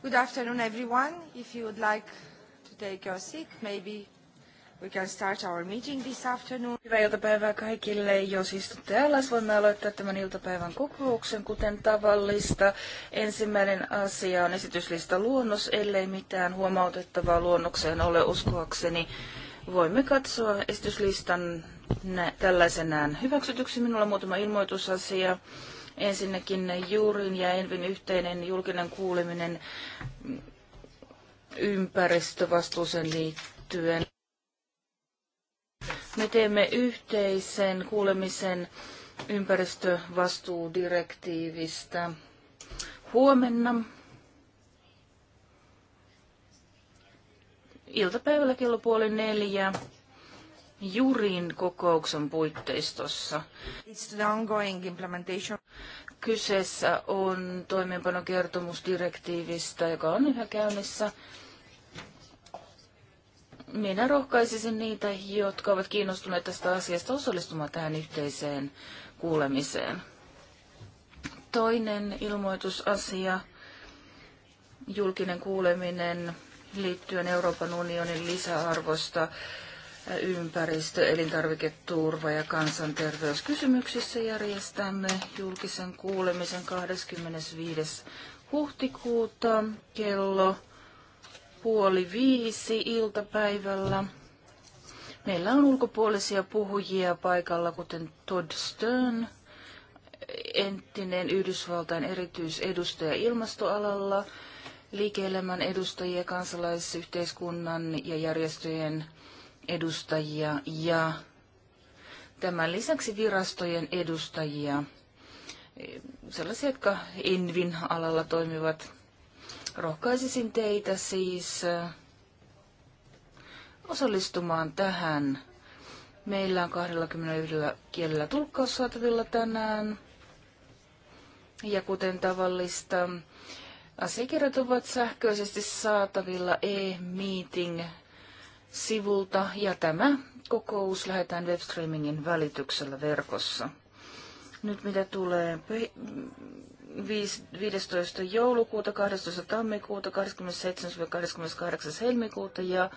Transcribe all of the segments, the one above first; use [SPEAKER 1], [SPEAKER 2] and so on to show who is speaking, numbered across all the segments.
[SPEAKER 1] Good afternoon, everyone. If you would like to take your seat, maybe we can start our meeting this afternoon. Hyvää iltapäivää kaikille.
[SPEAKER 2] Jos istutte alas, voimme aloittaa tämän iltapäivän kokouksen, kuten tavallista. Ensimmäinen asia on esityslista luonnos, ellei mitään huomautettavaa luonnokseen ole uskoakseni. Voimme katsoa esityslistan nä- tällaisenään hyväksytyksi. Minulla on muutama ilmoitusasia. Ensinnäkin Juurin ja Envin yhteinen julkinen kuuleminen ympäristövastuuseen liittyen. Me teemme yhteisen kuulemisen ympäristövastuudirektiivistä huomenna iltapäivällä kello puoli neljä. Jurin kokouksen puitteistossa. It's the ongoing implementation. Kyseessä on toimeenpanokertomusdirektiivistä, joka on yhä käynnissä. Minä rohkaisisin niitä, jotka ovat kiinnostuneet tästä asiasta osallistumaan tähän yhteiseen kuulemiseen. Toinen ilmoitusasia, julkinen kuuleminen liittyen Euroopan unionin lisäarvosta ympäristö, elintarviketurva ja kansanterveyskysymyksissä järjestämme julkisen kuulemisen 25. huhtikuuta kello puoli viisi iltapäivällä. Meillä on ulkopuolisia puhujia paikalla, kuten Todd Stern, entinen Yhdysvaltain erityisedustaja ilmastoalalla, liike-elämän edustajia, kansalaisyhteiskunnan ja järjestöjen edustajia ja tämän lisäksi virastojen edustajia, sellaisia, jotka Envin alalla toimivat. Rohkaisisin teitä siis äh, osallistumaan tähän. Meillä on 21 kielellä tulkkaus saatavilla tänään. Ja kuten tavallista, asiakirjat ovat sähköisesti saatavilla e-meeting sivulta ja tämä kokous lähetään webstreamingin välityksellä verkossa. Nyt mitä tulee 15. joulukuuta, 12. tammikuuta, 27-28. helmikuuta ja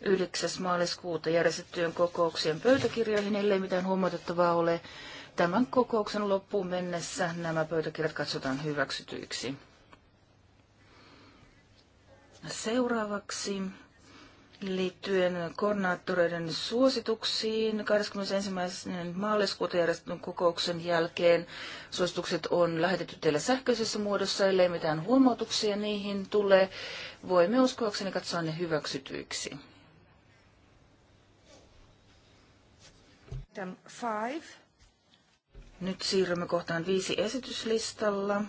[SPEAKER 2] 9. maaliskuuta järjestettyjen kokouksien pöytäkirjoihin, ellei mitään huomautettavaa ole. Tämän kokouksen loppuun mennessä nämä pöytäkirjat katsotaan hyväksytyiksi. Seuraavaksi liittyen koordinaattoreiden suosituksiin 21. maaliskuuta järjestetyn kokouksen jälkeen. Suositukset on lähetetty teille sähköisessä muodossa, ellei mitään huomautuksia niihin tule. Voimme uskoakseni katsoa ne hyväksytyiksi. Nyt siirrymme kohtaan viisi esityslistalla.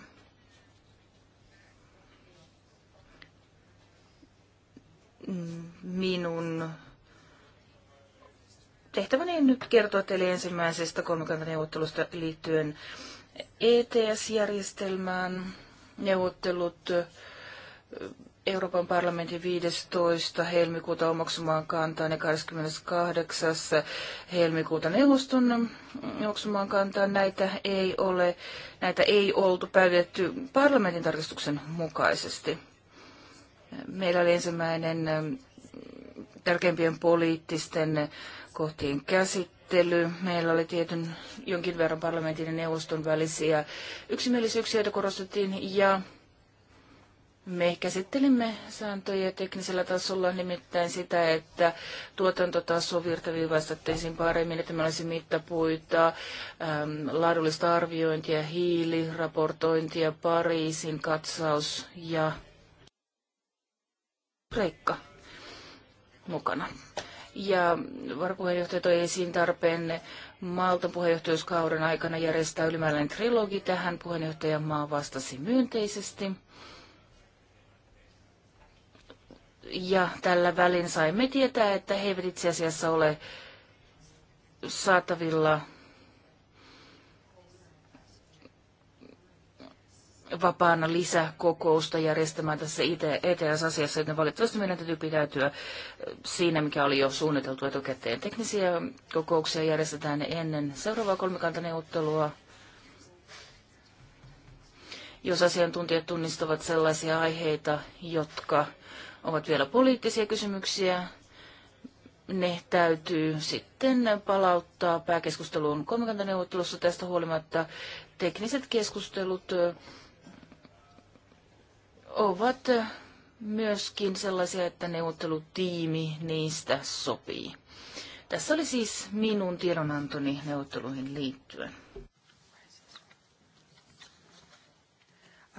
[SPEAKER 2] minun tehtäväni on nyt kertoa teille ensimmäisestä kolmikantaneuvottelusta liittyen ETS-järjestelmään. Neuvottelut Euroopan parlamentin 15. helmikuuta omaksumaan kantaan ja 28. helmikuuta neuvoston omaksumaan kantaan. Näitä ei ole, näitä ei oltu päivitetty parlamentin tarkistuksen mukaisesti. Meillä oli ensimmäinen ähm, tärkeimpien poliittisten kohtien käsittely. Meillä oli tietyn jonkin verran parlamentin ja neuvoston välisiä yksimielisyyksiä, joita korostettiin, ja me käsittelimme sääntöjä teknisellä tasolla nimittäin sitä, että tuotantotaso virtaviivaistettaisiin paremmin, että meillä olisi mittapuita, ähm, laadullista arviointia, hiiliraportointia, Pariisin katsaus ja Kreikka mukana. Ja varapuheenjohtaja toi esiin tarpeen Maltan puheenjohtajuuskauden aikana järjestää ylimääräinen trilogi. Tähän maa vastasi myönteisesti. Ja tällä välin saimme tietää, että he eivät itse asiassa ole saatavilla vapaana lisäkokousta järjestämään tässä ETS-asiassa, joten valitettavasti meidän täytyy pitäytyä siinä, mikä oli jo suunniteltu etukäteen. Teknisiä kokouksia järjestetään ennen seuraavaa kolmikantaneuvottelua. Jos asiantuntijat tunnistavat sellaisia aiheita, jotka ovat vielä poliittisia kysymyksiä, ne täytyy sitten palauttaa pääkeskusteluun kolmikantaneuvottelussa tästä huolimatta. Tekniset keskustelut ovat myöskin sellaisia, että neuvottelutiimi niistä sopii. Tässä oli siis minun tiedonantoni neuvotteluihin liittyen.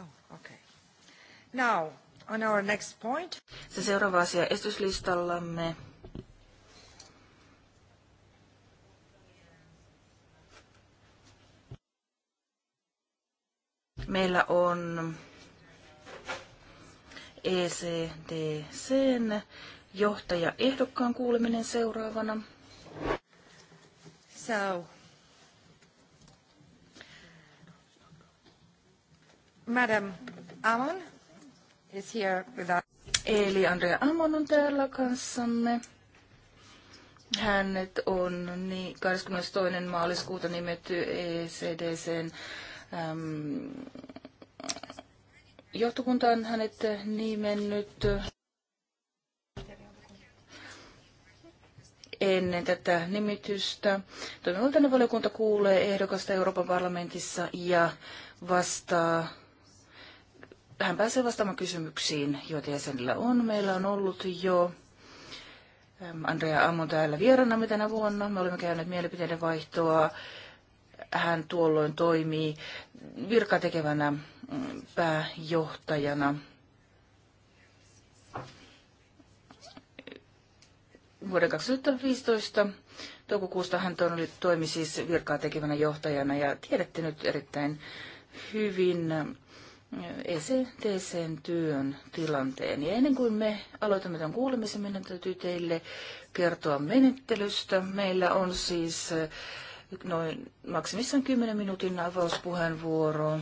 [SPEAKER 2] Oh, okay. Now, on our next point. Se seuraava asia esityslistallamme meillä on ECDCn johtaja ehdokkaan kuuleminen seuraavana. So,
[SPEAKER 1] Madam Amon is here with us. Eli Andrea Amon on täällä kanssamme.
[SPEAKER 2] Hänet on niin 22. maaliskuuta nimetty ECDCn johtokunta on hänet nimennyt ennen tätä nimitystä. Toimivaltainen valiokunta kuulee ehdokasta Euroopan parlamentissa ja vastaa hän pääsee vastaamaan kysymyksiin, joita jäsenillä on. Meillä on ollut jo Andrea Ammon täällä vieraana tänä vuonna. Me olemme käyneet mielipiteiden vaihtoa hän tuolloin toimii virkatekevänä mm, pääjohtajana. Vuoden 2015 toukokuusta hän toimi siis virkaa tekevänä johtajana ja tiedätte nyt erittäin hyvin ECTCn mm, työn tilanteen. Ja ennen kuin me aloitamme tämän kuulemisen, meidän täytyy teille kertoa menettelystä. Meillä on siis noin maksimissaan 10 minuutin avauspuheenvuoro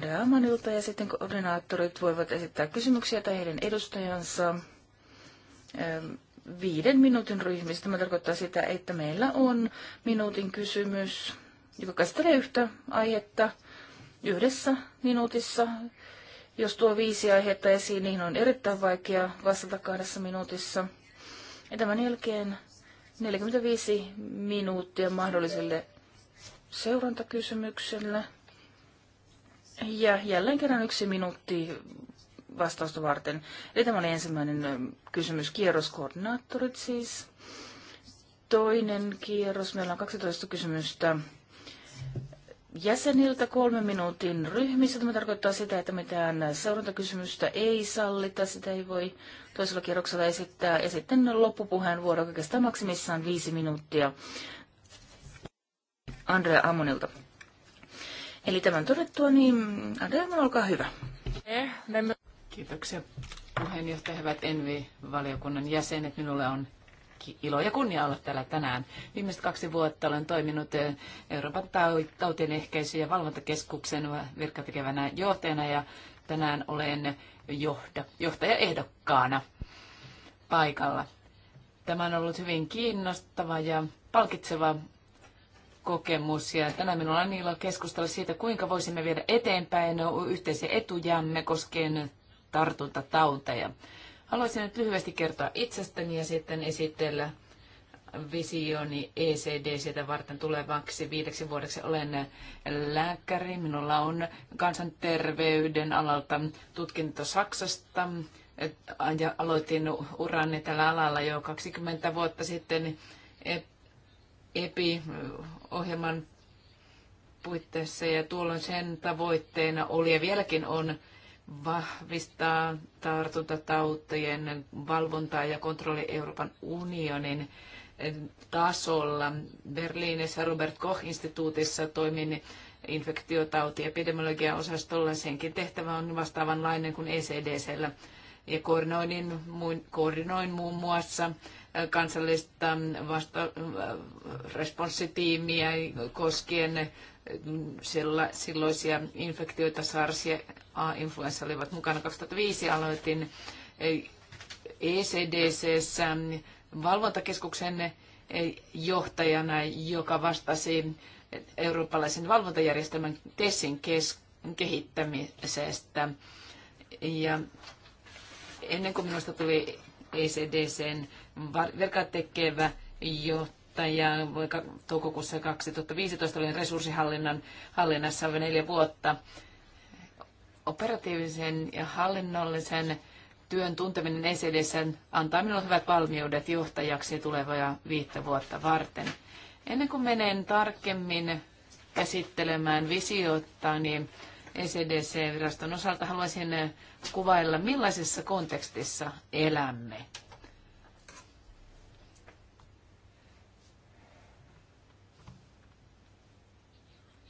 [SPEAKER 2] Daamanilta ja sitten koordinaattorit voivat esittää kysymyksiä tai heidän edustajansa ähm, viiden minuutin ryhmistä. Tämä tarkoittaa sitä, että meillä on minuutin kysymys, joka käsittelee yhtä aihetta yhdessä minuutissa. Jos tuo viisi aihetta esiin, niin on erittäin vaikea vastata kahdessa minuutissa. Ja tämän jälkeen 45 minuuttia mahdolliselle seurantakysymykselle. Ja jälleen kerran yksi minuutti vastausta varten. Eli tämä oli ensimmäinen kysymys, kierroskoordinaattorit siis. Toinen kierros, meillä on 12 kysymystä jäseniltä kolmen minuutin ryhmissä. Tämä tarkoittaa sitä, että mitään seurantakysymystä ei sallita, sitä ei voi toisella kierroksella esittää. Ja sitten loppupuheenvuoro oikeastaan maksimissaan viisi minuuttia
[SPEAKER 3] Andrea Amonilta.
[SPEAKER 2] Eli tämän todettua, niin Andrea Amon, olkaa hyvä.
[SPEAKER 3] Kiitoksia puheenjohtaja, hyvät Envi-valiokunnan jäsenet. Minulle on ilo ja kunnia olla täällä tänään. Viimeiset kaksi vuotta olen toiminut eh, Euroopan tautien ehkäisy- ja valvontakeskuksen virkatekevänä johtajana ja tänään olen johtajaehdokkaana paikalla. Tämä on ollut hyvin kiinnostava ja palkitseva kokemus ja tänään minulla on ilo keskustella siitä, kuinka voisimme viedä eteenpäin yhteisiä etujamme koskien tartuntatauteja. Haluaisin nyt lyhyesti kertoa itsestäni ja sitten esitellä visioni ECD sitä varten tulevaksi viideksi vuodeksi. Olen lääkäri, minulla on kansanterveyden alalta tutkinto Saksasta ja aloitin urani tällä alalla jo 20 vuotta sitten EPI-ohjelman e puitteissa ja tuolloin sen tavoitteena oli ja vieläkin on vahvistaa tartuntatautien valvontaa ja kontrolli Euroopan unionin tasolla. Berliinissä Robert Koch-instituutissa toimin infektiotauti- epidemiologian osastolla Senkin tehtävä on vastaavanlainen kuin ECDCllä. Ja koordinoin, koordinoin muun muassa äh, kansallista vasta- äh, responssitiimiä koskien sillä, silloisia infektioita SARS ja A-influenssa olivat mukana. 2005 aloitin ECDCssä eh, e ähm, valvontakeskuksen eh, johtajana, joka vastasi eurooppalaisen valvontajärjestelmän TESin kes- kehittämisestä. Ja ennen kuin minusta tuli ECDCn verkatekevä johtaja, johtaja toukokuussa 2015 olin resurssihallinnan hallinnassa neljä vuotta. Operatiivisen ja hallinnollisen työn tunteminen ECDssä antaa minulle hyvät valmiudet johtajaksi tulevaa viittä vuotta varten. Ennen kuin menen tarkemmin käsittelemään visiota, niin ECDC-viraston osalta haluaisin kuvailla, millaisessa kontekstissa elämme.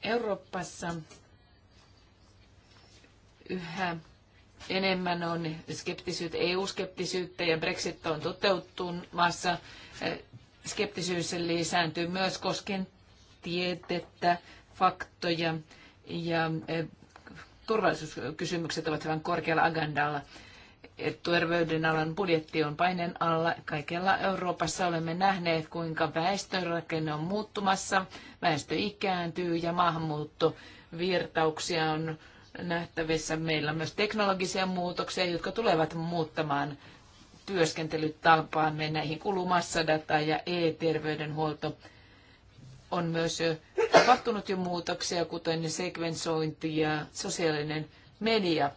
[SPEAKER 3] Euroopassa yhä enemmän on skeptisyyttä, EU-skeptisyyttä ja Brexit on toteutumassa. Skeptisyys lisääntyy myös koskien tietettä, faktoja ja eh, turvallisuuskysymykset ovat hyvän korkealla agendalla terveydenalan budjetti on paineen alla. Kaikella Euroopassa olemme nähneet, kuinka väestörakenne on muuttumassa, väestö ikääntyy ja maahanmuuttovirtauksia on nähtävissä. Meillä on myös teknologisia muutoksia, jotka tulevat muuttamaan työskentelytapaamme. Näihin kuluu massadata ja e-terveydenhuolto. On myös tapahtunut jo muutoksia, kuten sekvensointi ja sosiaalinen media –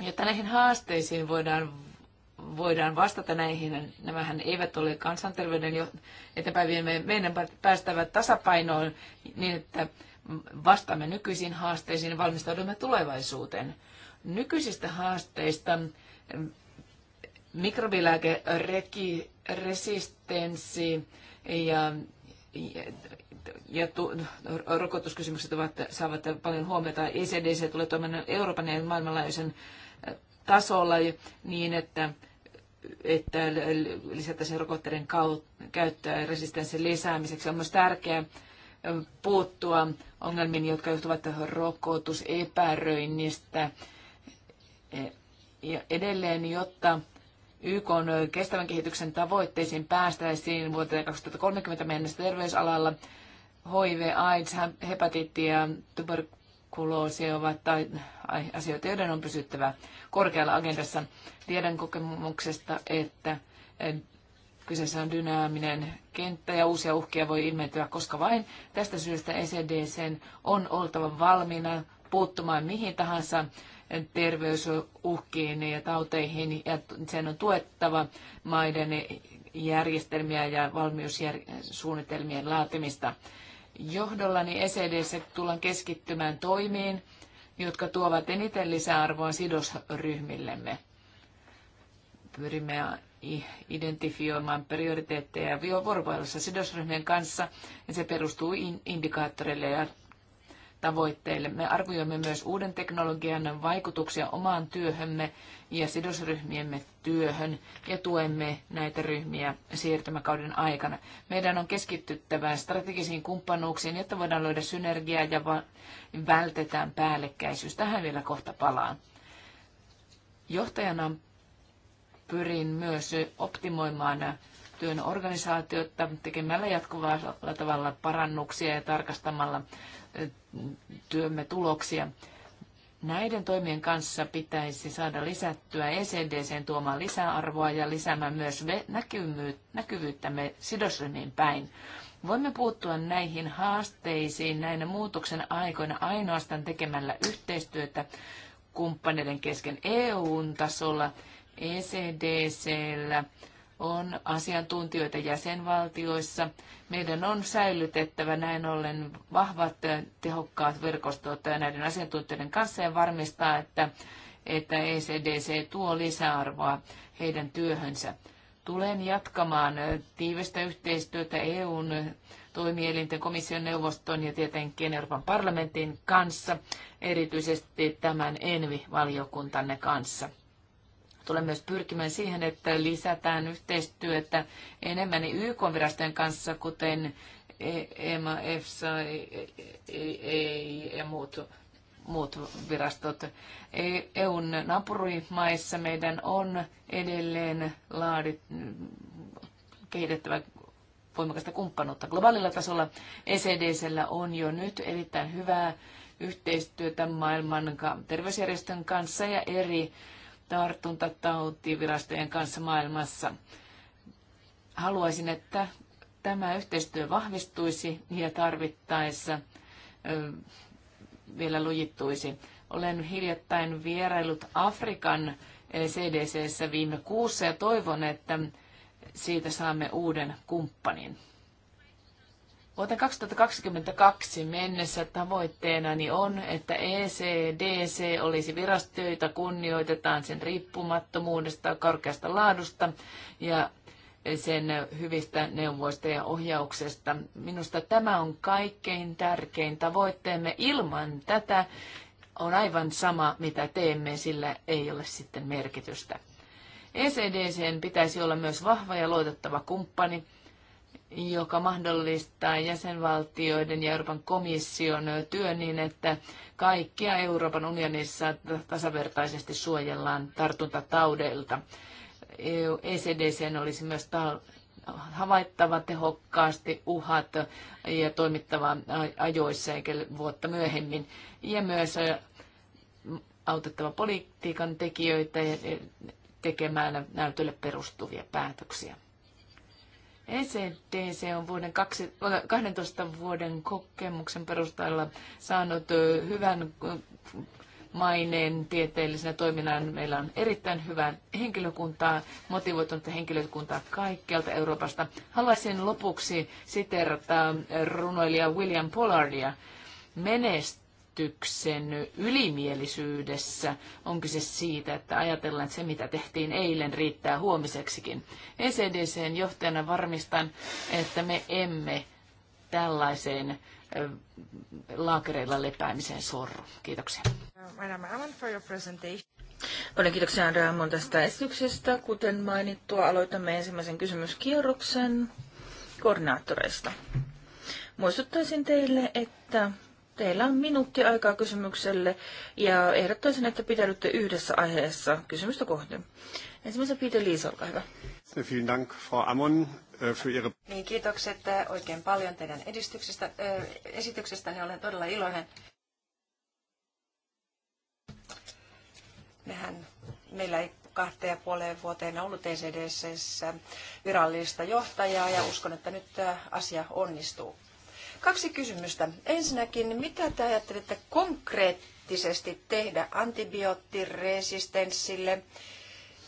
[SPEAKER 3] Jotta näihin haasteisiin voidaan, voidaan vastata näihin, nämähän eivät ole kansanterveyden eteenpäin Meidän päästävät tasapainoon niin, että vastaamme nykyisiin haasteisiin ja valmistaudumme tulevaisuuteen. Nykyisistä haasteista mm, mikrobilääkeresistenssi ja, ja, ja tu, rokotuskysymykset ovat, saavat paljon huomiota. ECDC tulee toimimaan Euroopan ja maailmanlaajuisen tasolla niin, että että lisättäisiin rokotteiden käyttöä resistenssin lisäämiseksi. On myös tärkeää puuttua ongelmiin, jotka johtuvat rokotusepäröinnistä ja edelleen, jotta YK on kestävän kehityksen tavoitteisiin päästäisiin vuoteen 2030 mennessä terveysalalla HIV, AIDS, hepatiitti ja tuberkuloosiin tuberkuloosia ovat asioita, joiden on pysyttävä korkealla agendassa. Tiedän kokemuksesta, että eh, kyseessä on dynaaminen kenttä ja uusia uhkia voi ilmentyä koska vain. Tästä syystä ECDC on oltava valmiina puuttumaan mihin tahansa eh, terveysuhkiin ja tauteihin ja sen on tuettava maiden järjestelmiä ja valmiussuunnitelmien laatimista johdollani ECDC tullaan keskittymään toimiin, jotka tuovat eniten lisäarvoa sidosryhmillemme. Pyrimme identifioimaan prioriteetteja vuorovaikutuksessa sidosryhmien kanssa, ja se perustuu indikaattoreille ja tavoitteille. Me arvioimme myös uuden teknologian vaikutuksia omaan työhömme ja sidosryhmiemme työhön ja tuemme näitä ryhmiä siirtymäkauden aikana. Meidän on keskityttävä strategisiin kumppanuuksiin, jotta voidaan löydä synergiaa ja vältetään päällekkäisyys. Tähän vielä kohta palaan. Johtajana pyrin myös optimoimaan työn organisaatiota tekemällä jatkuvalla tavalla parannuksia ja tarkastamalla työmme tuloksia. Näiden toimien kanssa pitäisi saada lisättyä ECDCn tuomaan lisäarvoa ja lisäämään myös näkyvyyttämme sidosryhmiin päin. Voimme puuttua näihin haasteisiin näinä muutoksen aikoina ainoastaan tekemällä yhteistyötä kumppaneiden kesken eu tasolla, ECDCllä, on asiantuntijoita jäsenvaltioissa. Meidän on säilytettävä näin ollen vahvat tehokkaat verkostot näiden asiantuntijoiden kanssa ja varmistaa, että, että ECDC tuo lisäarvoa heidän työhönsä. Tulen jatkamaan tiivistä yhteistyötä EUn toimielinten komission neuvoston ja tietenkin Euroopan parlamentin kanssa, erityisesti tämän ENVI-valiokuntanne kanssa. Tulen myös pyrkimään siihen, että lisätään yhteistyötä enemmän niin YK-virastojen kanssa, kuten EMA, e EFSA e- e- ja muut, muut virastot. EUn naapurimaissa meidän on edelleen laadit, kehitettävä voimakasta kumppanuutta. Globaalilla tasolla ECDCllä on jo nyt erittäin hyvää yhteistyötä maailman terveysjärjestön kanssa ja eri tartuntatautivirastojen kanssa maailmassa. Haluaisin, että tämä yhteistyö vahvistuisi ja tarvittaessa vielä lujittuisi. Olen hiljattain vierailut Afrikan CDCssä viime kuussa ja toivon, että siitä saamme uuden kumppanin. Vuoteen 2022 mennessä tavoitteenani niin on, että ECDC olisi virastöitä, kunnioitetaan sen riippumattomuudesta, korkeasta laadusta ja sen hyvistä neuvoista ja ohjauksesta. Minusta tämä on kaikkein tärkein tavoitteemme. Ilman tätä on aivan sama, mitä teemme, sillä ei ole sitten merkitystä. ECDCn pitäisi olla myös vahva ja luotettava kumppani, joka mahdollistaa jäsenvaltioiden ja Euroopan komission työn niin, että kaikkia Euroopan unionissa tasavertaisesti suojellaan tartuntataudeilta. ECDC e olisi myös havaittava tehokkaasti uhat ja toimittava ajoissa eikä vuotta myöhemmin. Ja myös autettava politiikan tekijöitä e, tekemään näytölle perustuvia päätöksiä. ECDC on vuoden 12 vuoden kokemuksen perusteella saanut hyvän maineen tieteellisenä toiminnan. Meillä on erittäin hyvää henkilökuntaa, motivoitunutta henkilökuntaa kaikkialta Euroopasta. Haluaisin lopuksi siterata runoilija William Pollardia. Menest menestyksen ylimielisyydessä on kyse siitä, että ajatellaan, että se mitä tehtiin eilen riittää huomiseksikin. ECDCn johtajana varmistan, että me emme tällaiseen laakereilla lepäämiseen sorru. Kiitoksia.
[SPEAKER 2] Paljon kiitoksia Andrea Ammon tästä esityksestä. Kuten mainittua, aloitamme ensimmäisen kysymyskierroksen koordinaattoreista. Muistuttaisin teille, että Teillä on minuutti aikaa kysymykselle ja ehdottaisin, että pitäydytte yhdessä aiheessa kysymystä kohden. Ensimmäisenä Peter Liisa, olkaa hyvä.
[SPEAKER 1] Vielen Dank, Frau Ammon, äh, für Ihre... Niin, kiitokset äh, oikein paljon teidän edistyksestä, Niin Olen todella iloinen. Mehän, meillä ei kahteen ja puoleen vuoteen ollut ECDCssä virallista johtajaa ja uskon, että nyt asia onnistuu. Kaksi kysymystä. Ensinnäkin, mitä te ajattelette konkreettisesti tehdä antibioottiresistenssille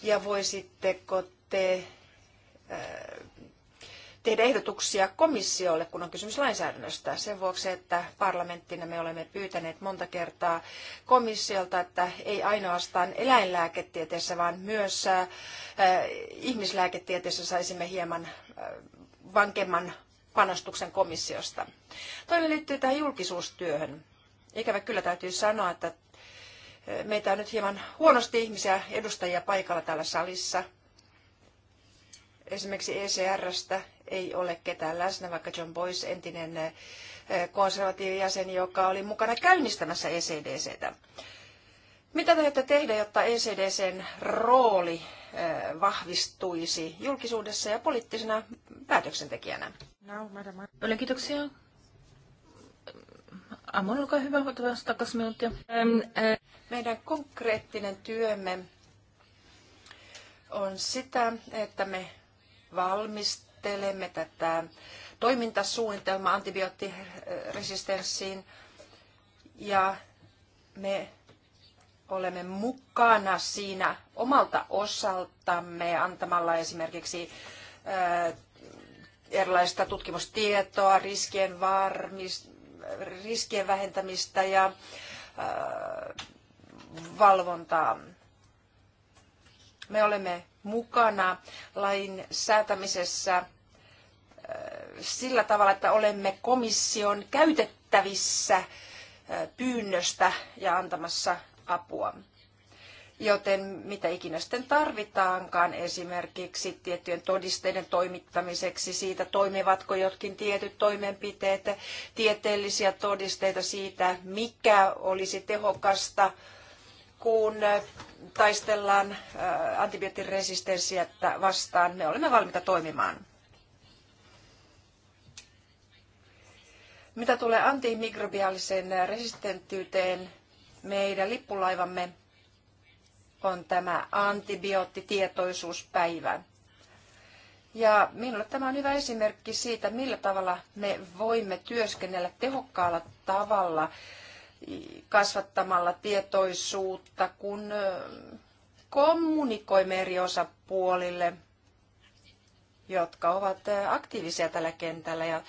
[SPEAKER 1] ja voisitteko te äh, tehdä ehdotuksia komissiolle, kun on kysymys lainsäädännöstä. Sen vuoksi, että parlamenttina me olemme pyytäneet monta kertaa komissiolta, että ei ainoastaan eläinlääketieteessä, vaan myös äh, äh, ihmislääketieteessä saisimme hieman äh, vankemman panostuksen komissiosta. Toinen liittyy tähän julkisuustyöhön. Ikävä kyllä täytyy sanoa, että eh, meitä on nyt hieman huonosti ihmisiä edustajia paikalla täällä salissa. Esimerkiksi ECRstä ei ole ketään läsnä, vaikka John Boyce, entinen eh, konservatiivijäsen, joka oli mukana käynnistämässä ECDCtä. Mitä te aiotte tehdä, jotta ECDCn rooli eh, vahvistuisi julkisuudessa ja poliittisena päätöksentekijänä? No, Paljon kiitoksia. Amon, olkaa hyvä, otetaan vasta kaksi minuuttia. Ähm, äh, meidän konkreettinen työmme on sitä, että me valmistelemme tätä toimintasuunnitelmaa antibioottiresistenssiin ja me olemme mukana siinä omalta osaltamme antamalla esimerkiksi äh, erilaista tutkimustietoa, riskien, riskien vähentämistä ja äh, valvontaa. Me olemme mukana lain säätämisessä äh, sillä tavalla, että olemme komission käytettävissä äh, pyynnöstä ja antamassa apua. Joten mitä ikinä sitten tarvitaankaan esimerkiksi tiettyjen todisteiden toimittamiseksi siitä, toimivatko jotkin tietyt toimenpiteet, tieteellisiä todisteita siitä, mikä olisi tehokasta, kun taistellaan äh, antibioottiresistenssiä vastaan, me olemme valmiita toimimaan. Mitä tulee antimikrobiaaliseen äh, resistenttyyteen, meidän lippulaivamme on tämä antibioottitietoisuuspäivä. Ja minulle tämä on hyvä esimerkki siitä, millä tavalla me voimme työskennellä tehokkaalla tavalla kasvattamalla tietoisuutta, kun kommunikoimme eri osapuolille, jotka ovat aktiivisia tällä kentällä ja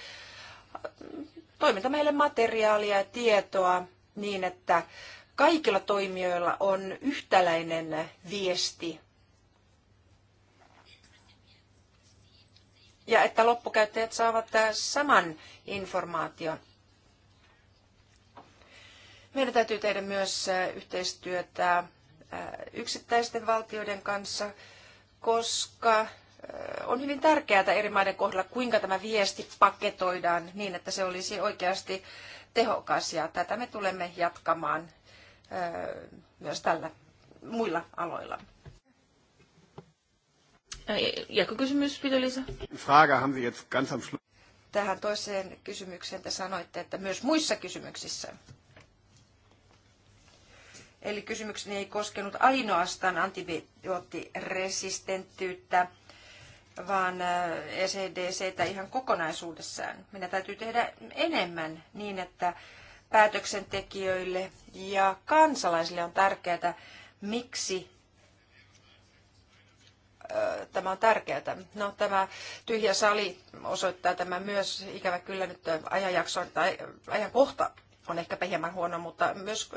[SPEAKER 1] toimita meille materiaalia ja tietoa niin, että kaikilla toimijoilla on yhtäläinen viesti ja että loppukäyttäjät saavat saman informaation. Meidän täytyy tehdä myös yhteistyötä yksittäisten valtioiden kanssa, koska on hyvin tärkeää eri maiden kohdalla, kuinka tämä viesti paketoidaan niin, että se olisi oikeasti tehokas. Ja tätä me tulemme jatkamaan myös tällä muilla aloilla. Jääkö kysymys, Pito-Liisa? Frage haben Sie jetzt ganz am Schluss. Tähän toiseen kysymykseen te sanoitte, että myös muissa kysymyksissä. Eli kysymykseni ei koskenut ainoastaan antibioottiresistenttyyttä, vaan ECDCtä ihan kokonaisuudessaan. Meidän täytyy tehdä enemmän niin, että päätöksentekijöille ja kansalaisille on tärkeää, miksi tämä on tärkeää. No, tämä tyhjä sali osoittaa tämä myös. Ikävä kyllä nyt ajanjakso tai ajankohta on ehkäpä hieman huono, mutta myös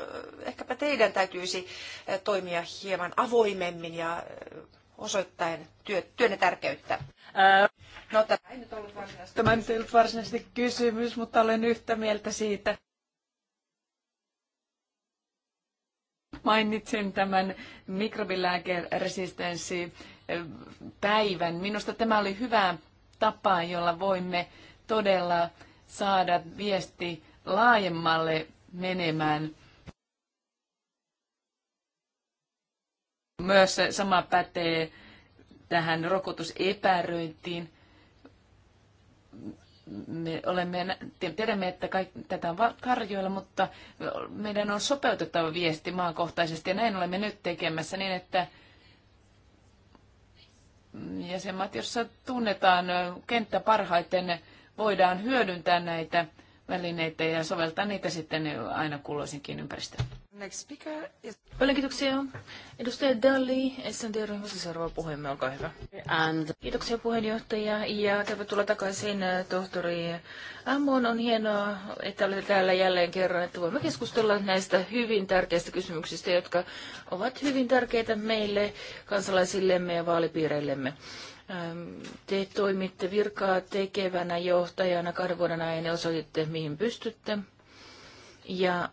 [SPEAKER 1] ehkäpä teidän täytyisi toimia hieman avoimemmin ja osoittain työ, työnne tärkeyttä.
[SPEAKER 3] Ää... No, tämä ei nyt ollut varsinaisesti, tämä ei nyt ollut varsinaisesti kysymys, mutta olen yhtä mieltä siitä. mainitsen tämän mikrobilääkeresistenssipäivän. Eh, Minusta tämä oli hyvä tapa, jolla voimme todella saada viesti laajemmalle menemään. Myös sama pätee tähän rokotusepäröintiin me olemme, tiedämme, että kaikki, tätä on karjoilla, mutta meidän on sopeutettava viesti maakohtaisesti ja näin olemme nyt tekemässä niin, että jäsenmaat, jossa tunnetaan kenttä parhaiten, voidaan hyödyntää näitä välineitä ja soveltaa niitä sitten aina kulloisinkin ympäristöön.
[SPEAKER 2] Next speaker is... Paljon kiitoksia. Edustaja Dalli, SNT-ryhmä sisäarvoa puheemme, olkaa hyvä.
[SPEAKER 3] And... Kiitoksia
[SPEAKER 2] puheenjohtaja ja tervetuloa takaisin äh, tohtori Ammon. On hienoa, että olette täällä jälleen kerran, että voimme keskustella näistä hyvin tärkeistä kysymyksistä, jotka ovat hyvin tärkeitä meille, kansalaisillemme ja vaalipiireillemme. Ähm, te toimitte virkaa tekevänä johtajana kahden vuoden ajan ja osoititte, mihin pystytte. Ja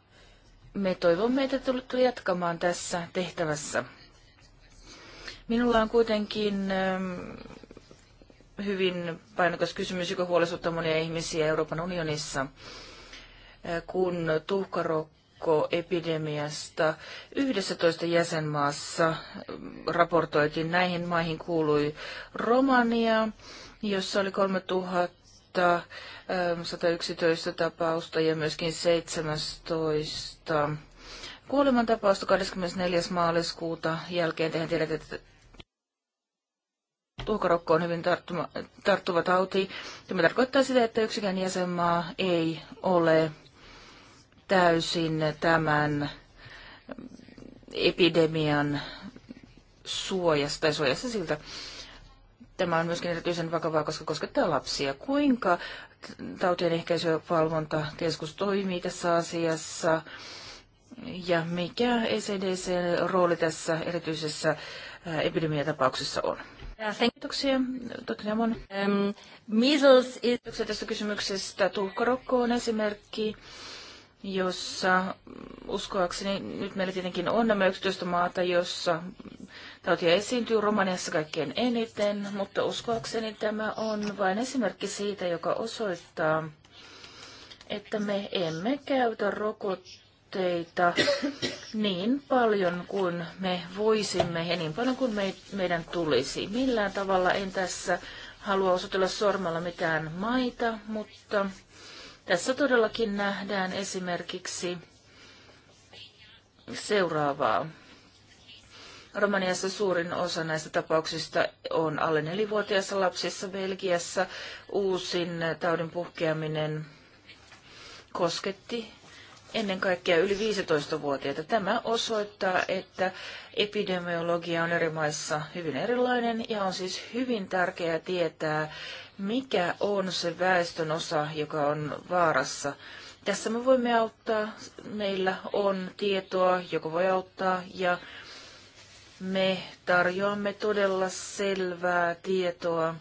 [SPEAKER 2] me toivomme, että tulette jatkamaan tässä tehtävässä. Minulla on kuitenkin ähm, hyvin painokas kysymys, joka huolestuttaa monia ihmisiä Euroopan unionissa, äh, kun tuhkarokkoepidemiasta 11 jäsenmaassa äh, raportoitiin. Näihin maihin kuului Romania, jossa oli 3000 111 ähm, tapausta ja myöskin 17 kuolemantapausta 24. maaliskuuta jälkeen. tehdään tiedät, että tuhkarokko on hyvin tarttuma, tarttuva tauti. Tämä tarkoittaa sitä, että yksikään jäsenmaa ei ole täysin tämän epidemian suojasta tai suojassa siltä. Tämä on myöskin erityisen vakavaa, koska koskettaa lapsia. Kuinka tautien ehkäisy- ja valvontakeskus toimii tässä asiassa? Ja mikä ecdc rooli tässä erityisessä epidemiatapauksessa on? Kiitoksia, Dr. Um, measles is... tästä kysymyksestä. Tuhkarokko on esimerkki jossa uskoakseni nyt meillä tietenkin on nämä 11 maata, jossa tautia esiintyy Romaniassa kaikkein eniten, mutta uskoakseni tämä on vain esimerkki siitä, joka osoittaa, että me emme käytä rokotteita niin paljon kuin me voisimme ja niin paljon kuin me, meidän tulisi. Millään tavalla en tässä halua osoitella sormella mitään maita, mutta tässä todellakin nähdään esimerkiksi seuraavaa. Romaniassa suurin osa näistä tapauksista on alle nelivuotiaissa lapsissa. Belgiassa uusin taudin puhkeaminen kosketti ennen kaikkea yli 15-vuotiaita. Tämä osoittaa, että epidemiologia on eri maissa hyvin erilainen ja on siis hyvin tärkeää tietää, mikä on se väestön osa, joka on vaarassa. Tässä me voimme auttaa, meillä on tietoa, joka voi auttaa, ja me tarjoamme todella selvää tietoa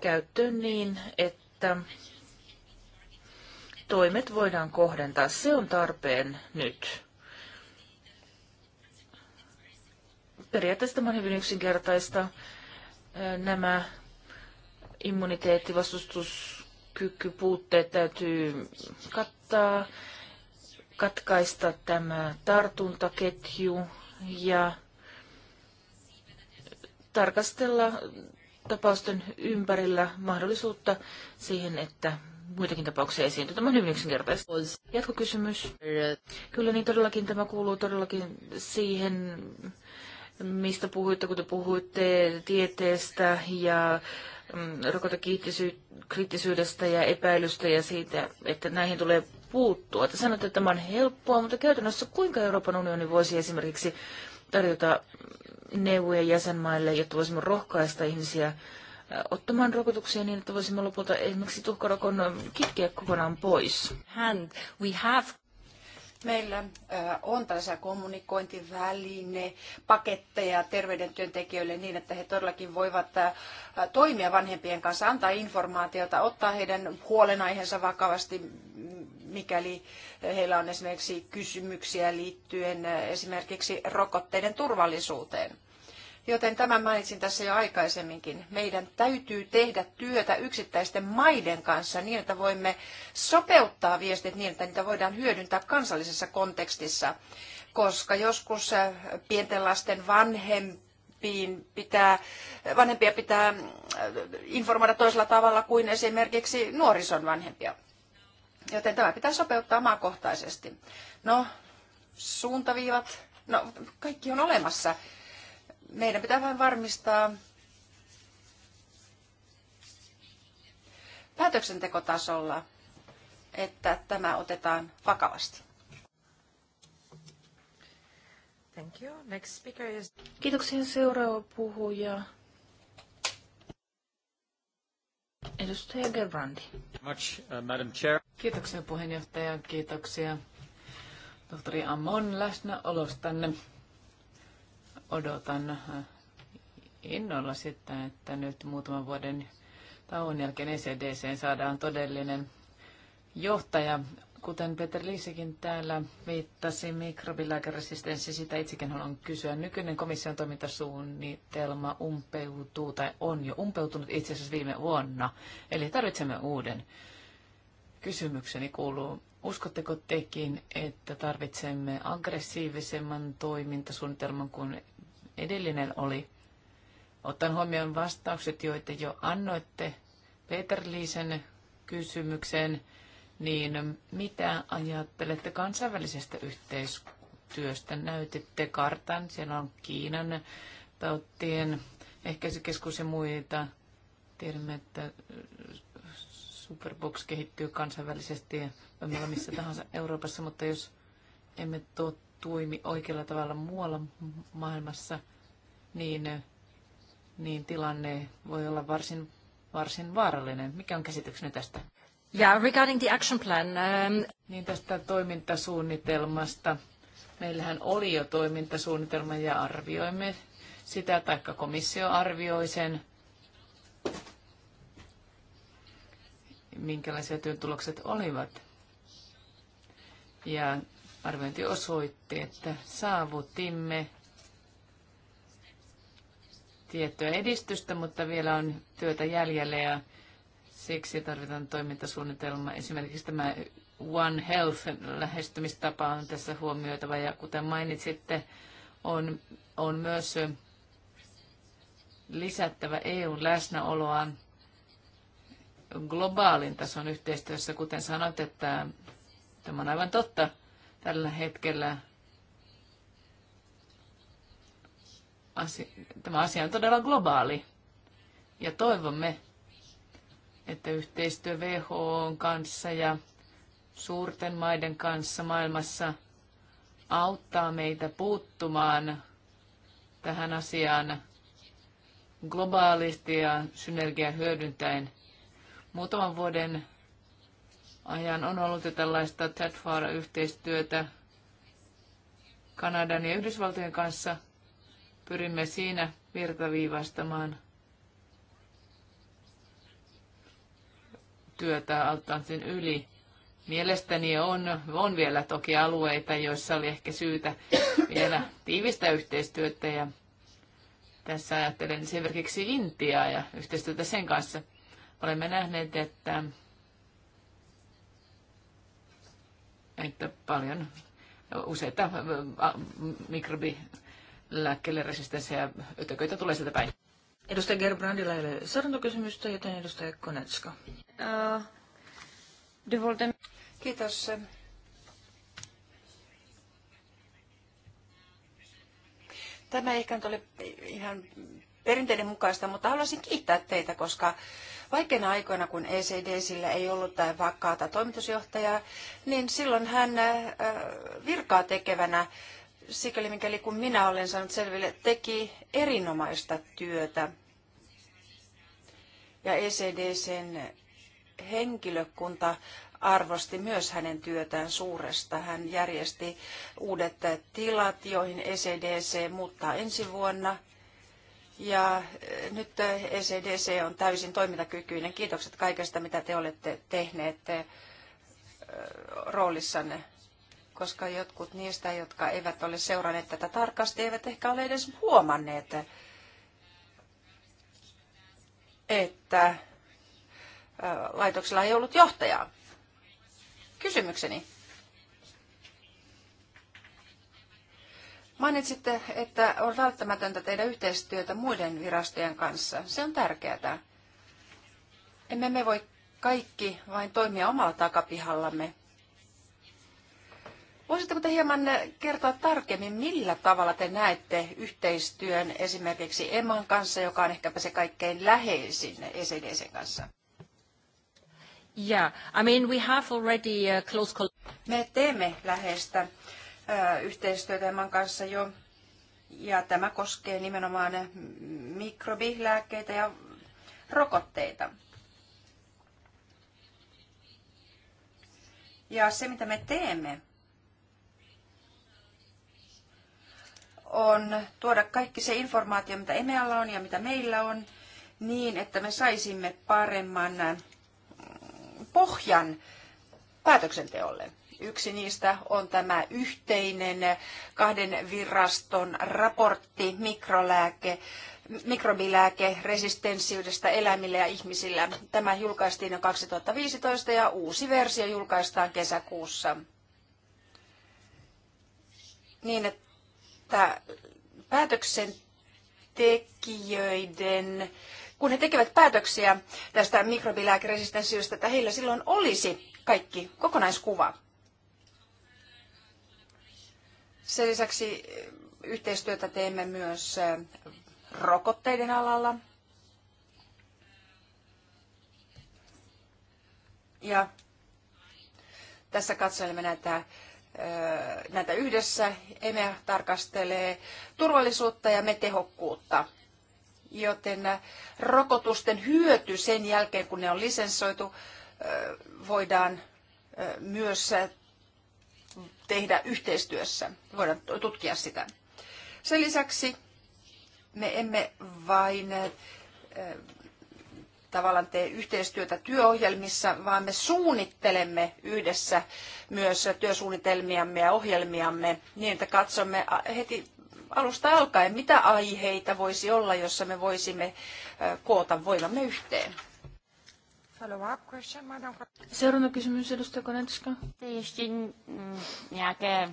[SPEAKER 2] käyttöön niin, että toimet voidaan kohdentaa. Se on tarpeen nyt. Periaatteessa tämä on hyvin yksinkertaista. Nämä immuniteetti, vastustuskyky, puutteet täytyy kattaa, katkaista tämä tartuntaketju ja tarkastella tapausten ympärillä mahdollisuutta siihen, että muitakin tapauksia esiintyy. Tämä on hyvin yksinkertaista. Jatkokysymys. Kyllä niin todellakin tämä kuuluu todellakin siihen, mistä puhuitte, kun te puhuitte tieteestä ja Mm, rokotekriittisyydestä ja epäilystä ja siitä, että näihin tulee puuttua. Te sanotte, että tämä on helppoa, mutta käytännössä kuinka Euroopan unioni voisi esimerkiksi tarjota neuvoja jäsenmaille, jotta voisimme rohkaista ihmisiä äh, ottamaan rokotuksia niin, että voisimme lopulta esimerkiksi tuhkarokon äh, kitkeä kokonaan pois. Hand, we have...
[SPEAKER 1] Meillä äh, on tällaisia kommunikointiväline, paketteja terveydentyöntekijöille niin, että he todellakin voivat äh, toimia vanhempien kanssa, antaa informaatiota, ottaa heidän huolenaiheensa vakavasti, mikäli heillä on esimerkiksi kysymyksiä liittyen äh, esimerkiksi rokotteiden turvallisuuteen. Joten tämän mainitsin tässä jo aikaisemminkin. Meidän täytyy tehdä työtä yksittäisten maiden kanssa niin, että voimme sopeuttaa viestit niin, että niitä voidaan hyödyntää kansallisessa kontekstissa. Koska joskus äh, pienten lasten vanhempiin pitää, vanhempia pitää äh, informoida toisella tavalla kuin esimerkiksi nuorison vanhempia. Joten tämä pitää sopeuttaa maakohtaisesti. No, suuntaviivat, no kaikki on olemassa meidän pitää vain varmistaa päätöksentekotasolla, että tämä otetaan vakavasti. Thank you. Next speaker is...
[SPEAKER 2] Kiitoksia seuraava puhuja.
[SPEAKER 3] Edustaja Gerbrandi. Much, uh, Madam Chair. Kiitoksia puheenjohtaja, kiitoksia tohtori Amon läsnäolostanne odotan äh, innolla sitä, että nyt muutaman vuoden tauon jälkeen ECDC saadaan todellinen johtaja. Kuten Peter Liisikin täällä viittasi, mikrobilääkeresistenssi, sitä itsekin haluan kysyä. Nykyinen komission toimintasuunnitelma umpeutuu tai on jo umpeutunut itse asiassa viime vuonna, eli tarvitsemme uuden. Kysymykseni kuuluu, uskotteko tekin, että tarvitsemme aggressiivisemman toimintasuunnitelman kuin edellinen oli. Otan huomioon vastaukset, joita jo annoitte Peter Liisen kysymykseen, niin mitä ajattelette kansainvälisestä yhteistyöstä? Näytitte kartan, siellä on Kiinan tautien ehkäisykeskus ja muita. Tiedämme, että Superbox kehittyy kansainvälisesti ja missä tahansa Euroopassa, mutta jos emme tuo toimi oikealla tavalla muualla maailmassa, niin, niin tilanne voi olla varsin, varsin vaarallinen. Mikä on käsitykseni tästä? Yeah, regarding the action plan. Um... Niin tästä toimintasuunnitelmasta. Meillähän oli jo toimintasuunnitelma ja arvioimme sitä, taikka komissio arvioi sen, minkälaisia työn tulokset olivat. Ja arviointi osoitti, että saavutimme tiettyä edistystä, mutta vielä on työtä jäljellä ja siksi tarvitaan toimintasuunnitelma. Esimerkiksi tämä One Health-lähestymistapa on tässä huomioitava ja kuten mainitsitte, on, on myös lisättävä EUn läsnäoloa globaalin tason yhteistyössä, kuten sanot, että tämä on aivan totta tällä hetkellä asia, tämä asia on todella globaali. Ja toivomme, että yhteistyö WHOn kanssa ja suurten maiden kanssa maailmassa auttaa meitä puuttumaan tähän asiaan globaalisti ja synergiaa hyödyntäen. Muutaman vuoden ajan on ollut jo tällaista tadfar yhteistyötä Kanadan ja Yhdysvaltojen kanssa. Pyrimme siinä virtaviivastamaan työtä altansin yli. Mielestäni on, on vielä toki alueita, joissa oli ehkä syytä vielä tiivistä yhteistyötä ja tässä ajattelen esimerkiksi Intiaa ja yhteistyötä sen kanssa. Olemme nähneet, että että paljon useita mikrobilääkkeelle resistenssejä ötököitä tulee sieltä päin. Edustaja Gerbrandilla ei ole sarantokysymystä,
[SPEAKER 2] joten edustaja
[SPEAKER 1] Uh, Kiitos. Tämä ehkä nyt ole ihan perinteiden mukaista, mutta haluaisin kiittää teitä, koska Vaikeina aikoina, kun ECDsillä ei ollut tai vakaata toimitusjohtajaa, niin silloin hän äh, virkaa tekevänä, sikäli mikäli kun minä olen saanut selville, teki erinomaista työtä. Ja ECDCn henkilökunta arvosti myös hänen työtään suuresta. Hän järjesti uudet tilat, joihin ECDC muuttaa ensi vuonna – ja eh, nyt ECDC eh, e on täysin toimintakykyinen. Kiitokset kaikesta, mitä te olette tehneet eh, roolissanne, koska jotkut niistä, jotka eivät ole seuranneet tätä tarkasti, eivät ehkä ole edes huomanneet, että laitoksella ei ollut johtajaa. Kysymykseni. Mainitsitte, että on välttämätöntä tehdä yhteistyötä muiden virastojen kanssa. Se on tärkeää. Emme me voi kaikki vain toimia omalla takapihallamme. Voisitteko te hieman kertoa tarkemmin, millä tavalla te näette yhteistyön esimerkiksi Eman kanssa, joka on ehkäpä se kaikkein läheisin esineisen kanssa? Yeah, I mean we have already uh, close... Me teemme läheistä yhteistyötä tämän kanssa jo. Ja tämä koskee nimenomaan mikrobilääkkeitä ja rokotteita. Ja se, mitä me teemme, on tuoda kaikki se informaatio, mitä Emealla on ja mitä meillä on, niin että me saisimme paremman mm, pohjan päätöksenteolle. Yksi niistä on tämä yhteinen kahden viraston raportti mikrolääke, mikrobilääkeresistenssiydestä eläimillä ja ihmisillä. Tämä julkaistiin jo 2015 ja uusi versio julkaistaan kesäkuussa. Niin, että päätöksentekijöiden kun he tekevät päätöksiä tästä mikrobilääkeresistenssiydestä, että heillä silloin olisi kaikki kokonaiskuva. Sen lisäksi eh, yhteistyötä teemme myös eh, rokotteiden alalla. Ja tässä katselemme näitä, eh, näitä yhdessä. emme tarkastelee turvallisuutta ja me tehokkuutta. Joten rokotusten hyöty sen jälkeen, kun ne on lisensoitu, voidaan myös tehdä yhteistyössä, voidaan tutkia sitä. Sen lisäksi me emme vain eh, tavallaan tee yhteistyötä työohjelmissa, vaan me suunnittelemme yhdessä myös työsuunnitelmiamme ja ohjelmiamme niin, että katsomme heti alusta alkaen, mitä aiheita voisi olla, jossa me voisimme eh, koota voimamme yhteen. Follow-up question, madam. Seuraava
[SPEAKER 2] kysymys, edustaja Konetska.
[SPEAKER 1] Ještě mm,
[SPEAKER 3] nějaké...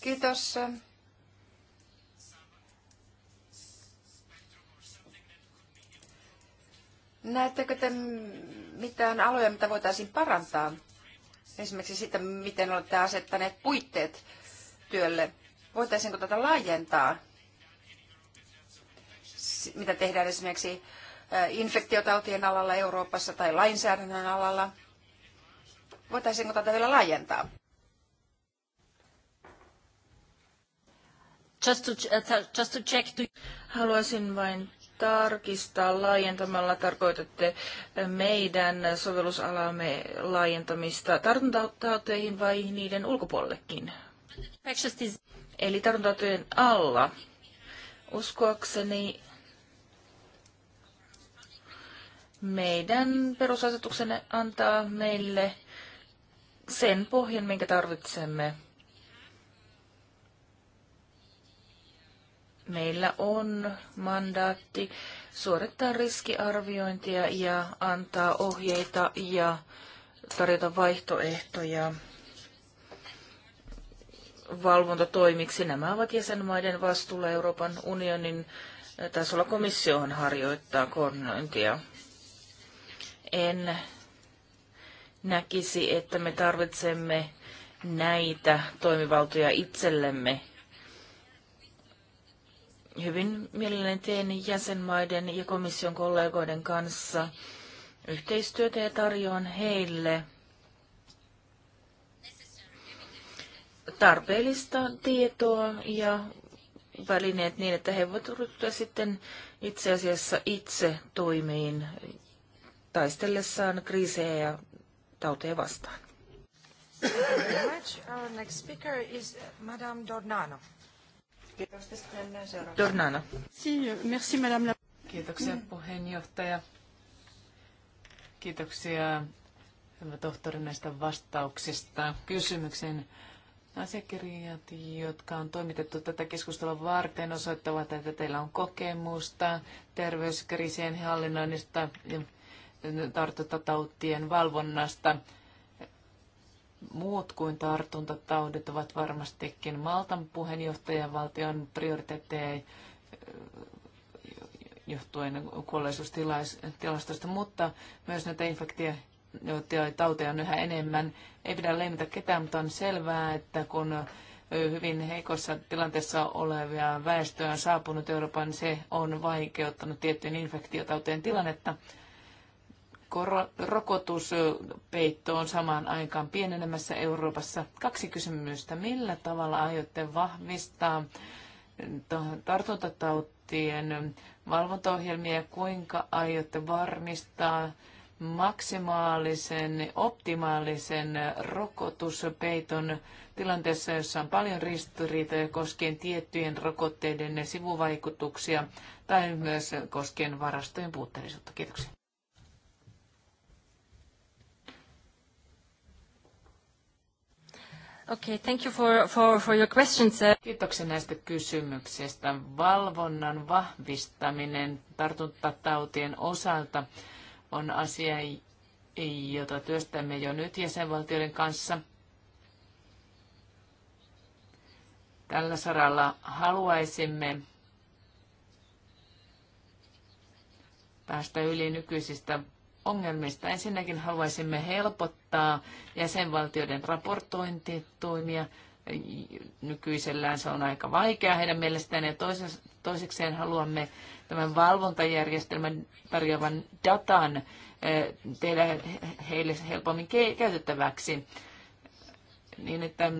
[SPEAKER 1] Kiitos. Näettekö te mitään aloja, mitä voitaisiin parantaa? Esimerkiksi sitä, miten olette asettaneet puitteet työlle. Voitaisiinko tätä laajentaa? Mitä tehdään esimerkiksi infektiotautien alalla Euroopassa tai lainsäädännön alalla. Voitaisiinko tätä vielä laajentaa?
[SPEAKER 2] Just to, uh, just to check to... Haluaisin vain tarkistaa laajentamalla tarkoitatte meidän sovellusalamme laajentamista tartuntatauteihin vai niiden ulkopuolellekin? Eli tartuntatautien alla. Uskoakseni meidän perusasetuksenne antaa meille sen pohjan, minkä tarvitsemme. Meillä on mandaatti suorittaa riskiarviointia ja antaa ohjeita ja tarjota vaihtoehtoja valvontatoimiksi. Nämä ovat jäsenmaiden vastuulla Euroopan unionin tasolla komissioon harjoittaa koordinointia. En näkisi, että me tarvitsemme näitä toimivaltoja itsellemme. Hyvin mielelläni teen jäsenmaiden ja komission kollegoiden kanssa yhteistyötä ja tarjoan heille tarpeellista tietoa ja välineet niin, että he voivat ryhtyä sitten itse asiassa itse toimiin taistellessaan kriisejä ja tauteja vastaan.
[SPEAKER 1] Our next speaker is Madame Dornano.
[SPEAKER 3] Dornano. merci, Madame la... Kiitoksia puheenjohtaja. Kiitoksia hyvä tohtori näistä vastauksista kysymyksen Asiakirjat, jotka on toimitettu tätä keskustelua varten, osoittavat, että teillä on kokemusta terveyskriisien hallinnoinnista tartuntatautien valvonnasta. Muut kuin tartuntataudit ovat varmastikin Maltan puheenjohtajan valtion prioriteetteja eh, johtuen kuolleisuustilastosta, mutta myös näitä infektiotauteja on yhä enemmän. Ei pidä leimata ketään, mutta on selvää, että kun hyvin heikossa tilanteessa olevia väestöä on saapunut Euroopan, se on vaikeuttanut tiettyjen infektiotauteen tilannetta rokotuspeitto on samaan aikaan pienenemässä Euroopassa. Kaksi kysymystä. Millä tavalla aiotte vahvistaa tartuntatautien valvontaohjelmia ja kuinka aiotte varmistaa maksimaalisen, optimaalisen rokotuspeiton tilanteessa, jossa on paljon ristiriitoja koskien tiettyjen rokotteiden sivuvaikutuksia tai myös koskien varastojen puutteellisuutta. Kiitoksia. Okay, thank you for, for, for your questions. Kiitoksia näistä kysymyksistä. Valvonnan vahvistaminen tartuntatautien osalta on asia, jota työstämme jo nyt jäsenvaltioiden kanssa. Tällä saralla haluaisimme päästä yli nykyisistä ongelmista. Ensinnäkin haluaisimme helpottaa jäsenvaltioiden raportointitoimia. Nykyisellään se on aika vaikeaa heidän mielestään. Ja toisekseen haluamme tämän valvontajärjestelmän tarjoavan datan eh, tehdä heille helpommin käytettäväksi niin, että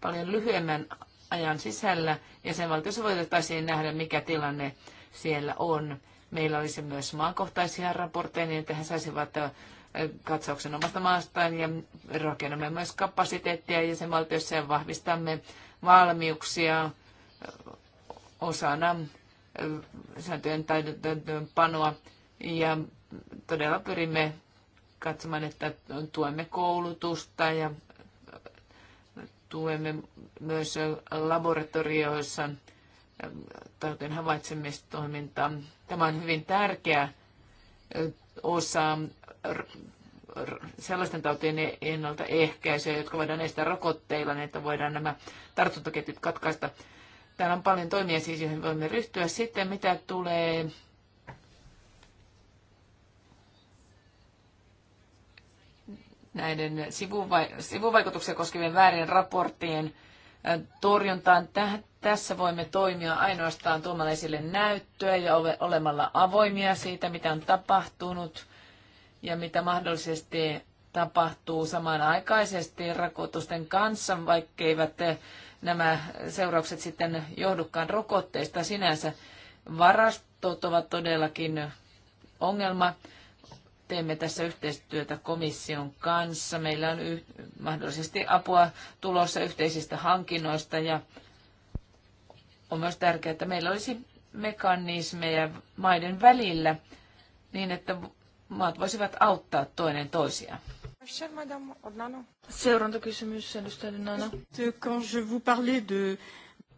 [SPEAKER 3] paljon lyhyemmän ajan sisällä jäsenvaltiossa voitaisiin nähdä, mikä tilanne siellä on. Meillä olisi myös maakohtaisia raportteja, niin että he saisivat katsauksen omasta maastaan ja rakennamme myös kapasiteettia jäsenvaltioissa ja vahvistamme valmiuksia osana sääntöjen panoa ja todella pyrimme katsomaan, että tuemme koulutusta ja tuemme myös laboratorioissa tautien havaitsemistoiminta. Tämä on hyvin tärkeä osa sellaisten tautien ennaltaehkäisyä, jotka voidaan estää rokotteilla, niin että voidaan nämä tartuntaketjut katkaista. Täällä on paljon toimia siis, joihin voimme ryhtyä. Sitten mitä tulee näiden sivuvaikutuksia koskevien väärien raporttien torjuntaan. Tässä voimme toimia ainoastaan tuomalla esille näyttöä ja olemalla avoimia siitä, mitä on tapahtunut ja mitä mahdollisesti tapahtuu samanaikaisesti rakotusten kanssa, vaikkeivat nämä seuraukset sitten johdukaan rokotteista sinänsä. Varastot ovat todellakin ongelma. Teemme tässä yhteistyötä komission kanssa. Meillä on mahdollisesti apua tulossa yhteisistä hankinnoista ja on myös tärkeää, että meillä olisi mekanismeja maiden välillä niin, että maat voisivat auttaa toinen toisiaan. Seurantakysymys, edustaja Nana. Quand je vous parlais de...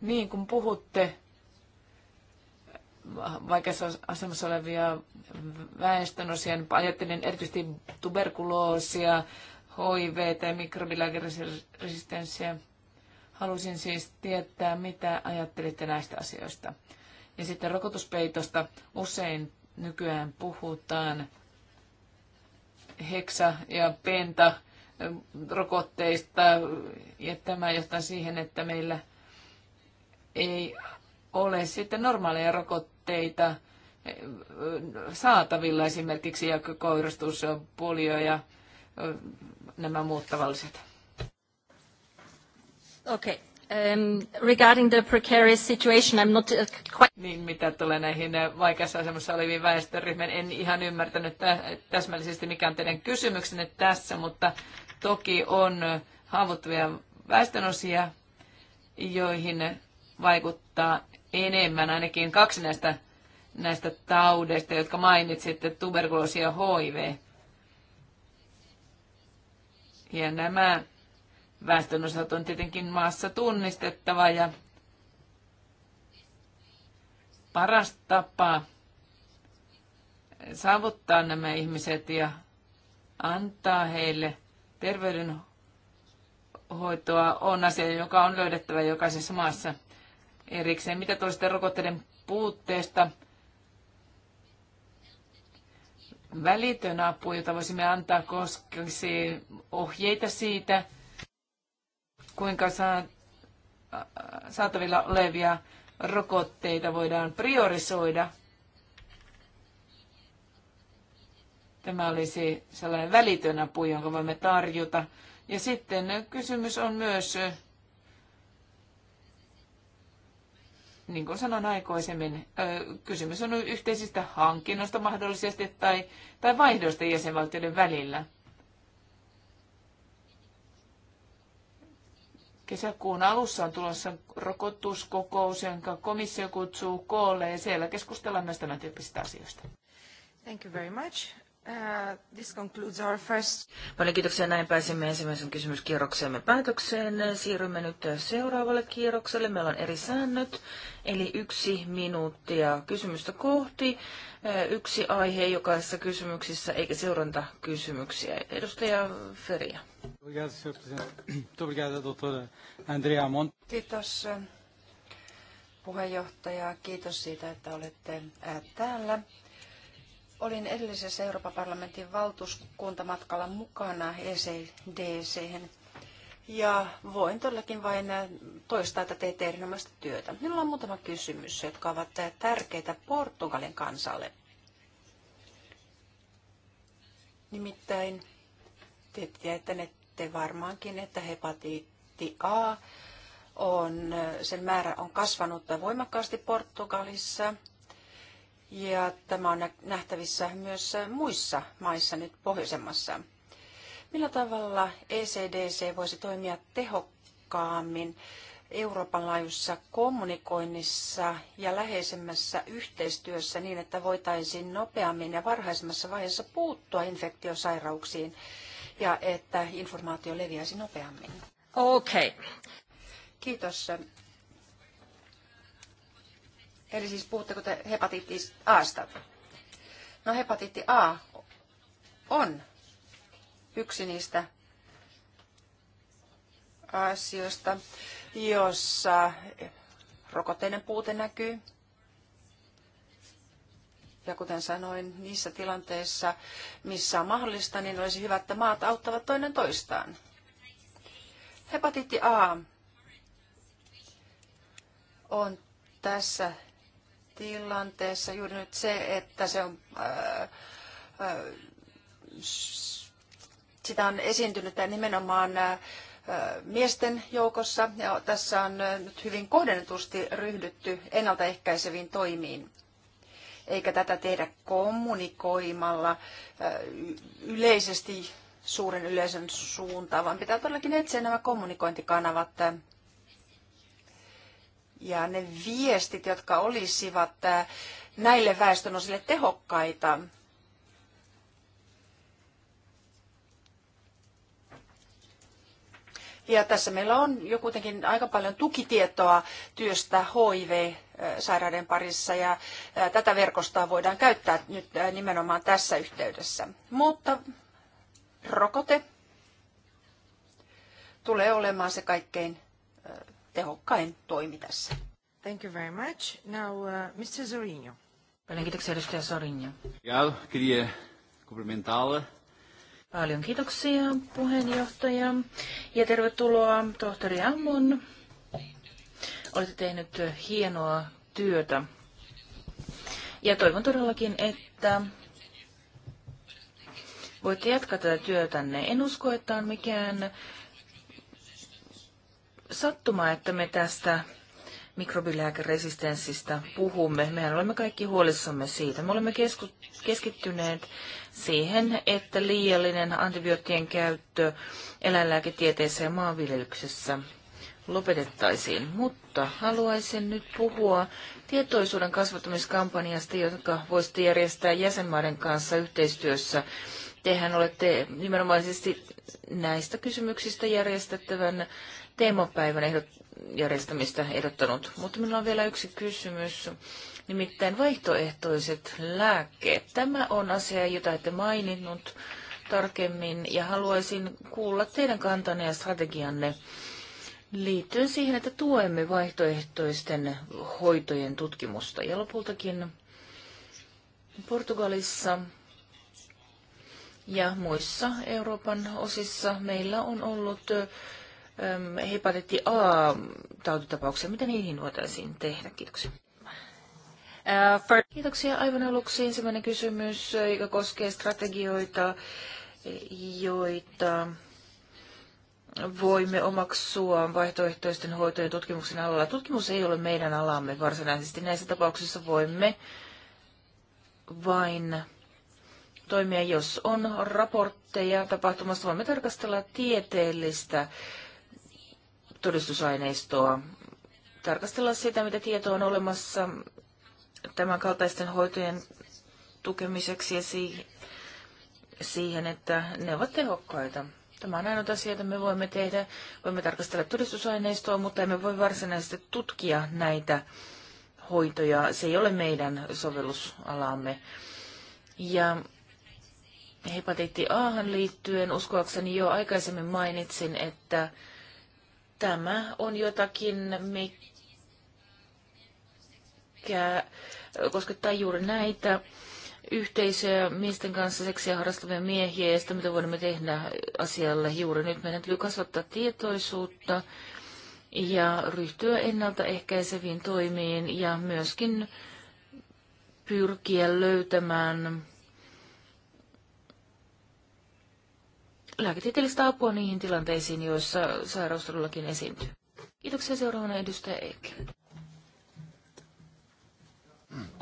[SPEAKER 3] Niin, kuin
[SPEAKER 2] puhutte
[SPEAKER 3] vaikeassa asemassa olevia väestönosia, niin ajattelin niin erityisesti tuberkuloosia, HIV ja mikrobilääkeresistenssiä. Halusin siis tietää, mitä ajattelitte näistä asioista. Ja sitten rokotuspeitosta usein nykyään puhutaan heksa- ja penta rokotteista, ja tämä johtaa siihen, että meillä ei ole sitten normaaleja rokotteita eh, saatavilla, esimerkiksi koirastus, polio ja eh, nämä muut tavalliset
[SPEAKER 2] Okay. Um, regarding the precarious situation, I'm not uh,
[SPEAKER 3] quite... Niin, mitä tulee näihin äh, vaikeassa asemassa oleviin väestöryhmiin, en ihan ymmärtänyt täsmällisesti, mikä on teidän kysymyksenne tässä, mutta toki on äh, haavoittuvia väestönosia, joihin vaikuttaa enemmän ainakin kaksi näistä, näistä taudeista, jotka mainitsitte, tuberkuloosi ja HIV. Ja nämä väestönosat on tietenkin maassa tunnistettava ja paras tapa saavuttaa nämä ihmiset ja antaa heille terveydenhoitoa on asia, joka on löydettävä jokaisessa maassa erikseen. Mitä tulee rokotteiden puutteesta? Välitön apu, jota voisimme antaa, koskisi ohjeita siitä, kuinka saa, äh, saatavilla olevia rokotteita voidaan priorisoida. Tämä olisi sellainen välitön apu, jonka voimme tarjota. Ja sitten kysymys on myös, niin kuin sanoin aikaisemmin, kysymys on yhteisistä hankinnoista mahdollisesti tai, tai vaihdoista jäsenvaltioiden välillä. Kesäkuun alussa on tulossa rokotuskokous, jonka komissio kutsuu koolle ja siellä keskustellaan myös tämän tyyppisistä asioista. Thank you
[SPEAKER 1] very much. Uh, this concludes our first...
[SPEAKER 3] Paljon kiitoksia. Näin pääsimme ensimmäisen
[SPEAKER 2] kysymyskierroksemme päätökseen. Siirrymme nyt seuraavalle kierrokselle. Meillä on eri säännöt, eli yksi minuuttia kysymystä kohti. Uh, yksi aihe jokaisessa kysymyksessä, eikä seurantakysymyksiä. Edustaja Feria.
[SPEAKER 1] Kiitos eh, puheenjohtaja. Kiitos siitä, että olette eh, täällä. Olin edellisessä Euroopan parlamentin valtuuskuntamatkalla mukana ECDC ja voin todellakin vain äh, toistaa, että teette erinomaista työtä. Minulla on muutama kysymys, jotka ovat äh, tärkeitä Portugalin kansalle. Nimittäin te tiedätte varmaankin, että hepatiitti A on, äh, sen määrä on kasvanut voimakkaasti Portugalissa – ja tämä on nähtävissä myös muissa maissa nyt pohjoisemmassa. Millä tavalla ECDC voisi toimia tehokkaammin Euroopan laajuisessa kommunikoinnissa ja läheisemmässä yhteistyössä niin, että voitaisiin nopeammin ja varhaisemmassa vaiheessa puuttua infektiosairauksiin ja että informaatio leviäisi nopeammin? Okei. Okay. Kiitos. Eli siis puhutteko te hepatiitti Asta? No hepatiitti A on yksi niistä asioista, jossa rokotteiden puute näkyy. Ja kuten sanoin, niissä tilanteissa, missä on mahdollista, niin olisi hyvä, että maat auttavat toinen toistaan. Hepatiitti A on tässä tilanteessa juuri nyt se, että se on, ää, ää, sitä on esiintynyt nimenomaan ää, miesten joukossa ja tässä on nyt hyvin kohdennetusti ryhdytty ennaltaehkäiseviin toimiin. Eikä tätä tehdä kommunikoimalla yleisesti suuren yleisön suuntaan, vaan pitää todellakin etsiä nämä kommunikointikanavat ja ne viestit, jotka olisivat äh, näille väestönosille tehokkaita, Ja tässä meillä on jo kuitenkin aika paljon tukitietoa työstä HIV-sairaiden äh, parissa ja äh, tätä verkostoa voidaan käyttää nyt nimenomaan tässä yhteydessä. Mutta rokote tulee olemaan se kaikkein tehokkain toimi tässä. Thank you very much. Now, uh, Mr. Zorinho. Paljon kiitoksia, edustaja Zorinho.
[SPEAKER 2] Paljon kiitoksia puheenjohtaja ja tervetuloa tohtori Ammon. Olette tehnyt hienoa työtä ja toivon todellakin, että voitte jatkaa tätä työtänne. En usko, että on mikään sattuma, että me tästä mikrobilääkeresistenssistä puhumme. Mehän olemme kaikki huolissamme siitä. Me olemme keskittyneet siihen, että liiallinen antibioottien käyttö eläinlääketieteessä ja maanviljelyksessä lopetettaisiin. Mutta haluaisin nyt puhua tietoisuuden kasvattamiskampanjasta, jonka voisitte järjestää jäsenmaiden kanssa yhteistyössä. Tehän olette nimenomaisesti näistä kysymyksistä järjestettävän teemapäivän ehdot, järjestämistä ehdottanut. Mutta minulla on vielä yksi kysymys, nimittäin vaihtoehtoiset lääkkeet. Tämä on asia, jota ette maininnut tarkemmin ja haluaisin kuulla teidän kantanne ja strategianne liittyen siihen, että tuemme vaihtoehtoisten hoitojen tutkimusta. Ja lopultakin Portugalissa ja muissa Euroopan osissa meillä on ollut hepatiitti A-tautitapauksia. Mitä niihin voitaisiin tehdä? Kiitoksia. Uh, Kiitoksia. Aivan aluksi ensimmäinen kysymys, äh, joka koskee strategioita, joita voimme omaksua vaihtoehtoisten hoitojen tutkimuksen alalla. Tutkimus ei ole meidän alamme varsinaisesti. Näissä tapauksissa voimme vain toimia, jos on raportteja tapahtumasta. Voimme tarkastella tieteellistä todistusaineistoa, tarkastella sitä, mitä tietoa on olemassa tämän kaltaisten hoitojen tukemiseksi ja siihen, että ne ovat tehokkaita. Tämä on ainoa asia, että me voimme tehdä. Voimme tarkastella todistusaineistoa, mutta emme voi varsinaisesti tutkia näitä hoitoja. Se ei ole meidän sovellusalaamme. Ja hepatiitti A liittyen uskoakseni jo aikaisemmin mainitsin, että Tämä on jotakin, mikä koskettaa juuri näitä yhteisöjä miesten kanssa seksiä harrastavia miehiä ja sitä, mitä voimme tehdä asialle juuri nyt. Meidän täytyy kasvattaa tietoisuutta ja ryhtyä ennaltaehkäiseviin toimiin ja myöskin pyrkiä löytämään lääketieteellistä apua niihin tilanteisiin, joissa sairaus todellakin esiintyy. Kiitoksia seuraavana edustaja Eek.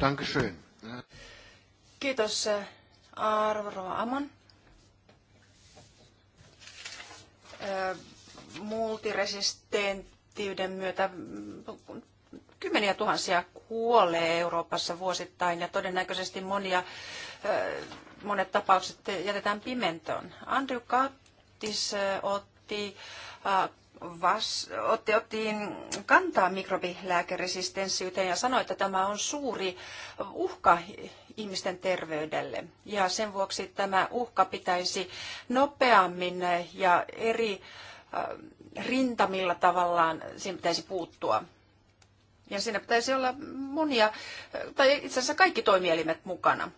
[SPEAKER 2] Dankeschön.
[SPEAKER 1] Kiitos äh, Arvo Aman. Äh, Multiresistenttiyden myötä kymmeniä tuhansia kuolee Euroopassa vuosittain ja todennäköisesti monia monet tapaukset jätetään pimentoon. Andrew Kattis otti Vas, otti, otti kantaa mikrobilääkeresistenssiyteen ja sanoi, että tämä on suuri uhka ihmisten terveydelle. Ja sen vuoksi tämä uhka pitäisi nopeammin ja eri rintamilla tavallaan siihen pitäisi puuttua. Ja siinä pitäisi olla monia, tai itse asiassa kaikki toimielimet mukana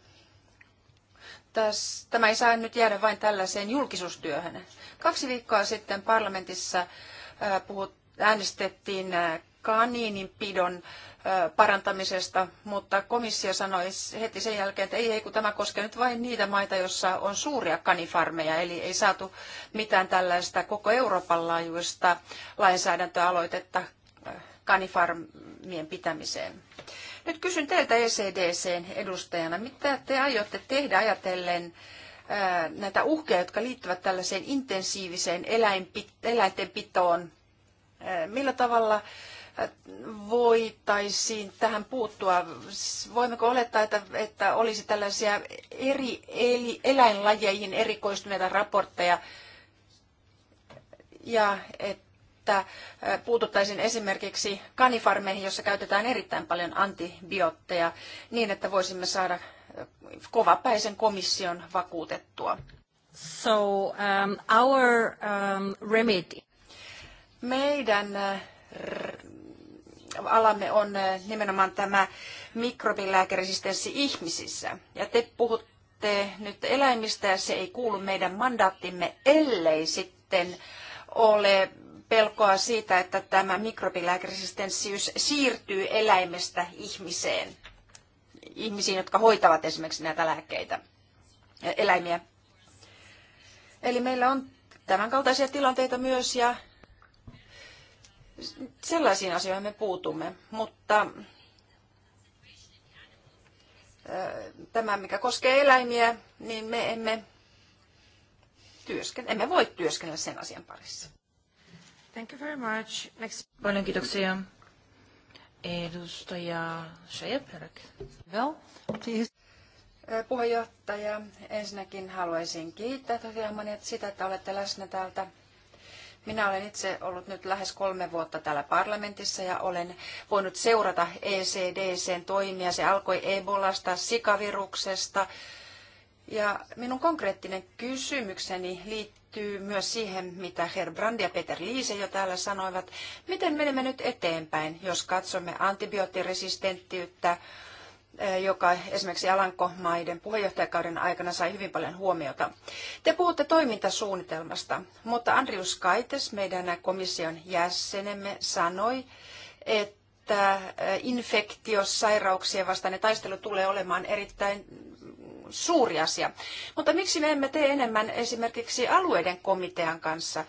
[SPEAKER 1] täs, tämä ei saa nyt jäädä vain tällaiseen julkisuustyöhön. Kaksi viikkoa sitten parlamentissa äh, puhut, äänestettiin äh, kaniinin pidon äh, parantamisesta, mutta komissio sanoi heti sen jälkeen, että ei, ei, kun tämä koskee nyt vain niitä maita, joissa on suuria kanifarmeja, eli ei saatu mitään tällaista koko Euroopan laajuista lainsäädäntöaloitetta kanifarmien pitämiseen. Nyt kysyn teiltä ECDCn edustajana, mitä te aiotte tehdä ajatellen näitä uhkeja, jotka liittyvät tällaiseen intensiiviseen eläintenpitoon? Millä tavalla voitaisiin tähän puuttua? Voimmeko olettaa, että, että olisi tällaisia eri eli, eläinlajeihin erikoistuneita raportteja ja että että puututtaisiin esimerkiksi kanifarmeihin, jossa käytetään erittäin paljon antibiootteja, niin että voisimme saada kovapäisen komission vakuutettua. So, um, our, um, remedy. Meidän alamme on nimenomaan tämä mikrobilääkeresistenssi ihmisissä. Ja te puhutte nyt eläimistä ja se ei kuulu meidän mandaattimme, ellei sitten ole pelkoa siitä, että tämä mikrobilääkeresistenssiys siirtyy eläimestä ihmiseen, ihmisiin, jotka hoitavat esimerkiksi näitä lääkkeitä, e, eläimiä. Eli meillä on tämän kaltaisia tilanteita myös ja sellaisiin asioihin me puutumme, mutta e, tämä, mikä koskee eläimiä, niin me emme, työsken- emme voi työskennellä sen asian parissa. Thank you very much. Next. Paljon kiitoksia. Edustaja
[SPEAKER 2] Schäferk. Well, please.
[SPEAKER 1] Puheenjohtaja, ensinnäkin haluaisin kiittää tosiaan sitä, että olette läsnä täältä minä olen itse ollut nyt lähes kolme vuotta täällä parlamentissa ja olen voinut seurata ECDCn toimia. Se alkoi Ebolasta, sikaviruksesta. Ja minun konkreettinen kysymykseni liittyy liittyy myös siihen, mitä Herbrand ja Peter Liise jo täällä sanoivat. Miten menemme nyt eteenpäin, jos katsomme antibioottiresistenttiyttä, eh, joka esimerkiksi Alankomaiden puheenjohtajakauden aikana sai hyvin paljon huomiota. Te puhutte toimintasuunnitelmasta, mutta Andrius Kaites, meidän komission jäsenemme, sanoi, että eh, infektiosairauksien vastainen taistelu tulee olemaan erittäin suuri asia. Mutta miksi me emme tee enemmän esimerkiksi alueiden komitean kanssa?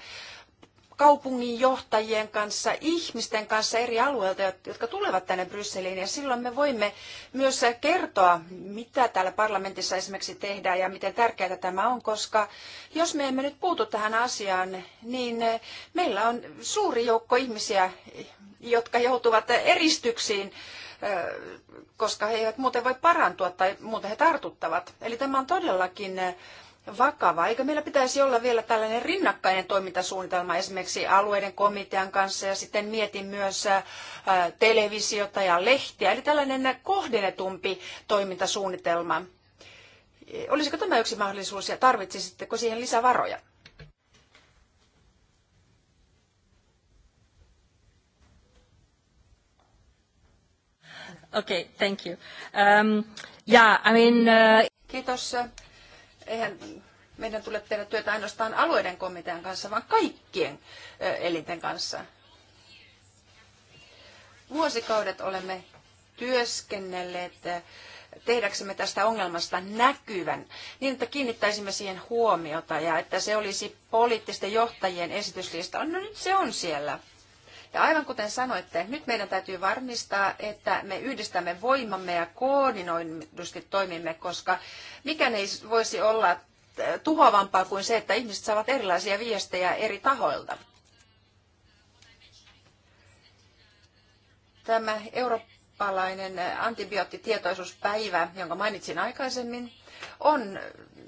[SPEAKER 1] kaupungin johtajien kanssa, ihmisten kanssa eri alueilta, jotka tulevat tänne Brysseliin. Ja silloin me voimme myös kertoa, mitä täällä parlamentissa esimerkiksi tehdään ja miten tärkeää tämä on, koska jos me emme nyt puutu tähän asiaan, niin meillä on suuri joukko ihmisiä, jotka joutuvat eristyksiin koska he eivät muuten voi parantua tai muuten he tartuttavat. Eli tämä on todellakin vakava. Eikö meillä pitäisi olla vielä tällainen rinnakkainen toimintasuunnitelma esimerkiksi alueiden komitean kanssa ja sitten mietin myös televisiota ja lehtiä, eli tällainen kohdennetumpi toimintasuunnitelma. Olisiko tämä yksi mahdollisuus ja tarvitsisitteko siihen lisävaroja? Okay, thank you. Um, yeah, I mean, uh... Kiitos. Eihän meidän tule tehdä työtä ainoastaan alueiden komitean kanssa, vaan kaikkien uh, elinten kanssa. Vuosikaudet olemme työskennelleet uh, tehdäksemme tästä ongelmasta näkyvän, niin että kiinnittäisimme siihen huomiota ja että se olisi poliittisten johtajien esityslista. No nyt se on siellä. Ja aivan kuten sanoitte, nyt meidän täytyy varmistaa, että me yhdistämme voimamme ja koordinoidusti toimimme, koska mikään ei voisi olla äh, tuhoavampaa kuin se, että ihmiset saavat erilaisia viestejä eri tahoilta. Tämä eurooppalainen äh, antibioottitietoisuuspäivä, jonka mainitsin aikaisemmin, on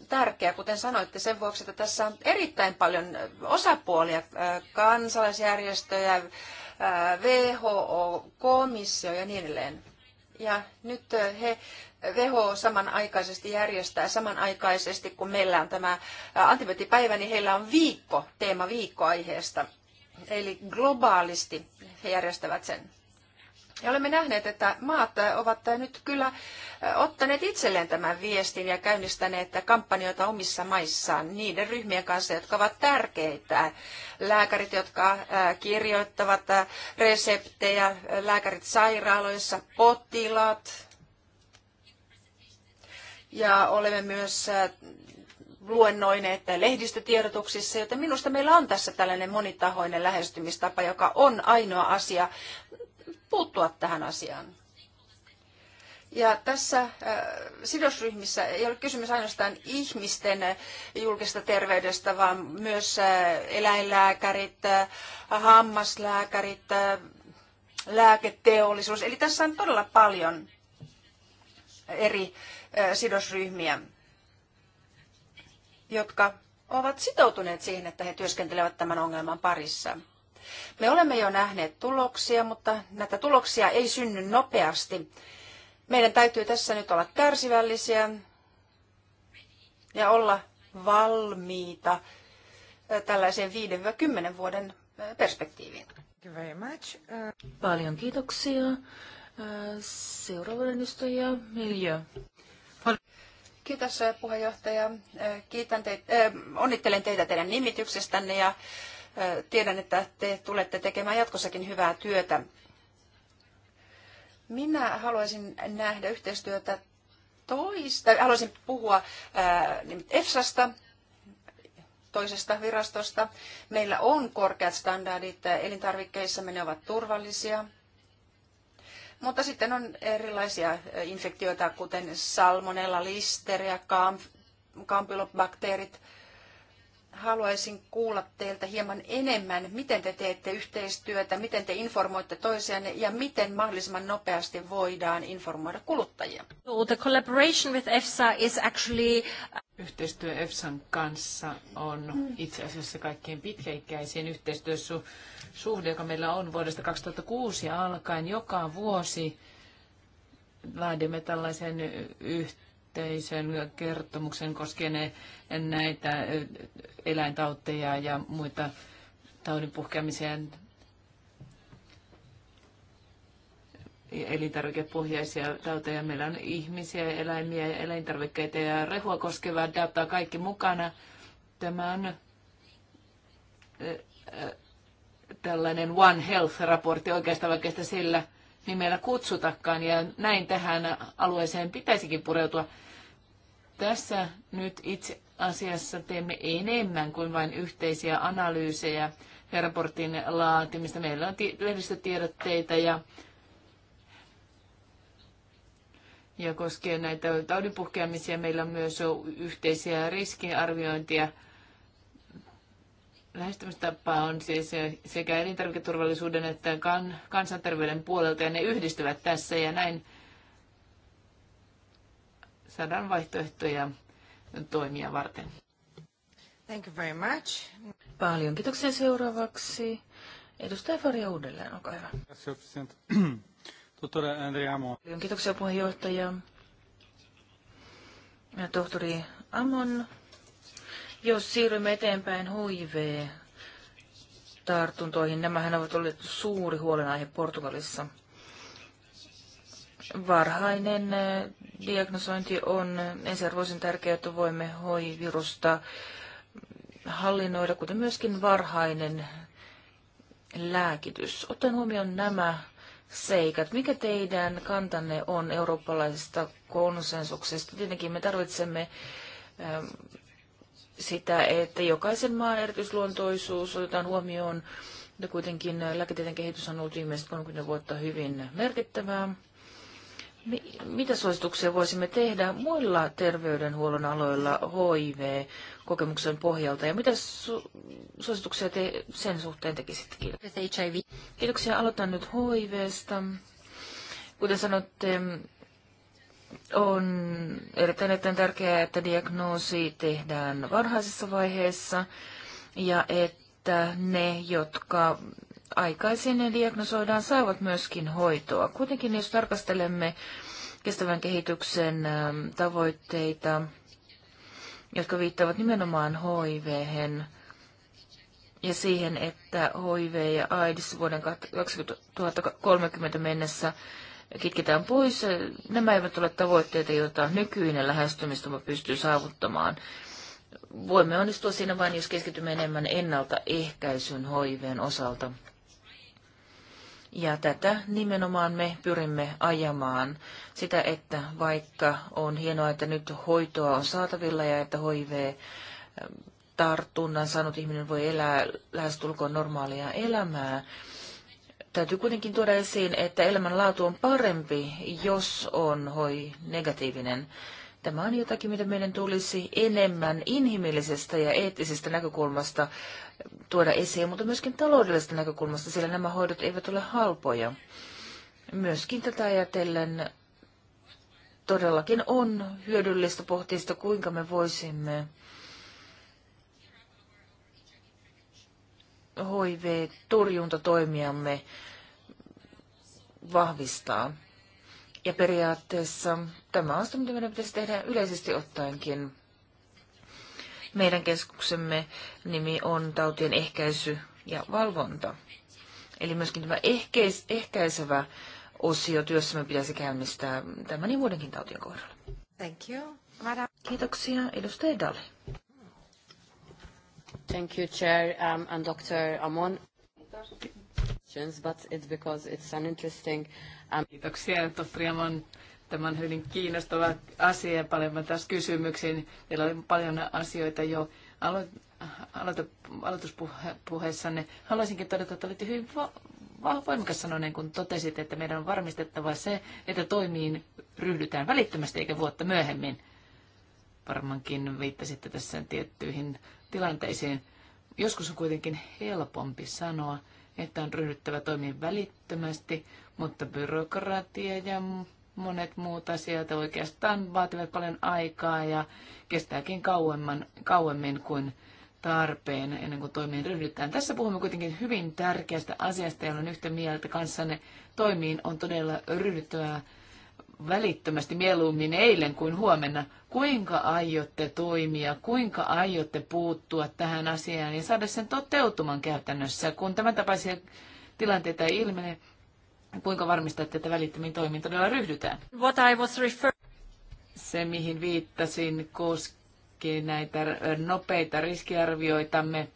[SPEAKER 1] tärkeä, kuten sanoitte, sen vuoksi, että tässä on erittäin paljon osapuolia, äh, kansalaisjärjestöjä, äh, WHO, komissio ja niin edelleen. Ja nyt äh, he, WHO samanaikaisesti järjestää samanaikaisesti, kun meillä on tämä antibioottipäivä, niin heillä on viikko, teema viikko aiheesta. Eli globaalisti he järjestävät sen. Ja olemme nähneet, että maat ovat nyt kyllä ottaneet itselleen tämän viestin ja käynnistäneet kampanjoita omissa maissaan niiden ryhmien kanssa, jotka ovat tärkeitä. Lääkärit, jotka kirjoittavat reseptejä, lääkärit sairaaloissa, potilaat. Ja olemme myös luennoineet lehdistötiedotuksissa, joten minusta meillä on tässä tällainen monitahoinen lähestymistapa, joka on ainoa asia, puuttua tähän asiaan. Ja tässä äh, sidosryhmissä ei ole kysymys ainoastaan ihmisten äh, julkista terveydestä, vaan myös äh, eläinlääkärit, hammaslääkärit, lääketeollisuus. Eli tässä on todella paljon eri sidosryhmiä, jotka ovat sitoutuneet siihen, että he työskentelevät tämän ongelman parissa. Me olemme jo nähneet tuloksia, mutta näitä tuloksia ei synny nopeasti. Meidän täytyy tässä nyt olla kärsivällisiä ja olla valmiita tällaiseen 5-10 vuoden perspektiiviin. Uh, Paljon kiitoksia. Seuraava edustaja Miljö. Kiitos puheenjohtaja. Kiitän teitä, äh, onnittelen teitä teidän nimityksestänne ja Tiedän, että te tulette tekemään jatkossakin hyvää työtä. Minä haluaisin nähdä yhteistyötä toista, haluaisin puhua EFSAsta, toisesta virastosta. Meillä on korkeat standardit elintarvikkeissa ne ovat turvallisia. Mutta sitten on erilaisia infektioita, kuten salmonella, listeria, kamp- kampylobakteerit – haluaisin kuulla teiltä hieman enemmän, miten te teette yhteistyötä, miten te informoitte toisianne ja miten mahdollisimman nopeasti voidaan informoida kuluttajia.
[SPEAKER 3] So the collaboration with EFSA is actually... Uh, Yhteistyö EFSAn kanssa on itse asiassa kaikkein pitkäikäisin yhteistyösuhde, joka meillä on vuodesta 2006 alkaen joka vuosi laadimme tällaisen yhteistyön yhteisön kertomuksen koskien näitä eläintauteja ja muita taudin puhkeamiseen elintarvikepohjaisia tauteja. Meillä on ihmisiä, eläimiä, elintarvikkeita ja rehua koskevaa dataa kaikki mukana. Tämä on tällainen One Health-raportti oikeastaan oikeastaan sillä nimellä kutsutakaan. Ja näin tähän alueeseen pitäisikin pureutua. Tässä nyt itse asiassa teemme enemmän kuin vain yhteisiä analyysejä ja raportin laatimista. Meillä on lehdistötiedotteita ja, ja koskien näitä taudinpuhkeamisia meillä on myös yhteisiä riskiarviointia. Lähestymistapa on siis sekä elintarviketurvallisuuden että kan, kansanterveyden puolelta ja ne yhdistyvät tässä ja näin saadaan vaihtoehtoja toimia varten.
[SPEAKER 2] Thank you very much. Paljon kiitoksia seuraavaksi. Edustaja Faria uudelleen, olkaa hyvä. Paljon kiitoksia puheenjohtaja. Ja tohtori Amon, jos siirrymme eteenpäin HIV-tartuntoihin, nämähän ovat olleet suuri huolenaihe Portugalissa varhainen eh, diagnosointi on ensiarvoisen tärkeää, että voimme HIV-virusta hallinnoida, kuten myöskin varhainen lääkitys. Ottaen huomioon nämä seikat. Mikä teidän kantanne on eurooppalaisesta konsensuksesta? Tietenkin me tarvitsemme eh, sitä, että jokaisen maan erityisluontoisuus otetaan huomioon, Ja kuitenkin eh, lääketieteen kehitys on ollut viimeiset 30 vuotta hyvin merkittävää mitä suosituksia voisimme tehdä muilla terveydenhuollon aloilla HIV-kokemuksen pohjalta ja mitä su- suosituksia te sen suhteen tekisitte? Kiitoksia. Aloitan nyt HIVstä. Kuten sanotte, on erittäin, erittäin tärkeää, että diagnoosi tehdään varhaisessa vaiheessa ja että ne, jotka aikaisin diagnosoidaan, saavat myöskin hoitoa. Kuitenkin jos tarkastelemme kestävän kehityksen ähm, tavoitteita, jotka viittaavat nimenomaan hiv ja siihen, että HIV ja AIDS vuoden 2030 mennessä kitketään pois. Äh, nämä eivät ole tavoitteita, joita nykyinen lähestymistapa pystyy saavuttamaan. Voimme onnistua siinä vain, jos keskitymme enemmän ennaltaehkäisyn hoiveen osalta. Ja tätä nimenomaan me pyrimme ajamaan. Sitä, että vaikka on hienoa, että nyt hoitoa on saatavilla ja että HIV eh, tartunnan saanut ihminen voi elää lähestulkoon normaalia elämää, täytyy kuitenkin tuoda esiin, että elämänlaatu on parempi, jos on hoi negatiivinen. Tämä on jotakin, mitä meidän tulisi enemmän inhimillisestä ja eettisestä näkökulmasta tuoda esiin, mutta myöskin taloudellisesta näkökulmasta, sillä nämä hoidot eivät ole halpoja. Myöskin tätä ajatellen todellakin on hyödyllistä pohtia sitä, kuinka me voisimme HIV-torjuntatoimiamme vahvistaa. Ja periaatteessa tämä on sitä, mitä meidän pitäisi tehdä yleisesti ottaenkin. Meidän keskuksemme nimi on tautien ehkäisy ja valvonta. Eli myöskin tämä ehkäis- ehkäisevä osio työssämme pitäisi käynnistää tämän ja muidenkin tautien kohdalla. Thank you. Madam. Kiitoksia. Edustaja
[SPEAKER 3] Dali. Thank you, Chair um, and Dr. Amon. But it's because it's an interesting... Um... Kiitoksia, Dr. Amon Tämä on hyvin kiinnostava asia ja paljon taas kysymyksiin. Teillä oli paljon asioita jo alo- aloituspuheessanne. Haluaisinkin todeta, että olette hyvin voimakas sanoinen, kun totesit, että meidän on varmistettava se, että toimiin ryhdytään välittömästi eikä vuotta myöhemmin. Varmaankin viittasitte tässä tiettyihin tilanteisiin. Joskus on kuitenkin helpompi sanoa, että on ryhdyttävä toimiin välittömästi, mutta byrokratia ja monet muut asiat oikeastaan vaativat paljon aikaa ja kestääkin kauemman, kauemmin kuin tarpeen ennen kuin toimiin ryhdytään. Tässä puhumme kuitenkin hyvin tärkeästä asiasta ja on yhtä mieltä kanssanne. Toimiin on todella ryhdyttävää välittömästi mieluummin eilen kuin huomenna. Kuinka aiotte toimia, kuinka aiotte puuttua tähän asiaan ja saada sen toteutuman käytännössä, kun tämän tapaisia tilanteita ilmenee? kuinka varmistatte, että välittömiin toimiin todella ryhdytään? What I was refer- Se, mihin viittasin, koskee näitä nopeita riskiarvioitamme.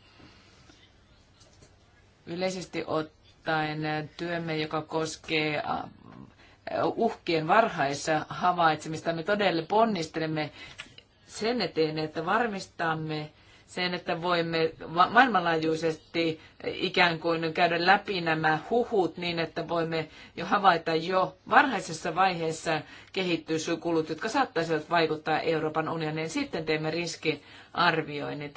[SPEAKER 3] Yleisesti ottaen työmme, joka koskee uhkien varhaissa havaitsemista, me todella ponnistelemme sen eteen, että varmistamme sen, että voimme maailmanlaajuisesti ikään kuin käydä läpi nämä huhut niin, että voimme jo havaita jo varhaisessa vaiheessa kehityskulut, jotka saattaisivat vaikuttaa Euroopan unioniin. Sitten teemme riskiarvioinnit.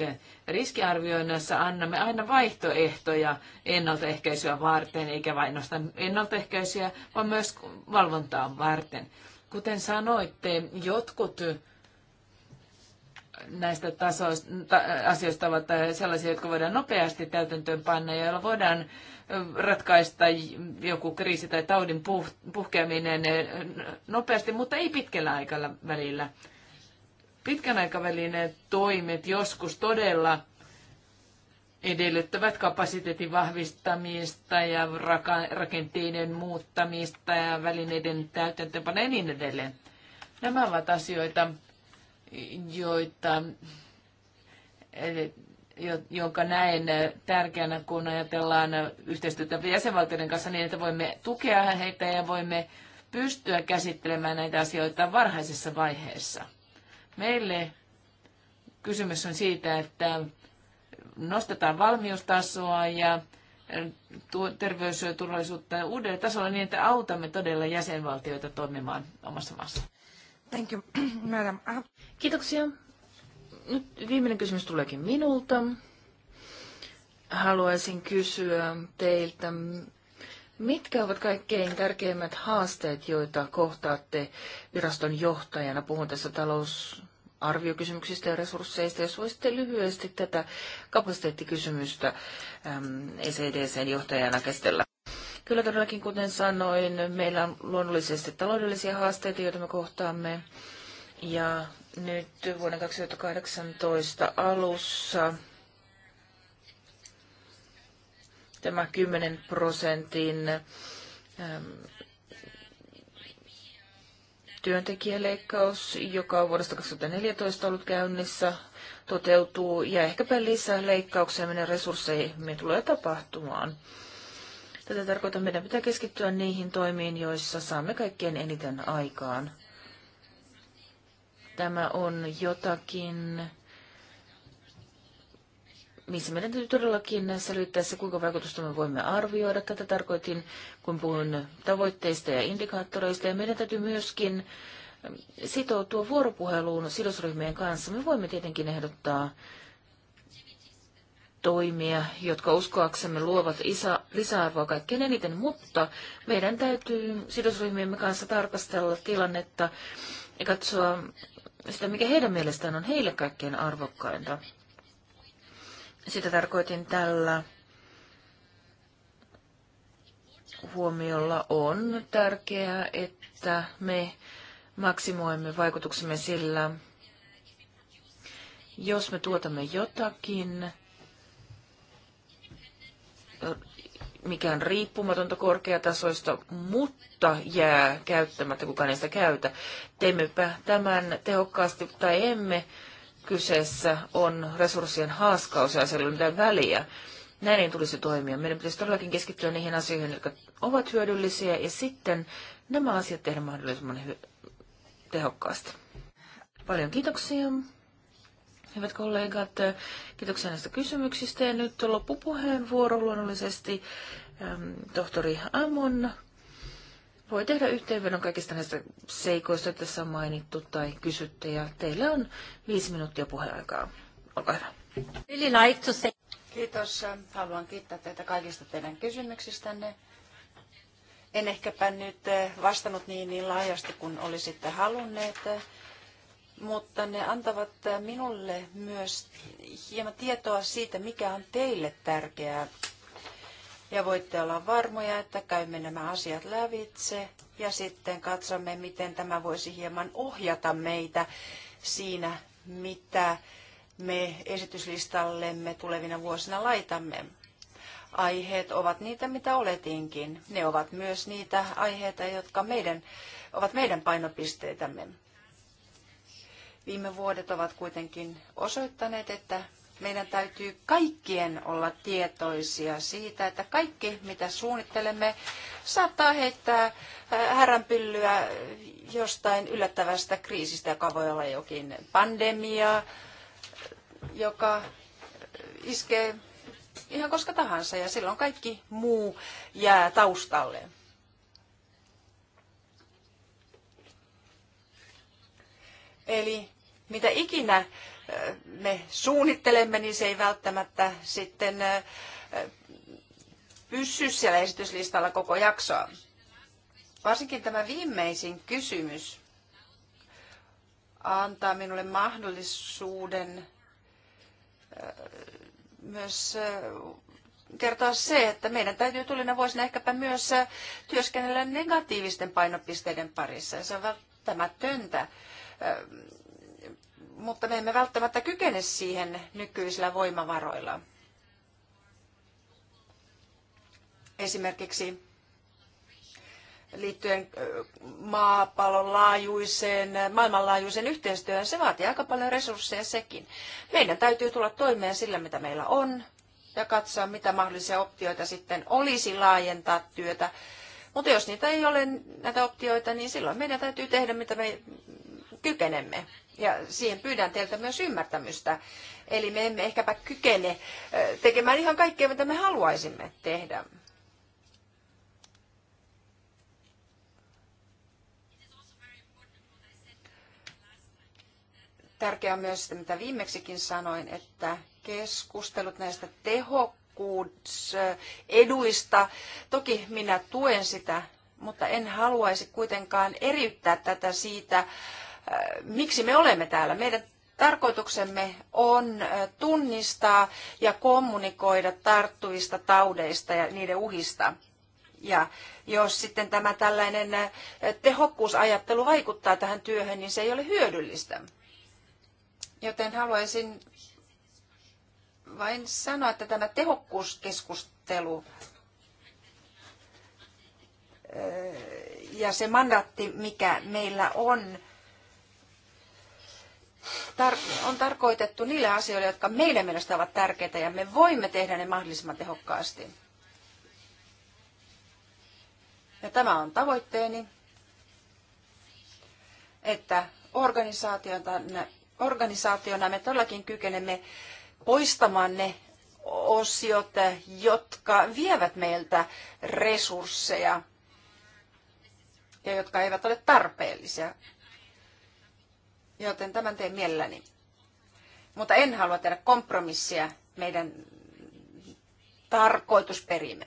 [SPEAKER 3] Riskiarvioinnissa annamme aina vaihtoehtoja ennaltaehkäisyä varten, eikä vain ennaltaehkäisyä, vaan myös valvontaa varten. Kuten sanoitte, jotkut näistä tasoista, ta, asioista ovat äh, sellaisia, jotka voidaan nopeasti täytäntöön panna ja joilla voidaan äh, ratkaista joku kriisi tai taudin puh, puhkeaminen äh, nopeasti, mutta ei pitkällä aikavälillä. Pitkän aikavälin toimet joskus todella edellyttävät kapasiteetin vahvistamista ja rakenteiden muuttamista ja välineiden täytäntöönpanoa ja niin edelleen. Nämä ovat asioita, joita, jo, jonka näen tärkeänä, kun ajatellaan yhteistyötä jäsenvaltioiden kanssa niin, että voimme tukea heitä ja voimme pystyä käsittelemään näitä asioita varhaisessa vaiheessa. Meille kysymys on siitä, että nostetaan valmiustasoa ja terveysturvallisuutta uudelle tasolle niin, että autamme todella jäsenvaltioita toimimaan omassa maassa. Thank you, madam. Ah. Kiitoksia.
[SPEAKER 2] Nyt viimeinen kysymys tuleekin minulta. Haluaisin kysyä teiltä, mitkä ovat kaikkein tärkeimmät haasteet, joita kohtaatte viraston johtajana? Puhun tässä talousarviokysymyksistä ja resursseista. Jos voisitte lyhyesti tätä kapasiteettikysymystä ECDCn johtajana käsitellä. Kyllä todellakin, kuten sanoin, meillä on luonnollisesti taloudellisia haasteita, joita me kohtaamme. Ja nyt vuoden 2018 alussa tämä 10 prosentin ähm, työntekijäleikkaus, joka on vuodesta 2014 ollut käynnissä, toteutuu ja ehkäpä lisää leikkauksia meidän resursseihin tulee tapahtumaan. Tätä tarkoittaa, meidän pitää keskittyä niihin toimiin, joissa saamme kaikkien eniten aikaan. Tämä on jotakin, missä meidän täytyy todellakin selvittää se, kuinka vaikutusta me voimme arvioida. Tätä tarkoitin, kun puhun tavoitteista ja indikaattoreista. Ja meidän täytyy myöskin sitoutua vuoropuheluun sidosryhmien kanssa. Me voimme tietenkin ehdottaa toimia, jotka uskoaksemme luovat isä, lisäarvoa kaikkein eniten, mutta meidän täytyy sidosryhmiemme kanssa tarkastella tilannetta ja katsoa sitä, mikä heidän mielestään on heille kaikkein arvokkainta. Sitä tarkoitin tällä huomiolla on tärkeää, että me maksimoimme vaikutuksemme sillä, jos me tuotamme jotakin, mikään riippumatonta korkeatasoista, mutta jää käyttämättä, kukaan ei sitä käytä. Teemmepä tämän tehokkaasti tai emme, kyseessä on resurssien haaskaus ja sillä mitään väliä. Näin ei tulisi toimia. Meidän pitäisi todellakin keskittyä niihin asioihin, jotka ovat hyödyllisiä ja sitten nämä asiat tehdä mahdollisimman hy- tehokkaasti. Paljon kiitoksia. Hyvät kollegat, kiitoksia näistä kysymyksistä. Ja nyt loppupuheenvuoro luonnollisesti ähm, tohtori Amon voi tehdä yhteenvedon kaikista näistä seikoista, joita tässä on mainittu tai kysytty. Ja teillä on viisi minuuttia puheaikaa. Olkaa hyvä.
[SPEAKER 1] Kiitos. Haluan kiittää teitä kaikista teidän kysymyksistänne. En ehkäpä nyt eh, vastannut niin, niin laajasti kuin olisitte halunneet, mutta ne antavat minulle myös hieman tietoa siitä, mikä on teille tärkeää. Ja voitte olla varmoja, että käymme nämä asiat lävitse ja sitten katsomme, miten tämä voisi hieman ohjata meitä siinä, mitä me esityslistallemme tulevina vuosina laitamme. Aiheet ovat niitä, mitä oletinkin. Ne ovat myös niitä aiheita, jotka meidän, ovat meidän painopisteitämme. Viime vuodet ovat kuitenkin osoittaneet, että meidän täytyy kaikkien olla tietoisia siitä, että kaikki mitä suunnittelemme saattaa heittää äh, häränpyllyä jostain yllättävästä kriisistä, joka voi olla jokin pandemia, joka iskee ihan koska tahansa ja silloin kaikki muu jää taustalle. Eli mitä ikinä me suunnittelemme, niin se ei välttämättä sitten pysy siellä esityslistalla koko jaksoa. Varsinkin tämä viimeisin kysymys antaa minulle mahdollisuuden myös kertoa se, että meidän täytyy tulina vuosina ehkäpä myös työskennellä negatiivisten painopisteiden parissa. Ja se on välttämätöntä mutta me emme välttämättä kykene siihen nykyisillä voimavaroilla. Esimerkiksi liittyen maapallon laajuiseen, maailmanlaajuiseen yhteistyöhön, se vaatii aika paljon resursseja sekin. Meidän täytyy tulla toimeen sillä, mitä meillä on, ja katsoa, mitä mahdollisia optioita sitten olisi laajentaa työtä. Mutta jos niitä ei ole, näitä optioita, niin silloin meidän täytyy tehdä, mitä me, kykenemme. Ja siihen pyydän teiltä myös ymmärtämystä. Eli me emme ehkäpä kykene tekemään ihan kaikkea, mitä me haluaisimme tehdä. Tärkeää on myös se, mitä viimeksikin sanoin, että keskustelut näistä tehokkuuseduista, toki minä tuen sitä, mutta en haluaisi kuitenkaan eriyttää tätä siitä, Äh, miksi me olemme täällä. Meidän tarkoituksemme on äh, tunnistaa ja kommunikoida tarttuvista taudeista ja niiden uhista. Ja jos sitten tämä tällainen äh, tehokkuusajattelu vaikuttaa tähän työhön, niin se ei ole hyödyllistä. Joten haluaisin vain sanoa, että tämä tehokkuuskeskustelu ja se mandaatti, mikä meillä on, tar- on tarkoitettu niille asioille, jotka meidän mielestä ovat tärkeitä ja me voimme tehdä ne mahdollisimman tehokkaasti. Ja tämä on tavoitteeni, että organisaationa, organisaationa me todellakin kykenemme poistamaan ne osiot, jotka vievät meiltä resursseja ja jotka eivät ole tarpeellisia joten tämän teen mielelläni. Mutta en halua tehdä kompromissia meidän tarkoitusperimme.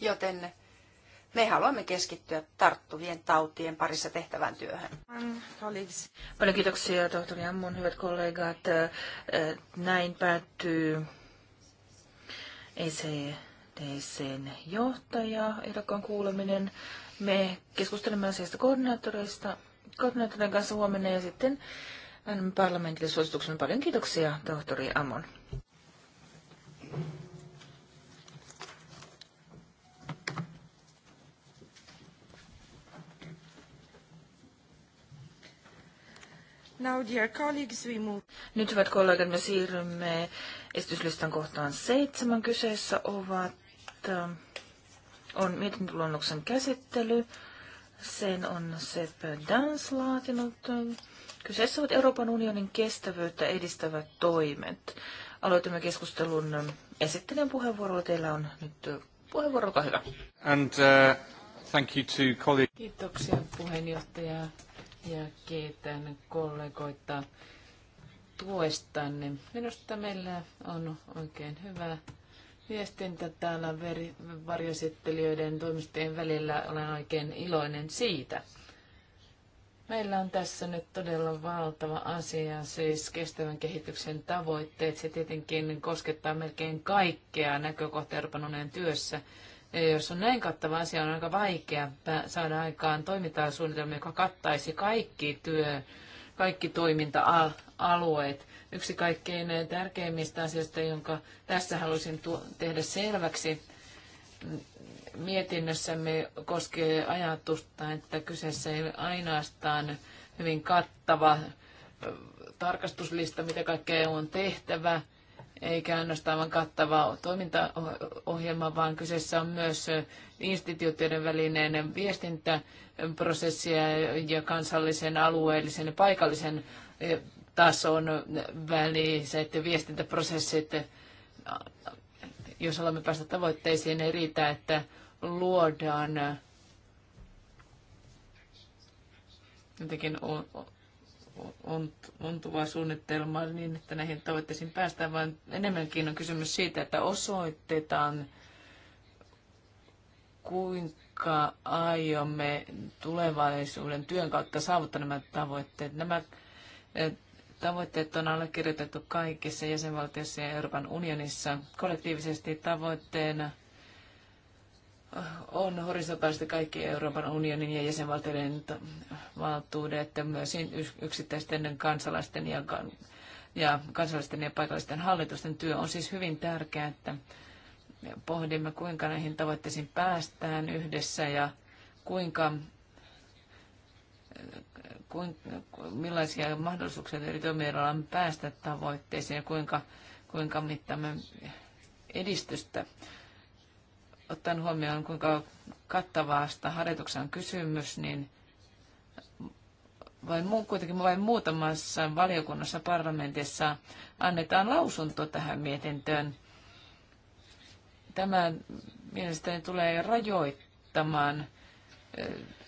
[SPEAKER 1] Joten me haluamme keskittyä tarttuvien tautien parissa tehtävään työhön. Paljon kiitoksia, tohtori Ammon, hyvät kollegat.
[SPEAKER 2] Näin päättyy ECDCn johtaja, ehdokkaan kuuleminen. Me keskustelemme asiasta koordinaattoreista koordinaattorin kanssa huomenna ja sitten annamme parlamentille suosituksen. Paljon kiitoksia, tohtori Amon.
[SPEAKER 1] Now, dear colleagues, we move.
[SPEAKER 2] Nyt, hyvät kollegat, me siirrymme esityslistan kohtaan seitsemän. Kyseessä ovat, äh, on mietintöluonnoksen käsittely. Sen on Sepp Dans laatinut. Kyseessä ovat Euroopan unionin kestävyyttä edistävät toimet. Aloitamme keskustelun esittelijän puheenvuorolla. Teillä on nyt
[SPEAKER 3] puheenvuoro, olkaa hyvä.
[SPEAKER 2] And, uh, thank you to colleague.
[SPEAKER 3] Kiitoksia puheenjohtaja ja kiitän kollegoita tuestanne. Minusta meillä on oikein hyvä viestintä täällä veri, varjosittelijöiden toimistojen välillä. Olen oikein iloinen siitä. Meillä on tässä nyt todella valtava asia, siis kestävän kehityksen tavoitteet. Se tietenkin koskettaa melkein kaikkea näkökohta Euroopan työssä. Ja jos on näin kattava asia, on aika vaikea saada aikaan toimintasuunnitelma, joka kattaisi kaikki työ, kaikki toiminta-alueet yksi kaikkein tärkeimmistä asioista, jonka tässä halusin tehdä selväksi mietinnössämme koskee ajatusta, että kyseessä ei ole ainoastaan hyvin kattava tarkastuslista, mitä kaikkea on tehtävä, eikä ainoastaan vain kattava toimintaohjelma, vaan kyseessä on myös instituutioiden välinen viestintäprosessi ja kansallisen, alueellisen ja paikallisen tason väliset viestintäprosessit. Jos haluamme päästä tavoitteisiin, ei riitä, että luodaan jotenkin ontuvaa suunnitelmaa niin, että näihin tavoitteisiin päästään, vaan enemmänkin on kysymys siitä, että osoitetaan, kuinka aiomme tulevaisuuden työn kautta saavuttaa nämä tavoitteet. Nämä eh, Tavoitteet on allekirjoitettu kaikissa jäsenvaltioissa ja Euroopan unionissa. Kollektiivisesti tavoitteena eh, on horisontaalisesti kaikki Euroopan unionin ja jäsenvaltioiden valtuudet, myös yksittäisten kansalaisten ja, ja kansallisten ja paikallisten hallitusten työ on siis hyvin tärkeää, että pohdimme, kuinka näihin tavoitteisiin päästään yhdessä ja kuinka millaisia mahdollisuuksia eri toimialoilla on päästä tavoitteisiin ja kuinka, kuinka mittaamme edistystä. Ottaen huomioon, kuinka kattavasta harjoituksen on kysymys, niin vain muu, kuitenkin vain muutamassa valiokunnassa parlamentissa annetaan lausunto tähän mietintöön. Tämä mielestäni tulee rajoittamaan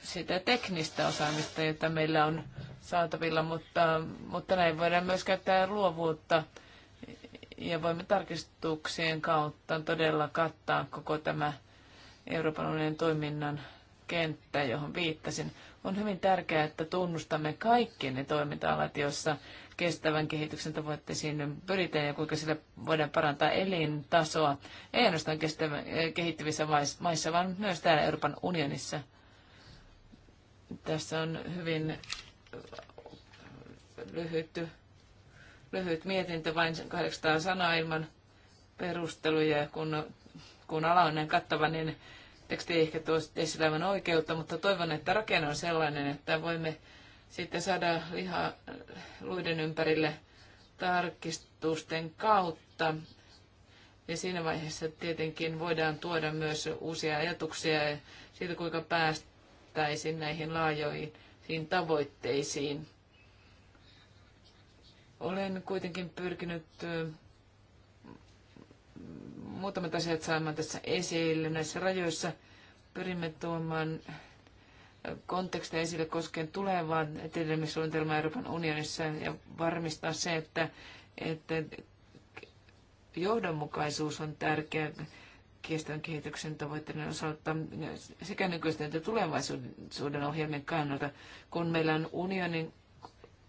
[SPEAKER 3] sitä teknistä osaamista, jota meillä on saatavilla, mutta, mutta näin voidaan myös käyttää luovuutta ja voimme tarkistuksien kautta todella kattaa koko tämä Euroopan unionin toiminnan kenttä, johon viittasin. On hyvin tärkeää, että tunnustamme kaikki ne toiminta-alat, joissa kestävän kehityksen tavoitteisiin pyritään ja kuinka sillä voidaan parantaa elintasoa, ei ainoastaan kestävä, eh, kehittyvissä maissa, vaan myös täällä Euroopan unionissa. Tässä on hyvin lyhytty, lyhyt mietintö, vain 800 sanaa ilman perusteluja. Kun, kun ala on näin kattava, niin teksti ei ehkä tuo esille aivan oikeutta, mutta toivon, että rakenne on sellainen, että voimme sitten saada liha luiden ympärille tarkistusten kautta. Ja siinä vaiheessa tietenkin voidaan tuoda myös uusia ajatuksia siitä, kuinka päästä päästäisiin näihin laajoihin tavoitteisiin. Olen kuitenkin pyrkinyt muutamat asiat saamaan tässä esille näissä rajoissa. Pyrimme tuomaan kontekstia esille koskien tulevaa etenemissuunnitelmaa Euroopan unionissa ja varmistaa se, että, että johdonmukaisuus on tärkeä kestävän kehityksen tavoitteiden osalta sekä nykyisten että tulevaisuuden ohjelmien kannalta. Kun meillä on unionin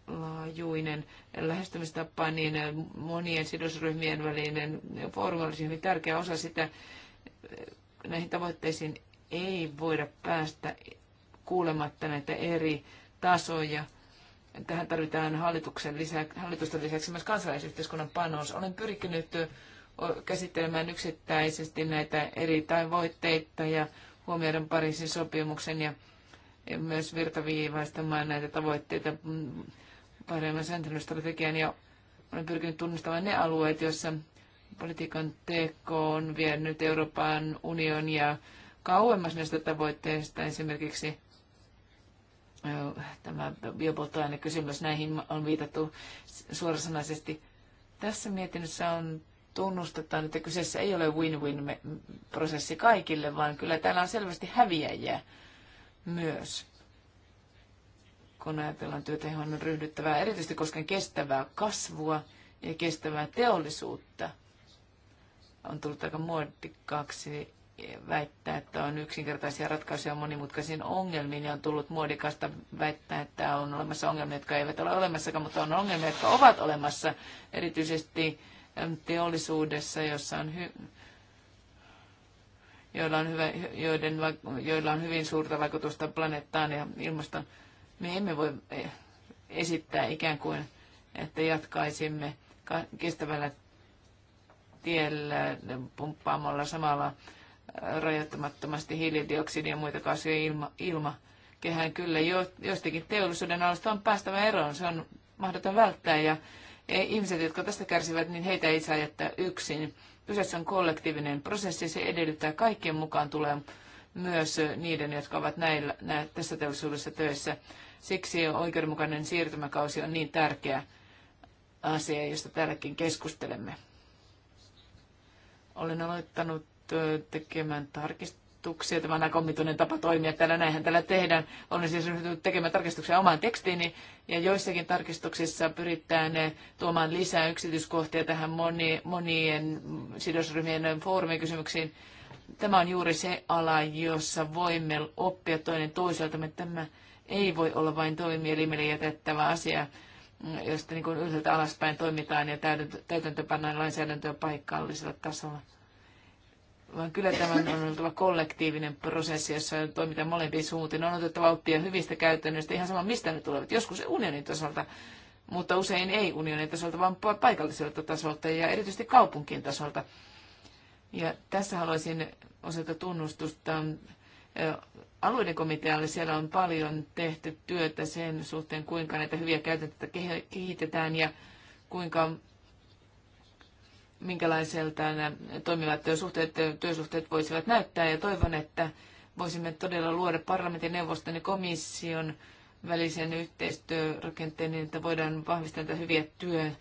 [SPEAKER 3] laajuinen lähestymistapa, niin monien sidosryhmien välinen foorumi olisi hyvin tärkeä osa sitä. Näihin tavoitteisiin ei voida päästä kuulematta näitä eri tasoja. Tähän tarvitaan hallituksen lisä, hallitusten lisäksi myös kansalaisyhteiskunnan panos. Olen pyrkinyt käsittelemään yksittäisesti näitä eri tavoitteita ja huomioiden Pariisin sopimuksen ja myös virtaviivaistamaan näitä tavoitteita mm, paremman sääntelystrategian ja olen pyrkinyt tunnistamaan ne alueet, joissa politiikan teko on vienyt Euroopan unionia kauemmas näistä tavoitteista. Esimerkiksi tämä biopolttoainekysymys, näihin on viitattu suorasanaisesti. Tässä mietinnössä on tunnustetaan, että kyseessä ei ole win-win-prosessi kaikille, vaan kyllä täällä on selvästi häviäjiä myös, kun ajatellaan työtehon on ryhdyttävää, erityisesti koskien kestävää kasvua ja kestävää teollisuutta. On tullut aika muodikkaaksi väittää, että on yksinkertaisia ratkaisuja monimutkaisiin ongelmiin ja on tullut muodikasta väittää, että on olemassa ongelmia, jotka eivät ole olemassakaan, mutta on ongelmia, jotka ovat olemassa erityisesti teollisuudessa, jossa on hy- joilla on, hyvä, joiden, joilla on hyvin suurta vaikutusta planeettaan ja ilmaston, Me emme voi eh, esittää ikään kuin, että jatkaisimme kestävällä tiellä pumppaamalla samalla eh, rajoittamattomasti hiilidioksidia ja muita kasvia ilma, ilma kehän kyllä jo, jostakin teollisuuden alasta on päästävä eroon. Se on mahdoton välttää ja ihmiset, jotka tästä kärsivät, niin heitä ei saa jättää yksin. Kyseessä on kollektiivinen prosessi, se edellyttää kaikkien mukaan tulee myös niiden, jotka ovat näillä, nä, tässä teollisuudessa töissä. Siksi oikeudenmukainen siirtymäkausi on niin tärkeä asia, josta täälläkin keskustelemme. Olen aloittanut tekemään tarkist- tarkistuksia. Tämä on aika omituinen tapa toimia täällä. Näinhän täällä tehdään. Olen siis ryhtynyt tekemään tarkistuksia omaan tekstiini ja joissakin tarkistuksissa pyritään tuomaan lisää yksityiskohtia tähän moni, monien sidosryhmien foorumikysymyksiin. Tämä on juuri se ala, jossa voimme oppia toinen toiselta, mutta Tämä ei voi olla vain toimielimelle jätettävä asia josta niin kuin alaspäin toimitaan ja täytäntöpannaan lainsäädäntöä paikallisella tasolla vaan kyllä tämän on oltava kollektiivinen prosessi, jossa toimitaan molempiin suuntiin. On otettava oppia hyvistä käytännöistä, ihan sama mistä ne tulevat, joskus unionin tasolta, mutta usein ei unionin tasolta, vaan paikalliselta tasolta ja erityisesti kaupunkien tasolta. Ja tässä haluaisin osata tunnustusta alueiden komitealle. Siellä on paljon tehty työtä sen suhteen, kuinka näitä hyviä käytäntöjä kehitetään ja kuinka minkälaiselta nämä toimivat työsuhteet, työsuhteet voisivat näyttää. Ja toivon, että voisimme todella luoda parlamentin, neuvoston ja komission välisen yhteistyörakenteen niin, että voidaan vahvistaa näitä hyviä työ,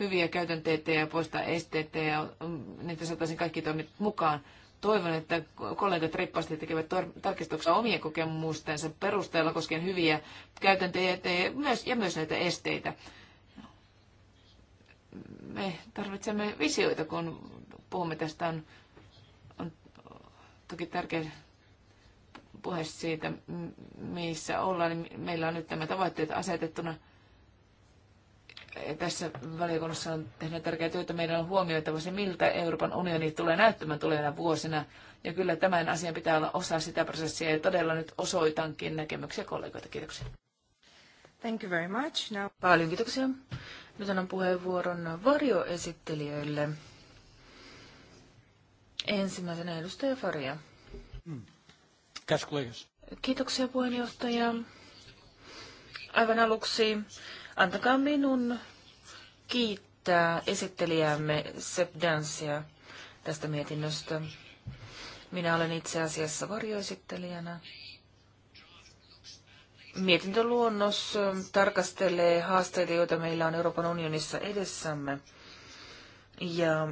[SPEAKER 3] hyviä käytänteitä ja poistaa esteitä ja mm, niitä saataisiin kaikki toimit mukaan. Toivon, että kollegat reippaasti tekevät tarkistuksia omien kokemustensa perusteella koskien hyviä käytäntöjä ja myös, ja myös näitä esteitä me tarvitsemme visioita, kun puhumme tästä. On, on toki tärkeä puhe siitä, missä ollaan. Niin meillä on nyt nämä tavoitteet asetettuna. Tässä valiokunnassa on tehnyt tärkeää työtä. Meidän on huomioitava se, miltä Euroopan unioni tulee näyttämään tulevina vuosina. Ja kyllä tämän asian pitää olla osa sitä prosessia. Ja todella nyt osoitankin näkemyksiä kollegoita. Kiitoksia.
[SPEAKER 2] Thank you very much. Now... Paljon kiitoksia. Nyt annan puheenvuoron varjoesittelijöille. Ensimmäisenä edustaja Faria. Hmm. Kiitoksia puheenjohtaja. Aivan aluksi antakaa minun kiittää esittelijämme Sepp Dansia tästä mietinnöstä. Minä olen itse asiassa varjoesittelijänä Mietintöluonnos ähm, tarkastelee haasteita, joita meillä on Euroopan unionissa edessämme ja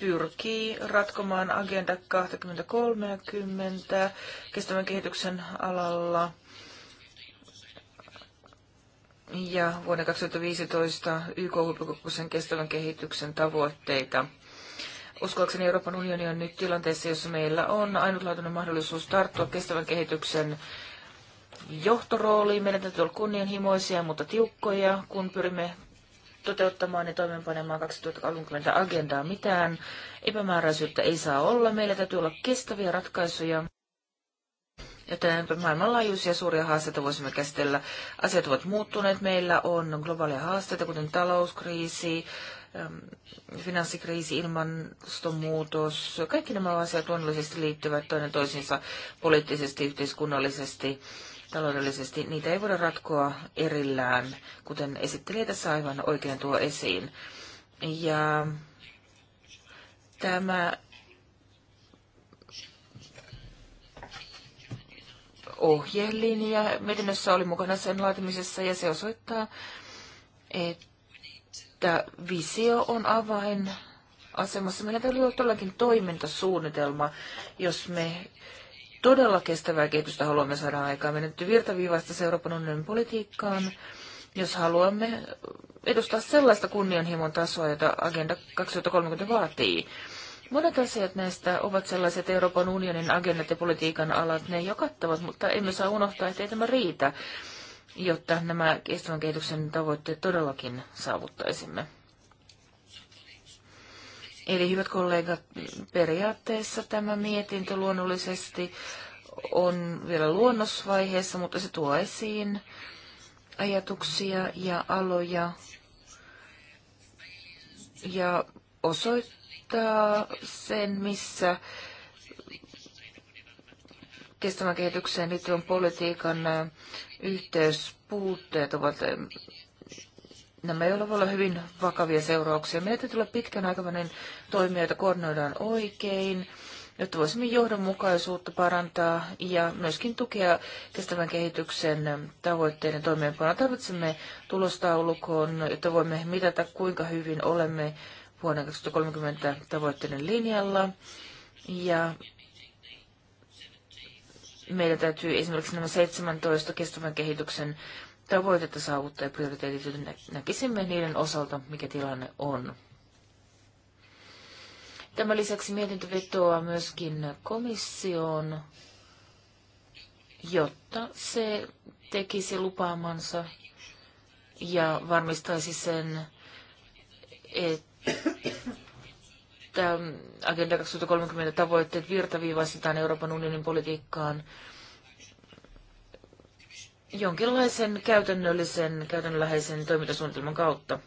[SPEAKER 2] pyrkii ratkomaan Agenda 2030 kestävän kehityksen alalla ja vuoden 2015 YK-huippukokouksen kestävän kehityksen tavoitteita. Uskoakseni Euroopan unioni on nyt tilanteessa, jossa meillä on ainutlaatuinen mahdollisuus tarttua kestävän kehityksen johtorooliin. Meidän täytyy olla kunnianhimoisia, mutta tiukkoja, kun pyrimme toteuttamaan ja toimeenpanemaan 2030 agendaa mitään. Epämääräisyyttä ei saa olla. Meillä täytyy olla kestäviä ratkaisuja. Joten maailmanlaajuisia suuria haasteita voisimme käsitellä. Asiat ovat muuttuneet. Meillä on globaaleja haasteita, kuten talouskriisi, finanssikriisi, ilmastonmuutos. Kaikki nämä asiat luonnollisesti liittyvät toinen toisiinsa poliittisesti, yhteiskunnallisesti taloudellisesti, niitä ei voida ratkoa erillään, kuten esittelijä tässä aivan oikein tuo esiin. Ja tämä ohjelinja mietinnössä oli mukana sen laatimisessa ja se osoittaa, että visio on avain asemassa. Meillä oli olla todellakin toimintasuunnitelma, jos me todella kestävää kehitystä haluamme saada aikaan. Meidän täytyy virtaviivaista Euroopan unionin politiikkaan, jos haluamme edustaa sellaista kunnianhimon tasoa, jota Agenda 2030 vaatii. Monet asiat näistä ovat sellaiset Euroopan unionin agendat ja politiikan alat, ne jo kattavat, mutta emme saa unohtaa, että ei tämä riitä, jotta nämä kestävän kehityksen tavoitteet todellakin saavuttaisimme. Eli hyvät kollegat, periaatteessa tämä mietintö luonnollisesti on vielä luonnosvaiheessa, mutta se tuo esiin ajatuksia ja aloja ja osoittaa sen, missä kestävän kehitykseen liittyvän politiikan yhteyspuutteet ovat Nämä ei ole olla hyvin vakavia seurauksia. Meidän täytyy olla pitkän aikavälin toimia, joita koordinoidaan oikein, jotta voisimme johdonmukaisuutta parantaa ja myöskin tukea kestävän kehityksen tavoitteiden toimeenpanoa. Tarvitsemme tulostaulukon, jotta voimme mitata, kuinka hyvin olemme vuoden 2030 tavoitteiden linjalla. Ja meidän täytyy esimerkiksi nämä 17 kestävän kehityksen tavoitetta saavuttaa ja prioriteetit näkisimme niiden osalta, mikä tilanne on. Tämän lisäksi mietintö vetoaa myöskin komissioon, jotta se tekisi lupaamansa ja varmistaisi sen, että Agenda 2030 tavoitteet virtaviivaistetaan Euroopan unionin politiikkaan – jonkinlaisen käytännöllisen, käytännönläheisen toimintasuunnitelman kautta.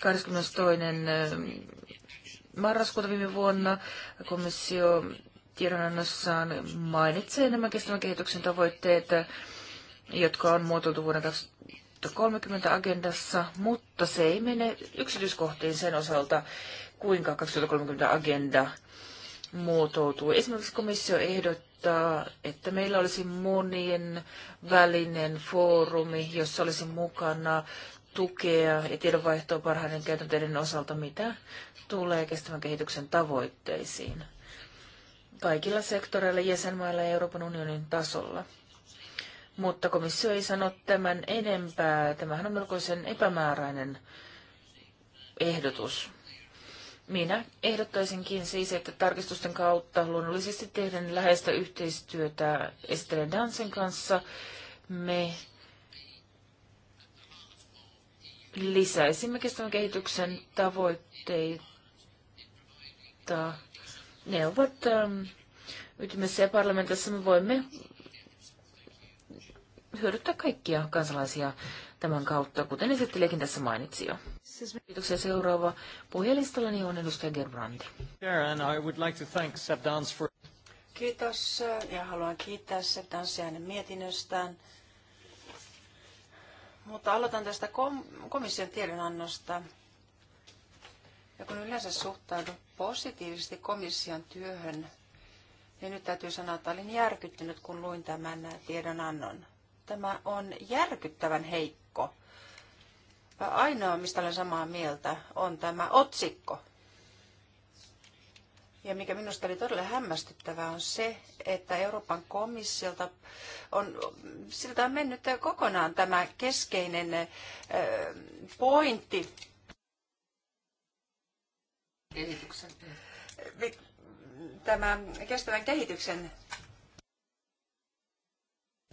[SPEAKER 2] 22. Ähm, ähm, marraskuuta viime vuonna komissio tiedonannossaan mainitsee nämä kestävän kehityksen tavoitteet, jotka on muotoiltu vuoden 2030 agendassa, mutta se ei mene yksityiskohtiin sen osalta, kuinka 2030 agenda muotoutuu. Esimerkiksi komissio ehdottaa, että, että meillä olisi monien välinen foorumi, jossa olisi mukana tukea ja tiedonvaihtoa parhaiden käytänteiden osalta, mitä tulee kestävän kehityksen tavoitteisiin kaikilla sektoreilla jäsenmailla ja Euroopan unionin tasolla. Mutta komissio ei sano tämän enempää. Tämähän on melkoisen epämääräinen ehdotus. Minä ehdottaisinkin siis, että tarkistusten kautta luonnollisesti tehdään läheistä yhteistyötä Estelle Dansen kanssa. Me lisäisimme kestävän kehityksen tavoitteita. Ne ovat ähm, ytimessä ja parlamentissa me voimme hyödyttää kaikkia kansalaisia tämän kautta, kuten esittelijäkin tässä mainitsi jo.
[SPEAKER 1] Siis Kiitoksia. Seuraava
[SPEAKER 2] puhelistallani niin on edustaja Gerbrandi.
[SPEAKER 1] Kiitos äh, ja haluan kiittää Sepp hänen mietinnöstään. Mutta aloitan tästä komission tiedonannosta. Ja kun yleensä suhtaudun positiivisesti komission työhön, niin nyt täytyy sanoa, että olin järkyttynyt, kun luin tämän tiedonannon. Tämä on järkyttävän heikko Ainoa, mistä olen samaa mieltä, on tämä otsikko. Ja mikä minusta oli todella hämmästyttävää on se, että Euroopan komissiolta on, siltä on mennyt kokonaan tämä keskeinen pointti. Kehityksen. Tämä kestävän kehityksen.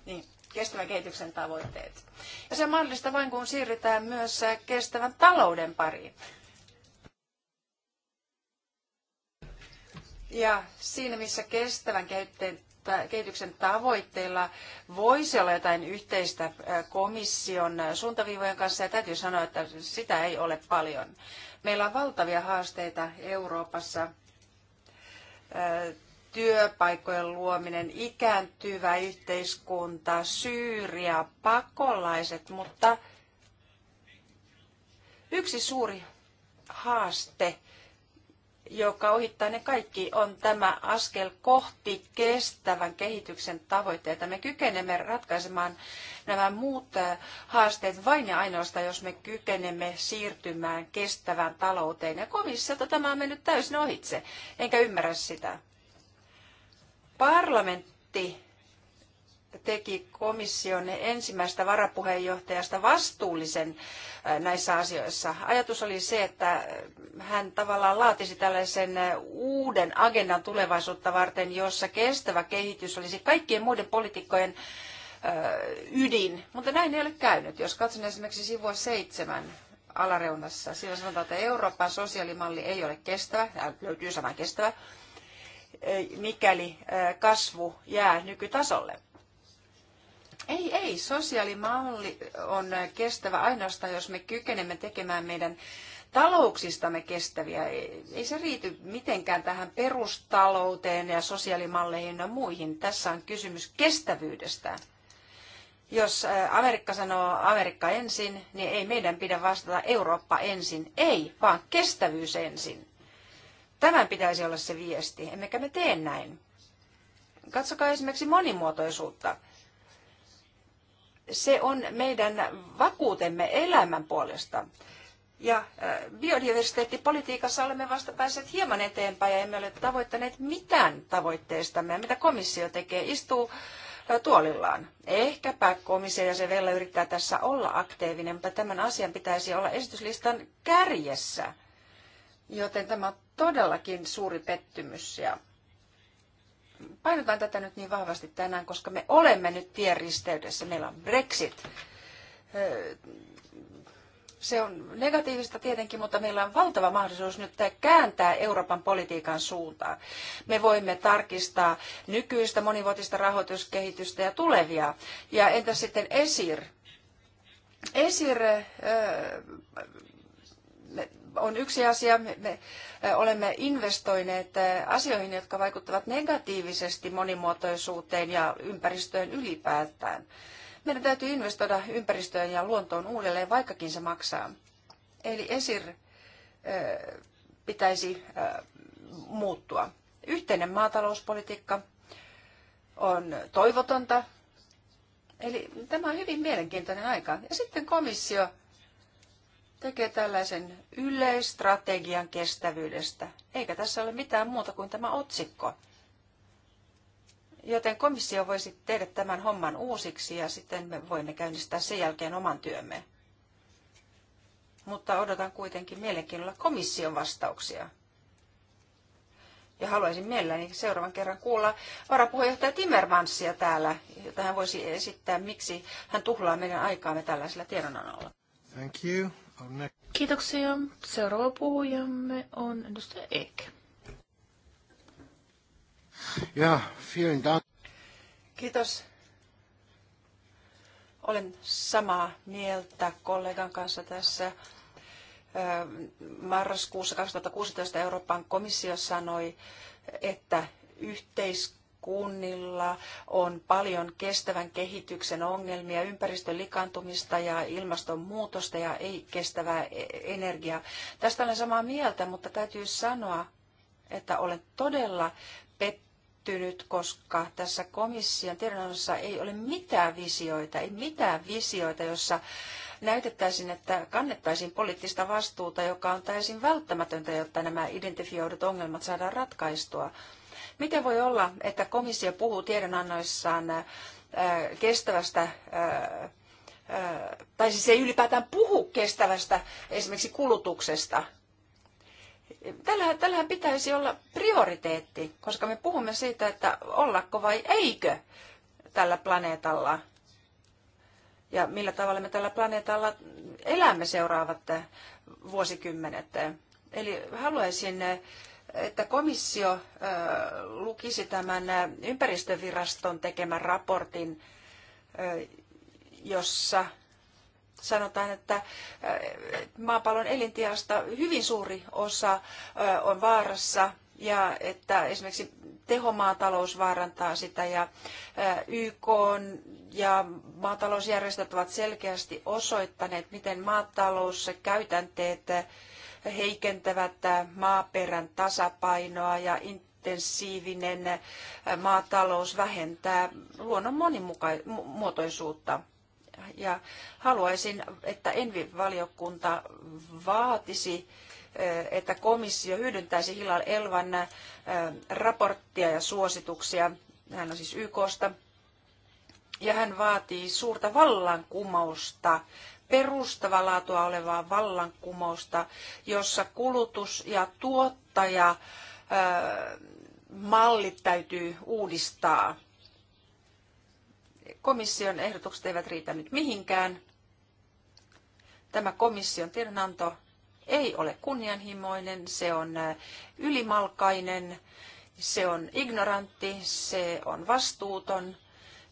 [SPEAKER 1] Niin kestävän kehityksen tavoitteet. Ja se on mahdollista vain, kun siirrytään myös äh, kestävän talouden pariin. Ja siinä, missä kestävän kehityksen tavoitteilla voisi olla jotain yhteistä äh, komission äh, suuntaviivojen kanssa, ja täytyy sanoa, että sitä ei ole paljon. Meillä on valtavia haasteita Euroopassa työpaikkojen luominen, ikääntyvä yhteiskunta, Syyria, pakolaiset, mutta yksi suuri haaste, joka ohittaa ne kaikki, on tämä askel kohti kestävän kehityksen tavoitteita. Me kykenemme ratkaisemaan nämä muut äh, haasteet vain ja ainoastaan, jos me kykenemme siirtymään kestävään talouteen. Ja komissiota tämä on mennyt täysin ohitse, enkä ymmärrä sitä. Parlamentti teki komission ensimmäistä varapuheenjohtajasta vastuullisen äh, näissä asioissa. Ajatus oli se, että hän tavallaan laatisi tällaisen äh, uuden agendan tulevaisuutta varten, jossa kestävä kehitys olisi kaikkien muiden poliitikkojen äh, ydin, mutta näin ei ole käynyt. Jos katson esimerkiksi sivua seitsemän alareunassa, siinä sanotaan, että Euroopan sosiaalimalli ei ole kestävä, löytyy sana kestävä, mikäli kasvu jää nykytasolle. Ei, ei. Sosiaalimalli on kestävä ainoastaan, jos me kykenemme tekemään meidän talouksistamme kestäviä. Ei se riity mitenkään tähän perustalouteen ja sosiaalimalleihin ja muihin. Tässä on kysymys kestävyydestä. Jos Amerikka sanoo Amerikka ensin, niin ei meidän pidä vastata Eurooppa ensin. Ei, vaan kestävyys ensin. Tämän pitäisi olla se viesti, emmekä me tee näin. Katsokaa esimerkiksi monimuotoisuutta. Se on meidän vakuutemme elämän puolesta. Ja biodiversiteettipolitiikassa olemme vasta päässeet hieman eteenpäin ja emme ole tavoittaneet mitään tavoitteistamme. Ja mitä komissio tekee? Istuu tuolillaan. Ehkäpä komissio ja se vielä yrittää tässä olla aktiivinen, mutta tämän asian pitäisi olla esityslistan kärjessä. Joten tämä on todellakin suuri pettymys ja painotan tätä nyt niin vahvasti tänään, koska me olemme nyt tien risteydessä. Meillä on Brexit. Se on negatiivista tietenkin, mutta meillä on valtava mahdollisuus nyt kääntää Euroopan politiikan suuntaa. Me voimme tarkistaa nykyistä monivuotista rahoituskehitystä ja tulevia. Ja entä sitten ESIR? ESIR, me, on yksi asia. Me olemme investoineet asioihin, jotka vaikuttavat negatiivisesti monimuotoisuuteen ja ympäristöön ylipäätään. Meidän täytyy investoida ympäristöön ja luontoon uudelleen, vaikkakin se maksaa. Eli esir pitäisi muuttua. Yhteinen maatalouspolitiikka on toivotonta. Eli tämä on hyvin mielenkiintoinen aika. Ja sitten komissio tekee tällaisen yleistrategian kestävyydestä. Eikä tässä ole mitään muuta kuin tämä otsikko. Joten komissio voisi tehdä tämän homman uusiksi ja sitten me voimme käynnistää sen jälkeen oman työmme. Mutta odotan kuitenkin mielenkiinnolla komission vastauksia. Ja haluaisin mielelläni seuraavan kerran kuulla varapuheenjohtaja Timmermansia täällä, jota hän voisi esittää, miksi hän tuhlaa meidän aikaamme tällaisella tiedonannolla.
[SPEAKER 2] Thank you. Kiitoksia. Seuraava puhujamme on edustaja Eek.
[SPEAKER 1] Ja, vielen dank. Kiitos. Olen samaa mieltä kollegan kanssa tässä. Marraskuussa 2016 Euroopan komissio sanoi, että yhteiskunta kunnilla on paljon kestävän kehityksen ongelmia, ympäristön likantumista ja ilmastonmuutosta ja ei-kestävää e- energiaa. Tästä olen samaa mieltä, mutta täytyy sanoa, että olen todella pettynyt, koska tässä komission tiedonannossa ei ole mitään visioita, ei mitään visioita, jossa näytettäisiin, että kannettaisiin poliittista vastuuta, joka on täysin välttämätöntä, jotta nämä identifioidut ongelmat saadaan ratkaistua. Miten voi olla, että komissio puhuu tiedonannoissaan äh, kestävästä äh, äh, tai siis ei ylipäätään puhu kestävästä esimerkiksi kulutuksesta. Tällähän, tällähän pitäisi olla prioriteetti, koska me puhumme siitä, että ollako vai eikö tällä planeetalla ja millä tavalla me tällä planeetalla elämme seuraavat vuosikymmenet. Eli haluaisin että komissio lukisi tämän ympäristöviraston tekemän raportin, jossa sanotaan, että maapallon elintilasta hyvin suuri osa on vaarassa ja että esimerkiksi tehomaatalous vaarantaa sitä ja YK ja maatalousjärjestöt ovat selkeästi osoittaneet, miten maatalouskäytänteet käytänteet heikentävät äh, maaperän tasapainoa ja intensiivinen äh, maatalous vähentää luonnon monimuotoisuutta. Ja haluaisin, että Envi-valiokunta vaatisi äh, että komissio hyödyntäisi Hilal Elvan raporttia ja suosituksia. Hän on siis YKsta. Ja hän vaatii suurta vallankumousta perustavaa laatua olevaa vallankumousta, jossa kulutus ja tuottaja mallit täytyy uudistaa. Komission ehdotukset eivät riitä nyt mihinkään. Tämä komission tiedonanto ei ole kunnianhimoinen, se on ylimalkainen, se on ignorantti, se on vastuuton.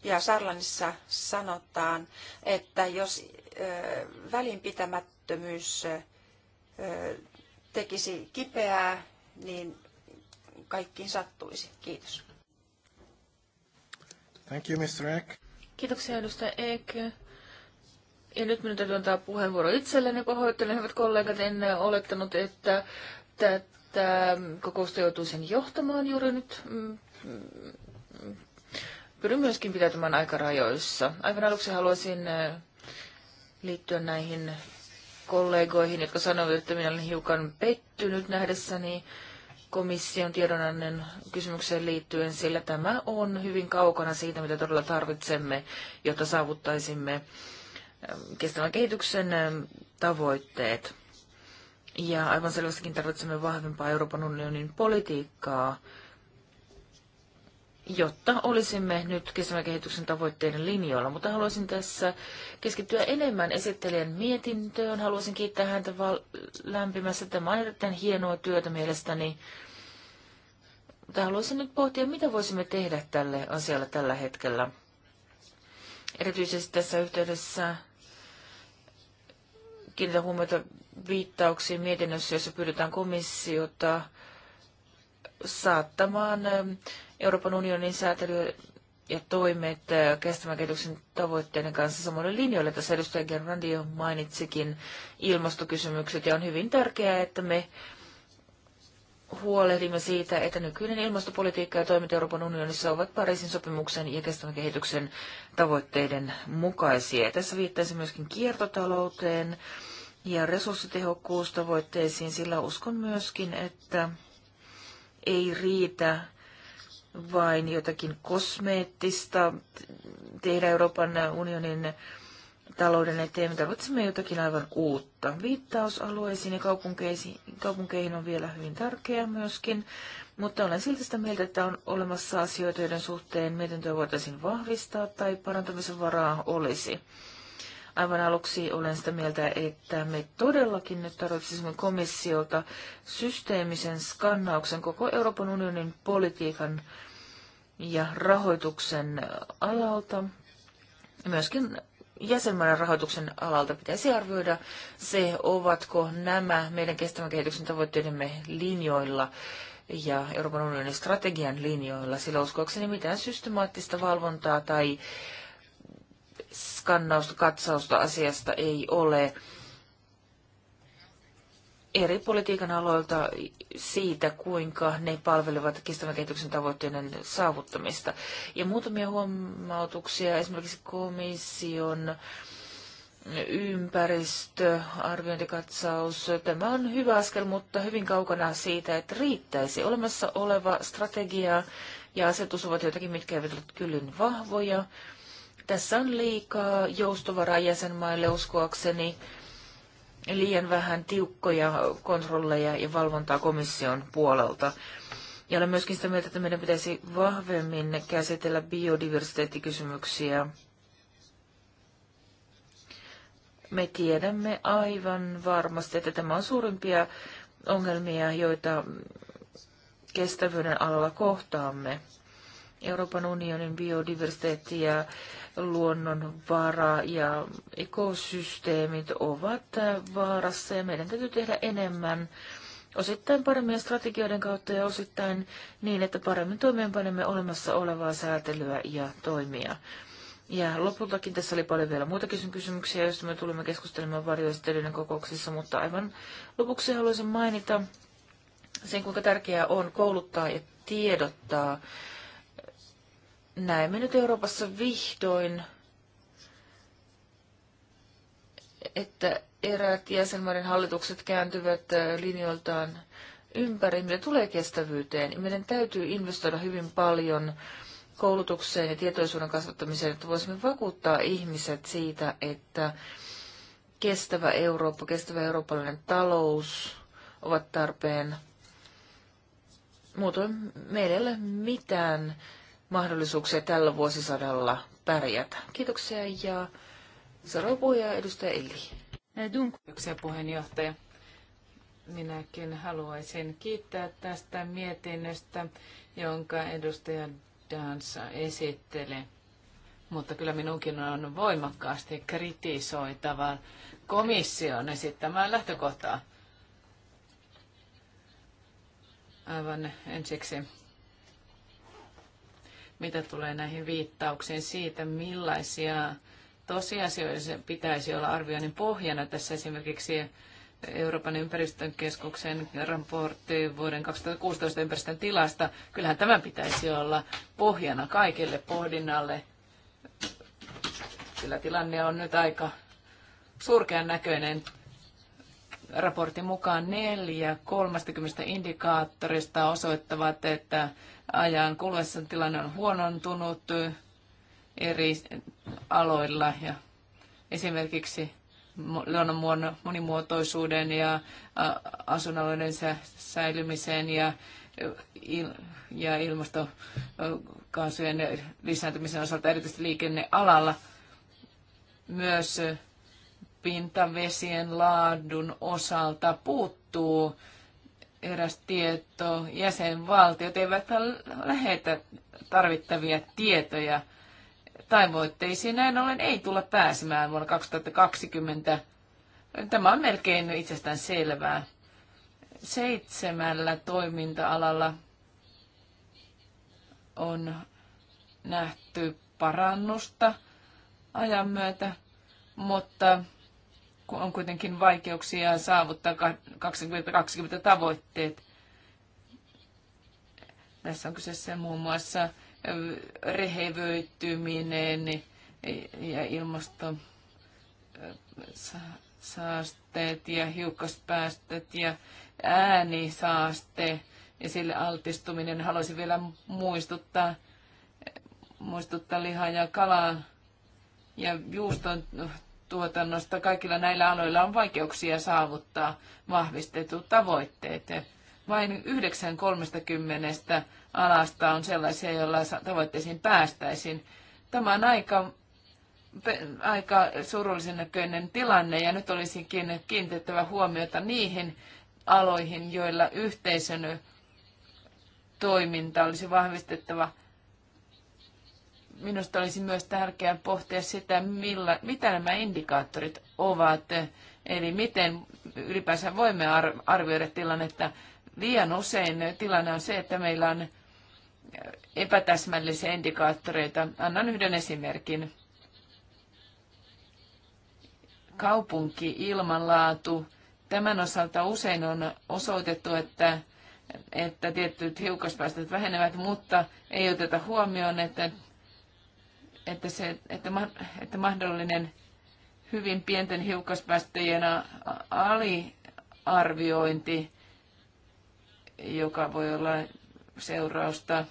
[SPEAKER 1] Ja Sarlanissa sanotaan, että jos välinpitämättömyys tekisi kipeää, niin kaikkiin sattuisi. Kiitos.
[SPEAKER 2] Thank you, Mr. Eck. Kiitoksia, edustaja Eck. Ja nyt minun täytyy antaa puheenvuoro itselleni. Pahoittelen, hyvät kollegat, en olettanut, että tätä kokousta joutuu sen johtamaan juuri nyt. Mm, mm, mm. Pyrin myöskin pitämään aikarajoissa. Aivan aluksi haluaisin liittyä näihin kollegoihin, jotka sanoivat, että minä olen hiukan pettynyt nähdessäni komission tiedonannon kysymykseen liittyen, sillä tämä on hyvin kaukana siitä, mitä todella tarvitsemme, jotta saavuttaisimme ähm, kestävän kehityksen ähm, tavoitteet. Ja aivan selvästikin tarvitsemme vahvempaa Euroopan unionin politiikkaa jotta olisimme nyt kestävän kehityksen tavoitteiden linjoilla. Mutta haluaisin tässä keskittyä enemmän esittelijän mietintöön. Haluaisin kiittää häntä val- lämpimässä. Tämä on erittäin hienoa työtä mielestäni. Mutta haluaisin nyt pohtia, mitä voisimme tehdä tälle asialle tällä hetkellä. Erityisesti tässä yhteydessä kiinnitän huomiota viittauksiin mietinnössä, jossa pyydetään komissiota saattamaan Euroopan unionin säätely ja toimet äh, kestävän kehityksen tavoitteiden kanssa samoille linjoille. Tässä edustaja Gerbrandi jo mainitsikin ilmastokysymykset ja on hyvin tärkeää, että me huolehdimme siitä, että nykyinen ilmastopolitiikka ja toimet Euroopan unionissa ovat Pariisin sopimuksen ja kestävän kehityksen tavoitteiden mukaisia. Tässä viittaisin myöskin kiertotalouteen ja resurssitehokkuustavoitteisiin, sillä uskon myöskin, että ei riitä vain jotakin kosmeettista tehdä Euroopan unionin talouden eteen. Me tarvitsemme jotakin aivan uutta. Viittausalueisiin ja kaupunkeihin, kaupunkeihin on vielä hyvin tärkeää myöskin, mutta olen silti sitä mieltä, että on olemassa asioita, joiden suhteen mietintöä voitaisiin vahvistaa tai parantamisen varaa olisi. Aivan aluksi olen sitä mieltä, että me todellakin nyt tarvitsisimme komissiolta systeemisen skannauksen koko Euroopan unionin politiikan ja rahoituksen alalta. Myöskin jäsenmaiden rahoituksen alalta pitäisi arvioida se, ovatko nämä meidän kestävän kehityksen tavoitteidemme linjoilla ja Euroopan unionin strategian linjoilla, sillä uskoakseni mitään systemaattista valvontaa tai äh, skannausta, katsausta asiasta ei ole eri politiikan aloilta siitä, kuinka ne palvelevat kestävän kehityksen tavoitteiden saavuttamista. Ja muutamia huomautuksia esimerkiksi komission ympäristöarviointikatsaus. Tämä on hyvä askel, mutta hyvin kaukana siitä, että riittäisi. Olemassa oleva strategia ja asetus ovat jotakin, mitkä eivät ole kyllin vahvoja. Tässä on liikaa joustovaraa jäsenmaille uskoakseni, liian vähän tiukkoja kontrolleja ja valvontaa komission puolelta. Ja olen myöskin sitä mieltä, että meidän pitäisi vahvemmin käsitellä biodiversiteettikysymyksiä. Me tiedämme aivan varmasti, että tämä on suurimpia ongelmia, joita kestävyyden alalla kohtaamme. Euroopan unionin biodiversiteetti ja luonnonvara ja ekosysteemit ovat vaarassa ja meidän täytyy tehdä enemmän osittain paremmin strategioiden kautta ja osittain niin, että paremmin toimeenpanemme olemassa olevaa säätelyä ja toimia. Ja lopultakin tässä oli paljon vielä muitakin kysymyksiä, joista me tulimme keskustelemaan varjoistelijoiden kokouksissa, mutta aivan lopuksi haluaisin mainita sen, kuinka tärkeää on kouluttaa ja tiedottaa näemme nyt Euroopassa vihdoin, että eräät jäsenmaiden hallitukset kääntyvät äh, linjoiltaan ympäri, mitä tulee kestävyyteen. Meidän täytyy investoida hyvin paljon koulutukseen ja tietoisuuden kasvattamiseen, että voisimme vakuuttaa ihmiset siitä, että kestävä Eurooppa, kestävä eurooppalainen talous ovat tarpeen. Muutoin meillä ei ole mitään mahdollisuuksia tällä vuosisadalla pärjätä. Kiitoksia ja seuraava puhuja edustaja Eli.
[SPEAKER 3] Kiitoksia puheenjohtaja. Minäkin haluaisin kiittää tästä mietinnöstä, jonka edustaja Dansa esittelee. Mutta kyllä minunkin on voimakkaasti kritisoitava komission esittämään lähtökohtaa. Aivan ensiksi mitä tulee näihin viittauksiin siitä, millaisia tosiasioita pitäisi olla arvioinnin pohjana. Tässä esimerkiksi Euroopan ympäristön keskuksen raportti vuoden 2016 ympäristön tilasta. Kyllähän tämän pitäisi olla pohjana kaikille pohdinnalle. Kyllä tilanne on nyt aika surkean näköinen. Raportin mukaan neljä 30 indikaattorista osoittavat, että ajan kuluessa tilanne on huonontunut eri aloilla ja esimerkiksi luonnon monimuotoisuuden ja asunnon säilymiseen ja, ja ilmastokaasujen lisääntymisen osalta, erityisesti liikennealalla. Myös pintavesien laadun osalta puuttuu eräs tieto, jäsenvaltiot eivät lähetä tarvittavia tietoja tavoitteisiin. Näin ollen ei tulla pääsemään vuonna 2020. Tämä on melkein itsestään selvää. Seitsemällä toiminta-alalla on nähty parannusta ajan myötä, mutta on kuitenkin vaikeuksia saavuttaa 2020 tavoitteet. Tässä on kyseessä muun muassa rehevöityminen ja ilmastosaasteet saasteet ja hiukkaspäästöt ja äänisaaste ja sille altistuminen. Haluaisin vielä muistuttaa, muistuttaa lihaa ja kalaa ja juuston tuotannosta kaikilla näillä aloilla on vaikeuksia saavuttaa vahvistetut tavoitteet. Vain 930 alasta on sellaisia, joilla tavoitteisiin päästäisiin. Tämä on aika, aika surullisen näköinen tilanne ja nyt olisikin kiinnitettävä huomiota niihin aloihin, joilla yhteisön toiminta olisi vahvistettava – minusta olisi myös tärkeää pohtia sitä, millä, mitä nämä indikaattorit ovat, eli miten ylipäänsä voimme arvioida tilannetta. Liian usein tilanne on se, että meillä on epätäsmällisiä indikaattoreita. Annan yhden esimerkin. Kaupunki, ilmanlaatu. Tämän osalta usein on osoitettu, että että tietyt hiukkaspäästöt vähenevät, mutta ei oteta huomioon, että että, se, että, että mahdollinen hyvin pienten hiukkaspäästöjen aliarviointi, joka voi olla seurausta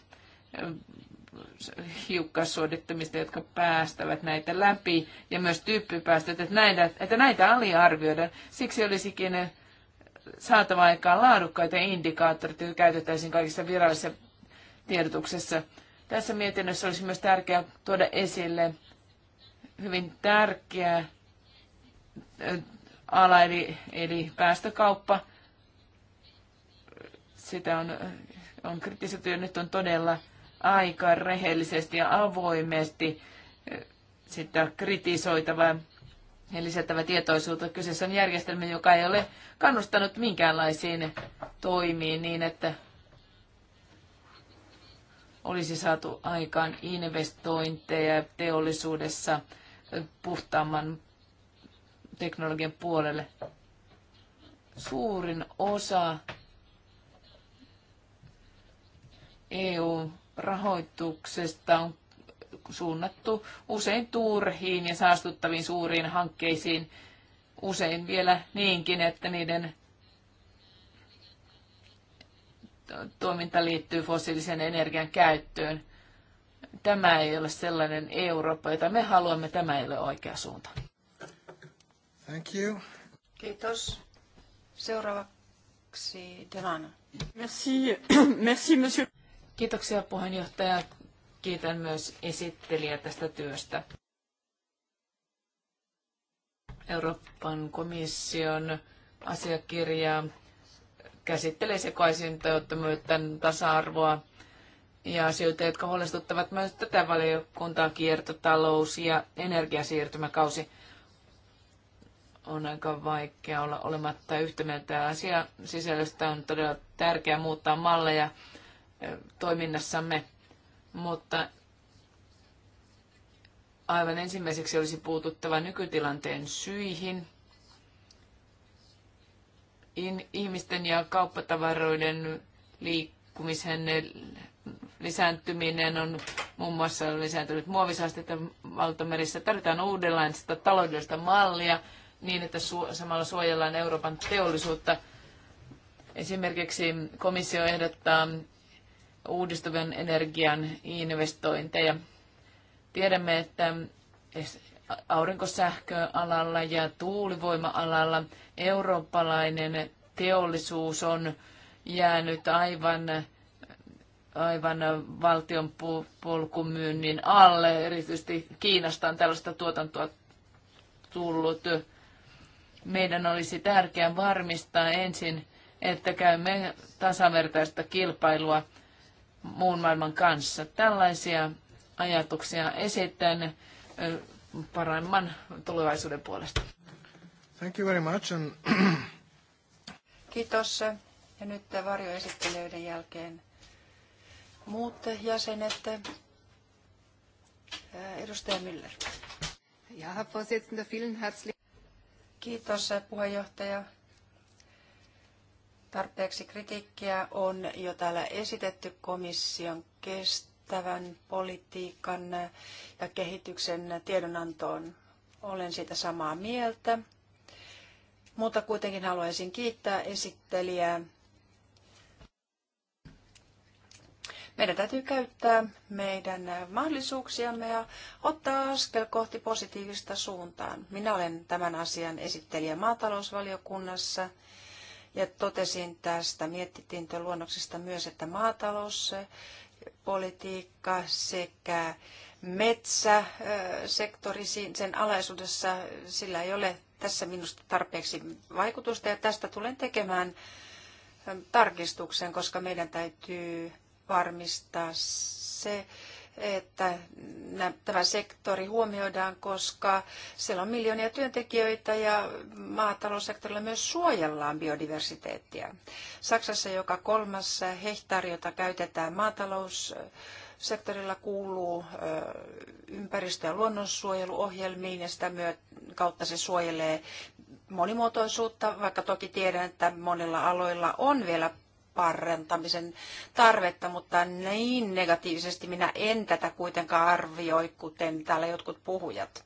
[SPEAKER 3] hiukkassuodittamista, jotka päästävät näitä läpi, ja myös tyyppipäästöt, että näitä, että näitä aliarvioidaan. Siksi olisikin saatava aikaan laadukkaita indikaattoreita, joita käytettäisiin kaikissa virallisissa tiedotuksessa. Tässä mietinnössä olisi myös tärkeää tuoda esille hyvin tärkeä ala, eli, eli päästökauppa. Sitä on, on kritisoitu ja nyt on todella aika rehellisesti ja avoimesti sitä kritisoitava ja lisättävä tietoisuutta. Kyseessä on järjestelmä, joka ei ole kannustanut minkäänlaisiin toimiin niin, että olisi saatu aikaan investointeja teollisuudessa puhtaamman teknologian puolelle. Suurin osa EU-rahoituksesta on suunnattu usein turhiin ja saastuttaviin suuriin hankkeisiin, usein vielä niinkin, että niiden toiminta liittyy fossiilisen energian käyttöön. Tämä ei ole sellainen Eurooppa, jota me haluamme. Tämä ei ole oikea suunta. Thank you.
[SPEAKER 1] Kiitos. Seuraavaksi Devana. Merci,
[SPEAKER 3] merci monsieur. Kiitoksia puheenjohtaja. Kiitän myös esittelijä tästä työstä. Euroopan komission asiakirjaa käsittelee sekaisin tämän tasa-arvoa ja asioita, jotka huolestuttavat myös tätä valiokuntaa, kiertotalous ja energiasiirtymäkausi. On aika vaikea olla olematta yhtä mieltä. Asia sisällöstä on todella tärkeää muuttaa malleja toiminnassamme, mutta aivan ensimmäiseksi olisi puututtava nykytilanteen syihin – ihmisten ja kauppatavaroiden liikkumisen lisääntyminen on muun muassa lisääntynyt muovisaasteita valtamerissä. Tarvitaan uudenlaista taloudellista mallia niin, että samalla suojellaan Euroopan teollisuutta. Esimerkiksi komissio ehdottaa uudistuvan energian investointeja. Tiedämme, että aurinkosähköalalla ja tuulivoima-alalla eurooppalainen teollisuus on jäänyt aivan, aivan valtion polkumyynnin alle. Erityisesti Kiinasta on tällaista tuotantoa tullut. Meidän olisi tärkeää varmistaa ensin, että käymme tasavertaista kilpailua muun maailman kanssa. Tällaisia ajatuksia esitän paremman tulevaisuuden puolesta.
[SPEAKER 2] Thank you very much. And...
[SPEAKER 1] Kiitos. Ja nyt varjoesittelijöiden jälkeen muut jäsenet. Edustaja Müller. Ja, Herr vielen Kiitos puheenjohtaja. Tarpeeksi kritiikkiä on jo täällä esitetty komission kestä kestävän politiikan ja kehityksen tiedonantoon. Olen siitä samaa mieltä, mutta kuitenkin haluaisin kiittää esittelijää. Meidän täytyy käyttää meidän mahdollisuuksiamme ja ottaa askel kohti positiivista suuntaan. Minä olen tämän asian esittelijä maatalousvaliokunnassa ja totesin tästä, mietittiin luonnoksesta myös, että maatalous politiikka sekä metsäsektori sen alaisuudessa, sillä ei ole tässä minusta tarpeeksi vaikutusta ja tästä tulen tekemään tarkistuksen, koska meidän täytyy varmistaa se, että tämä sektori huomioidaan, koska siellä on miljoonia työntekijöitä ja maataloussektorilla myös suojellaan biodiversiteettiä. Saksassa joka kolmas hehtaari, jota käytetään maataloussektorilla, kuuluu ympäristö- ja luonnonsuojeluohjelmiin ja sitä myöt, kautta se suojelee monimuotoisuutta, vaikka toki tiedän, että monilla aloilla on vielä parantamisen tarvetta, mutta niin negatiivisesti minä en tätä kuitenkaan arvioi, kuten täällä jotkut puhujat.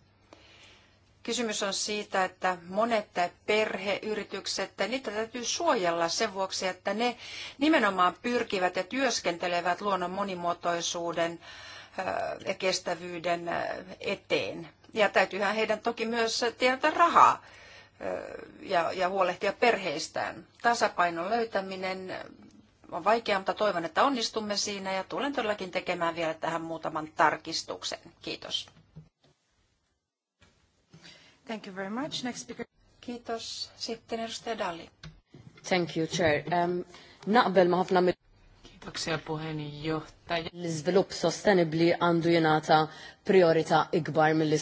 [SPEAKER 1] Kysymys on siitä, että monet perheyritykset, niitä täytyy suojella sen vuoksi, että ne nimenomaan pyrkivät ja työskentelevät luonnon monimuotoisuuden ja kestävyyden eteen. Ja täytyyhän heidän toki myös tietää rahaa ja, ja huolehtia perheistään. Tasapainon löytäminen on vaikeaa, mutta toivon, että onnistumme siinä ja tulen todellakin tekemään vielä tähän muutaman tarkistuksen. Kiitos. Thank you very much. Next speaker. Kiitos. Sitten edustaja Dalli.
[SPEAKER 3] Thank you, Chair. Um, naqbel ma ħafna Kiitoksia puheenjohtaja. L-izvilup sostenibli għandu jenata priorita ikbar mill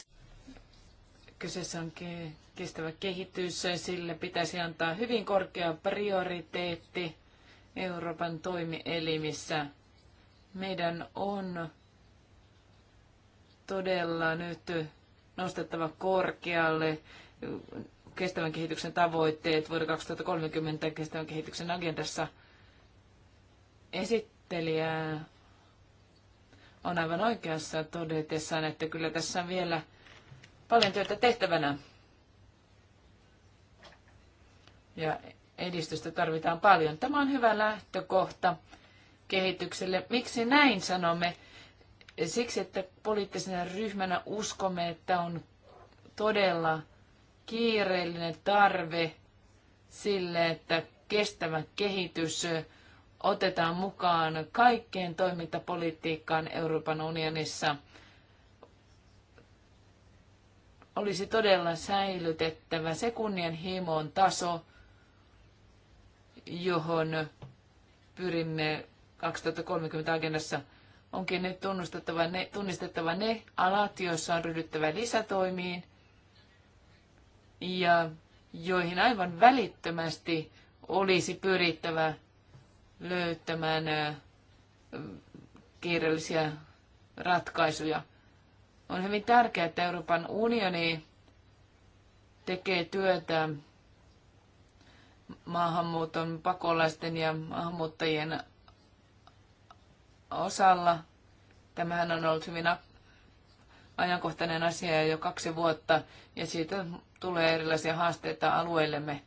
[SPEAKER 3] Kyseessä on kestävä kehitys, sille pitäisi antaa hyvin korkea prioriteetti Euroopan toimielimissä. Meidän on todella nyt nostettava korkealle kestävän kehityksen tavoitteet vuoden 2030 kestävän kehityksen agendassa. Esittelijä on aivan oikeassa todetessaan, että kyllä tässä vielä – paljon työtä tehtävänä. Ja edistystä tarvitaan paljon. Tämä on hyvä lähtökohta kehitykselle. Miksi näin sanomme? Siksi, että poliittisena ryhmänä uskomme, että on todella kiireellinen tarve sille, että kestävä kehitys otetaan mukaan kaikkeen toimintapolitiikkaan Euroopan unionissa – olisi todella säilytettävä se kunnianhimon taso, johon pyrimme 2030 agendassa. Onkin nyt tunnustettava ne, tunnistettava ne alat, joissa on ryhdyttävä lisätoimiin ja joihin aivan välittömästi olisi pyrittävä löytämään kiireellisiä ratkaisuja – on hyvin tärkeää, että Euroopan unioni tekee työtä maahanmuuton pakolaisten ja maahanmuuttajien osalla. Tämähän on ollut hyvin ajankohtainen asia jo kaksi vuotta ja siitä tulee erilaisia haasteita alueillemme.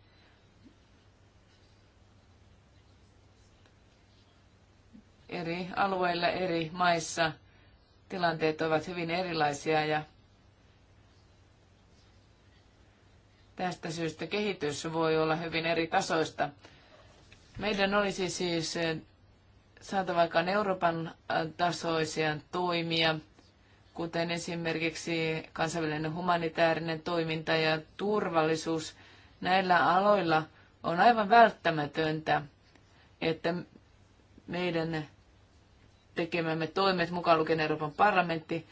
[SPEAKER 3] Eri alueilla, eri maissa – tilanteet ovat hyvin erilaisia ja tästä syystä kehitys voi olla hyvin eri tasoista. Meidän olisi siis eh, saatava vaikka Euroopan eh, tasoisia toimia, kuten esimerkiksi kansainvälinen humanitaarinen toiminta ja turvallisuus. Näillä aloilla on aivan välttämätöntä, että meidän tekemämme toimet, mukaan lukien Euroopan parlamentti,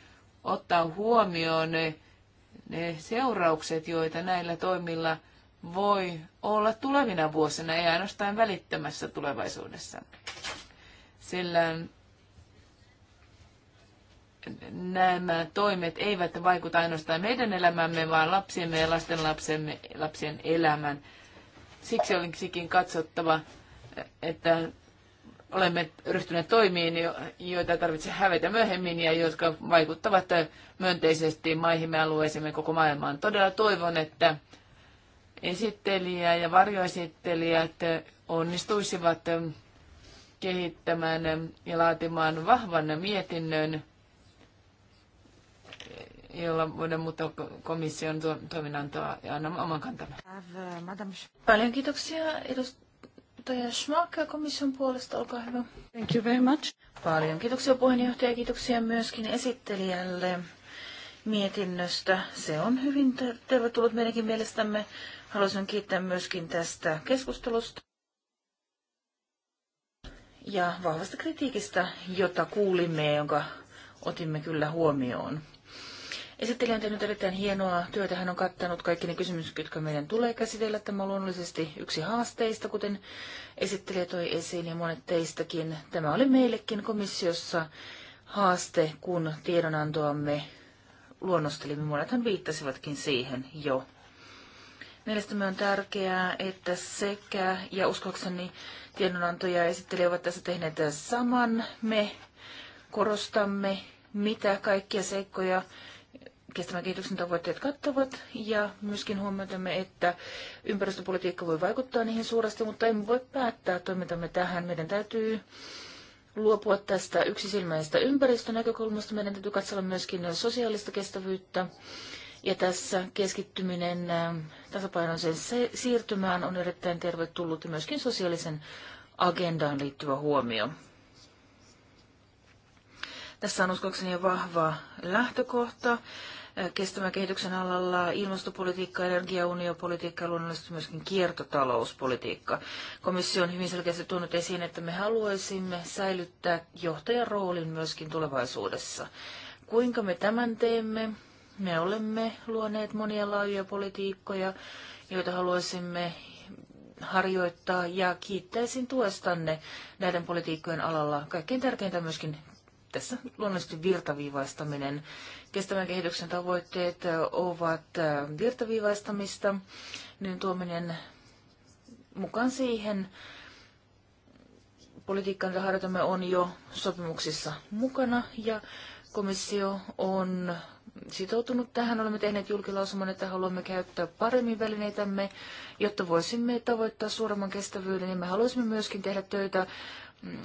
[SPEAKER 3] ottaa huomioon ne, ne seuraukset, joita näillä toimilla voi olla tulevina vuosina, ei ainoastaan välittömässä tulevaisuudessa. Sillä nämä toimet eivät vaikuta ainoastaan meidän elämämme, vaan lapsiemme ja lasten lapsemme, lapsien elämän. Siksi olisikin katsottava, että olemme ryhtyneet toimiin, joita ei tarvitse hävetä myöhemmin ja jotka vaikuttavat myönteisesti maihimme, alueisimme, koko maailmaan. Todella toivon, että esittelijä ja varjoesittelijät onnistuisivat kehittämään ja laatimaan vahvan mietinnön, jolla voidaan muuttaa komission toiminnan ja anna oman kantamme.
[SPEAKER 2] Uh,
[SPEAKER 3] Paljon kiitoksia
[SPEAKER 2] edust- puheenjohtaja Schmack komission puolesta, olkaa hyvä. Thank you very much. Paljon kiitoksia puheenjohtaja ja kiitoksia myöskin esittelijälle mietinnöstä. Se on hyvin tervetullut meidänkin mielestämme. Haluaisin kiittää myöskin tästä keskustelusta ja vahvasta kritiikistä, jota kuulimme ja jonka otimme kyllä huomioon. Esittelijä on tehnyt erittäin hienoa työtä. Hän on kattanut kaikki ne kysymykset, jotka meidän tulee käsitellä. Tämä on luonnollisesti yksi haasteista, kuten esittelijä toi esiin ja monet teistäkin. Tämä oli meillekin komissiossa haaste, kun tiedonantoamme luonnostelimme. Monethan viittasivatkin siihen jo. Mielestämme on tärkeää, että sekä, ja uskoakseni tiedonanto ja esittelijä ovat tässä tehneet saman, me korostamme, mitä kaikkia seikkoja kestävän kehityksen tavoitteet kattavat ja myöskin huomioitamme, että ympäristöpolitiikka voi vaikuttaa niihin suuresti, mutta emme voi päättää toimintamme tähän. Meidän täytyy luopua tästä yksisilmäisestä ympäristönäkökulmasta. Meidän täytyy katsella myöskin sosiaalista kestävyyttä. Ja tässä keskittyminen äh, tasapainoiseen siirtymään on erittäin tervetullut ja myöskin sosiaalisen agendaan liittyvä huomio. Tässä on uskoakseni vahva lähtökohta kestävän kehityksen alalla ilmastopolitiikka, energiauniopolitiikka ja luonnollisesti myöskin kiertotalouspolitiikka. Komissio on hyvin selkeästi tuonut esiin, että me haluaisimme säilyttää johtajan roolin myöskin tulevaisuudessa. Kuinka me tämän teemme? Me olemme luoneet monia laajoja politiikkoja, joita haluaisimme harjoittaa ja kiittäisin tuestanne näiden politiikkojen alalla. Kaikkein tärkeintä myöskin tässä luonnollisesti virtaviivaistaminen. Kestävän kehityksen tavoitteet ovat äh, virtaviivaistamista, niin tuominen mukaan siihen politiikkaan, jota harjoitamme, on jo sopimuksissa mukana ja komissio on sitoutunut tähän. Olemme tehneet julkilausuman, että haluamme käyttää paremmin välineitämme, jotta voisimme tavoittaa suuremman kestävyyden. Ja me haluaisimme myöskin tehdä töitä mm,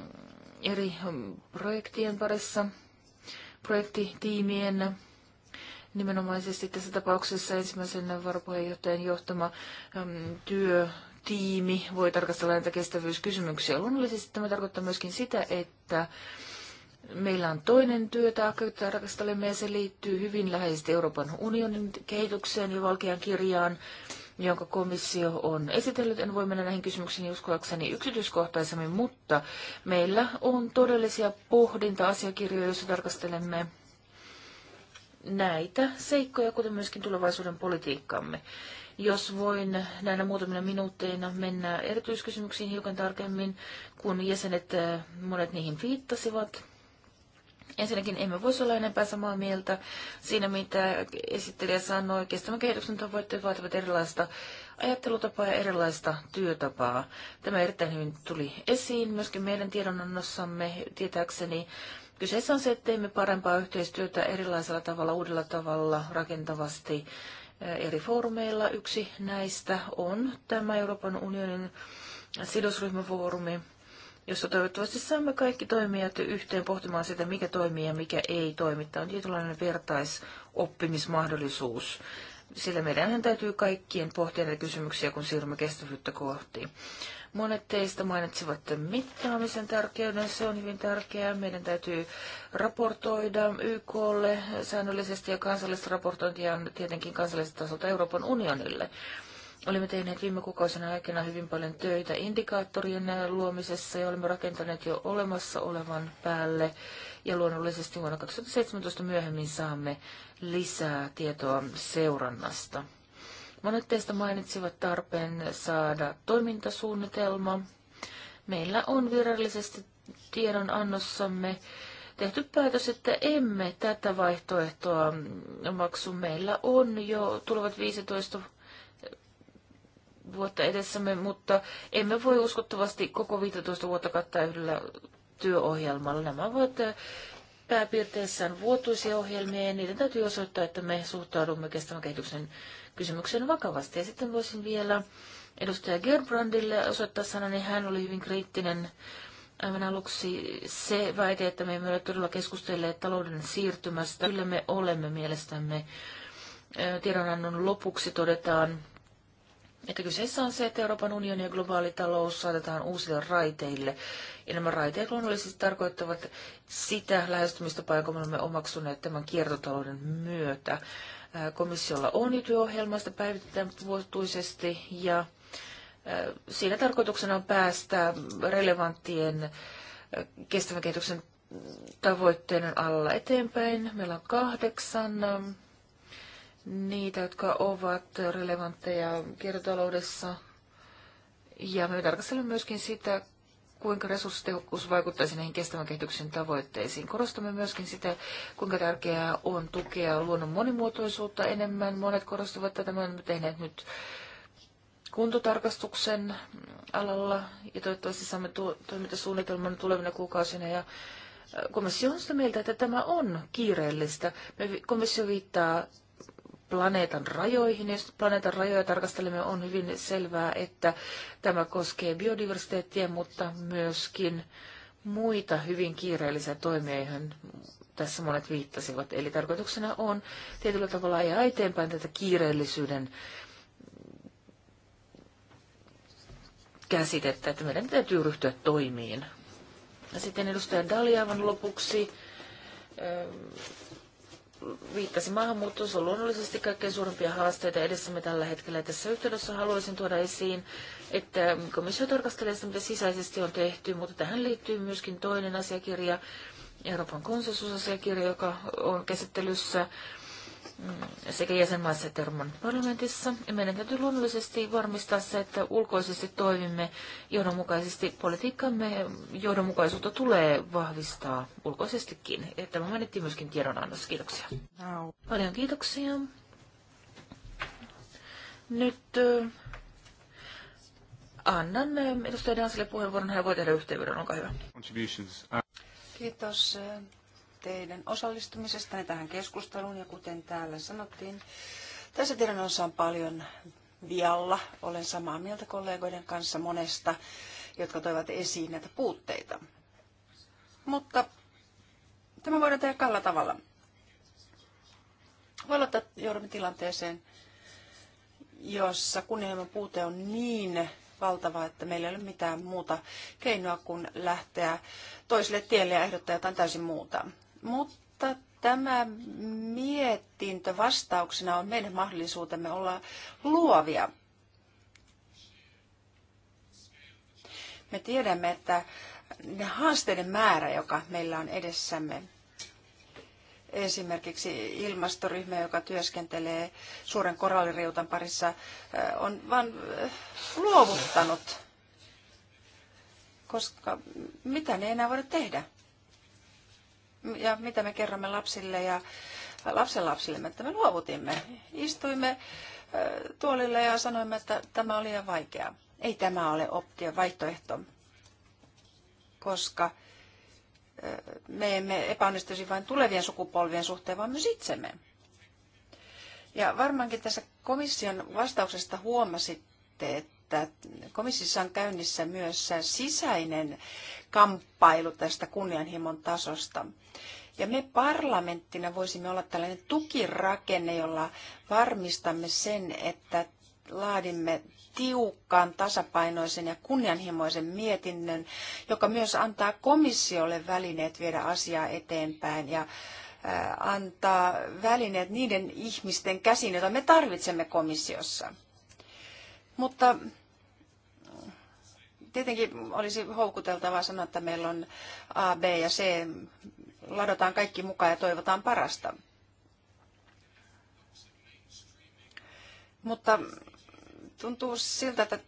[SPEAKER 2] eri hmm, projektien parissa, projektitiimien nimenomaisesti tässä tapauksessa ensimmäisen varapuheenjohtajan johtama hmm, työ tiimi voi tarkastella näitä kestävyyskysymyksiä. Luonnollisesti tämä tarkoittaa myöskin sitä, että meillä on toinen työtaakka, jota tarkastelemme, ja se liittyy hyvin läheisesti Euroopan unionin kehitykseen ja valkean kirjaan jonka komissio on esitellyt. En voi mennä näihin kysymyksiin uskoakseni yksityiskohtaisemmin, mutta meillä on todellisia pohdinta-asiakirjoja, joissa tarkastelemme näitä seikkoja, kuten myöskin tulevaisuuden politiikkamme. Jos voin näinä muutamina minuutteina mennä erityiskysymyksiin hiukan tarkemmin, kun jäsenet eh, monet niihin viittasivat. Ensinnäkin emme voisi olla enempää samaa mieltä siinä, mitä esittelijä sanoi. Kestävän kehityksen tavoitteet vaativat erilaista ajattelutapaa ja erilaista työtapaa. Tämä erittäin hyvin tuli esiin myöskin meidän tiedonannossamme tietääkseni. Kyseessä on se, että teemme parempaa yhteistyötä erilaisella tavalla, uudella tavalla, rakentavasti eri foorumeilla. Yksi näistä on tämä Euroopan unionin sidosryhmäfoorumi, jossa toivottavasti saamme kaikki toimijat yhteen pohtimaan sitä, mikä toimii ja mikä ei toimi. Tämä on tietynlainen vertaisoppimismahdollisuus, sillä meidän täytyy kaikkien pohtia näitä kysymyksiä, kun siirrymme kestävyyttä kohti. Monet teistä mainitsivat mittaamisen tärkeyden, se on hyvin tärkeää. Meidän täytyy raportoida YKlle säännöllisesti ja kansallista raportointia on tietenkin kansallisesta tasolta Euroopan unionille. Olemme tehneet viime kuukausina aikana hyvin paljon töitä indikaattorien luomisessa ja olemme rakentaneet jo olemassa olevan päälle. Ja luonnollisesti vuonna 2017 myöhemmin saamme lisää tietoa seurannasta. Monet teistä mainitsivat tarpeen saada toimintasuunnitelma. Meillä on virallisesti tiedonannossamme tehty päätös, että emme tätä vaihtoehtoa maksu. Meillä on jo tulevat 15 vuotta edessämme, mutta emme voi uskottavasti koko 15 vuotta kattaa yhdellä työohjelmalla. Nämä ovat pääpiirteissään vuotuisia ohjelmia ja niiden täytyy osoittaa, että me suhtaudumme kestävän kehityksen kysymykseen vakavasti. Ja sitten voisin vielä edustaja Gerbrandille osoittaa sanan, niin hän oli hyvin kriittinen aivan aluksi se väite, että me emme ole todella keskustelleet talouden siirtymästä. Kyllä me olemme mielestämme tiedonannon lopuksi todetaan että kyseessä on se, että Euroopan unioni ja globaali talous saatetaan uusille raiteille. Ja nämä raiteet luonnollisesti tarkoittavat sitä lähestymistapaa, jonka me olemme omaksuneet tämän kiertotalouden myötä. Komissiolla on jo työohjelma, sitä päivitetään vuotuisesti ja siinä tarkoituksena on päästä relevanttien kestävän kehityksen tavoitteiden alla eteenpäin. Meillä on kahdeksan niitä, jotka ovat relevantteja kiertotaloudessa. Ja me tarkastelemme myöskin sitä, kuinka resurssitehokkuus vaikuttaisi näihin kestävän kehityksen tavoitteisiin. Korostamme myöskin sitä, kuinka tärkeää on tukea luonnon monimuotoisuutta enemmän. Monet korostavat tätä. Me olemme tehneet nyt kuntotarkastuksen alalla ja toivottavasti saamme tu- toimintasuunnitelman tulevina kuukausina. Ja äh, komissio on sitä mieltä, että tämä on kiireellistä. Komissio viittaa planeetan rajoihin. Jos planeetan rajoja tarkastelemme, on hyvin selvää, että tämä koskee biodiversiteettiä, mutta myöskin muita hyvin kiireellisiä toimia, joihin tässä monet viittasivat. Eli tarkoituksena on tietyllä tavalla ajaa eteenpäin tätä kiireellisyyden käsitettä, että meidän täytyy ryhtyä toimiin. Ja sitten edustaja Dali aivan lopuksi viittasi maahanmuuttoon, se on luonnollisesti kaikkein suurimpia haasteita edessämme tällä hetkellä. Tässä yhteydessä haluaisin tuoda esiin, että mm, komissio tarkastelee sitä, mitä sisäisesti on tehty, mutta tähän liittyy myöskin toinen asiakirja, Euroopan konsensusasiakirja, joka on käsittelyssä Mm, sekä jäsenmaissa että Euroopan parlamentissa. Ja meidän täytyy luonnollisesti varmistaa se, että ulkoisesti toimimme johdonmukaisesti. Politiikkamme johdonmukaisuutta tulee vahvistaa ulkoisestikin. Ja tämä mainittiin myöskin tiedonannossa. Kiitoksia. No. Paljon kiitoksia. Nyt annan edustaja Dansille puheenvuoron. Hän voi tehdä yhteenvedon. Olkaa hyvä.
[SPEAKER 1] Kiitos teidän osallistumisestanne tähän keskusteluun ja kuten täällä sanottiin, tässä tiedonannossa on paljon vialla. Olen samaa mieltä kollegoiden kanssa monesta, jotka toivat esiin näitä puutteita. Mutta tämä voidaan tehdä kalla tavalla. Voi olla, että joudumme tilanteeseen, jossa kunnianhimon puute on niin valtava, että meillä ei ole mitään muuta keinoa kuin lähteä toiselle tielle ja ehdottaa jotain täysin muuta. Mutta tämä mietintö vastauksena on meidän mahdollisuutemme olla luovia. Me tiedämme, että ne haasteiden määrä, joka meillä on edessämme, esimerkiksi ilmastoryhmä, joka työskentelee suuren koralliriutan parissa, on vain luovuttanut, koska mitä ne enää voida tehdä? ja mitä me kerromme lapsille ja lapsenlapsille, että me luovutimme. Istuimme tuolille ja sanoimme, että tämä oli liian vaikea. Ei tämä ole optio, vaihtoehto, koska me emme epäonnistuisi vain tulevien sukupolvien suhteen, vaan myös itsemme. Ja varmaankin tässä komission vastauksesta huomasitte, että että komissiossa on käynnissä myös sisäinen kamppailu tästä kunnianhimon tasosta. Ja me parlamenttina voisimme olla tällainen tukirakenne, jolla varmistamme sen, että laadimme tiukkaan, tasapainoisen ja kunnianhimoisen mietinnön, joka myös antaa komissiolle välineet viedä asiaa eteenpäin ja antaa välineet niiden ihmisten käsiin, joita me tarvitsemme komissiossa. Mutta Tietenkin olisi houkuteltavaa sanoa, että meillä on A, B ja C, ladotaan kaikki mukaan ja toivotaan parasta. Mutta tuntuu siltä, että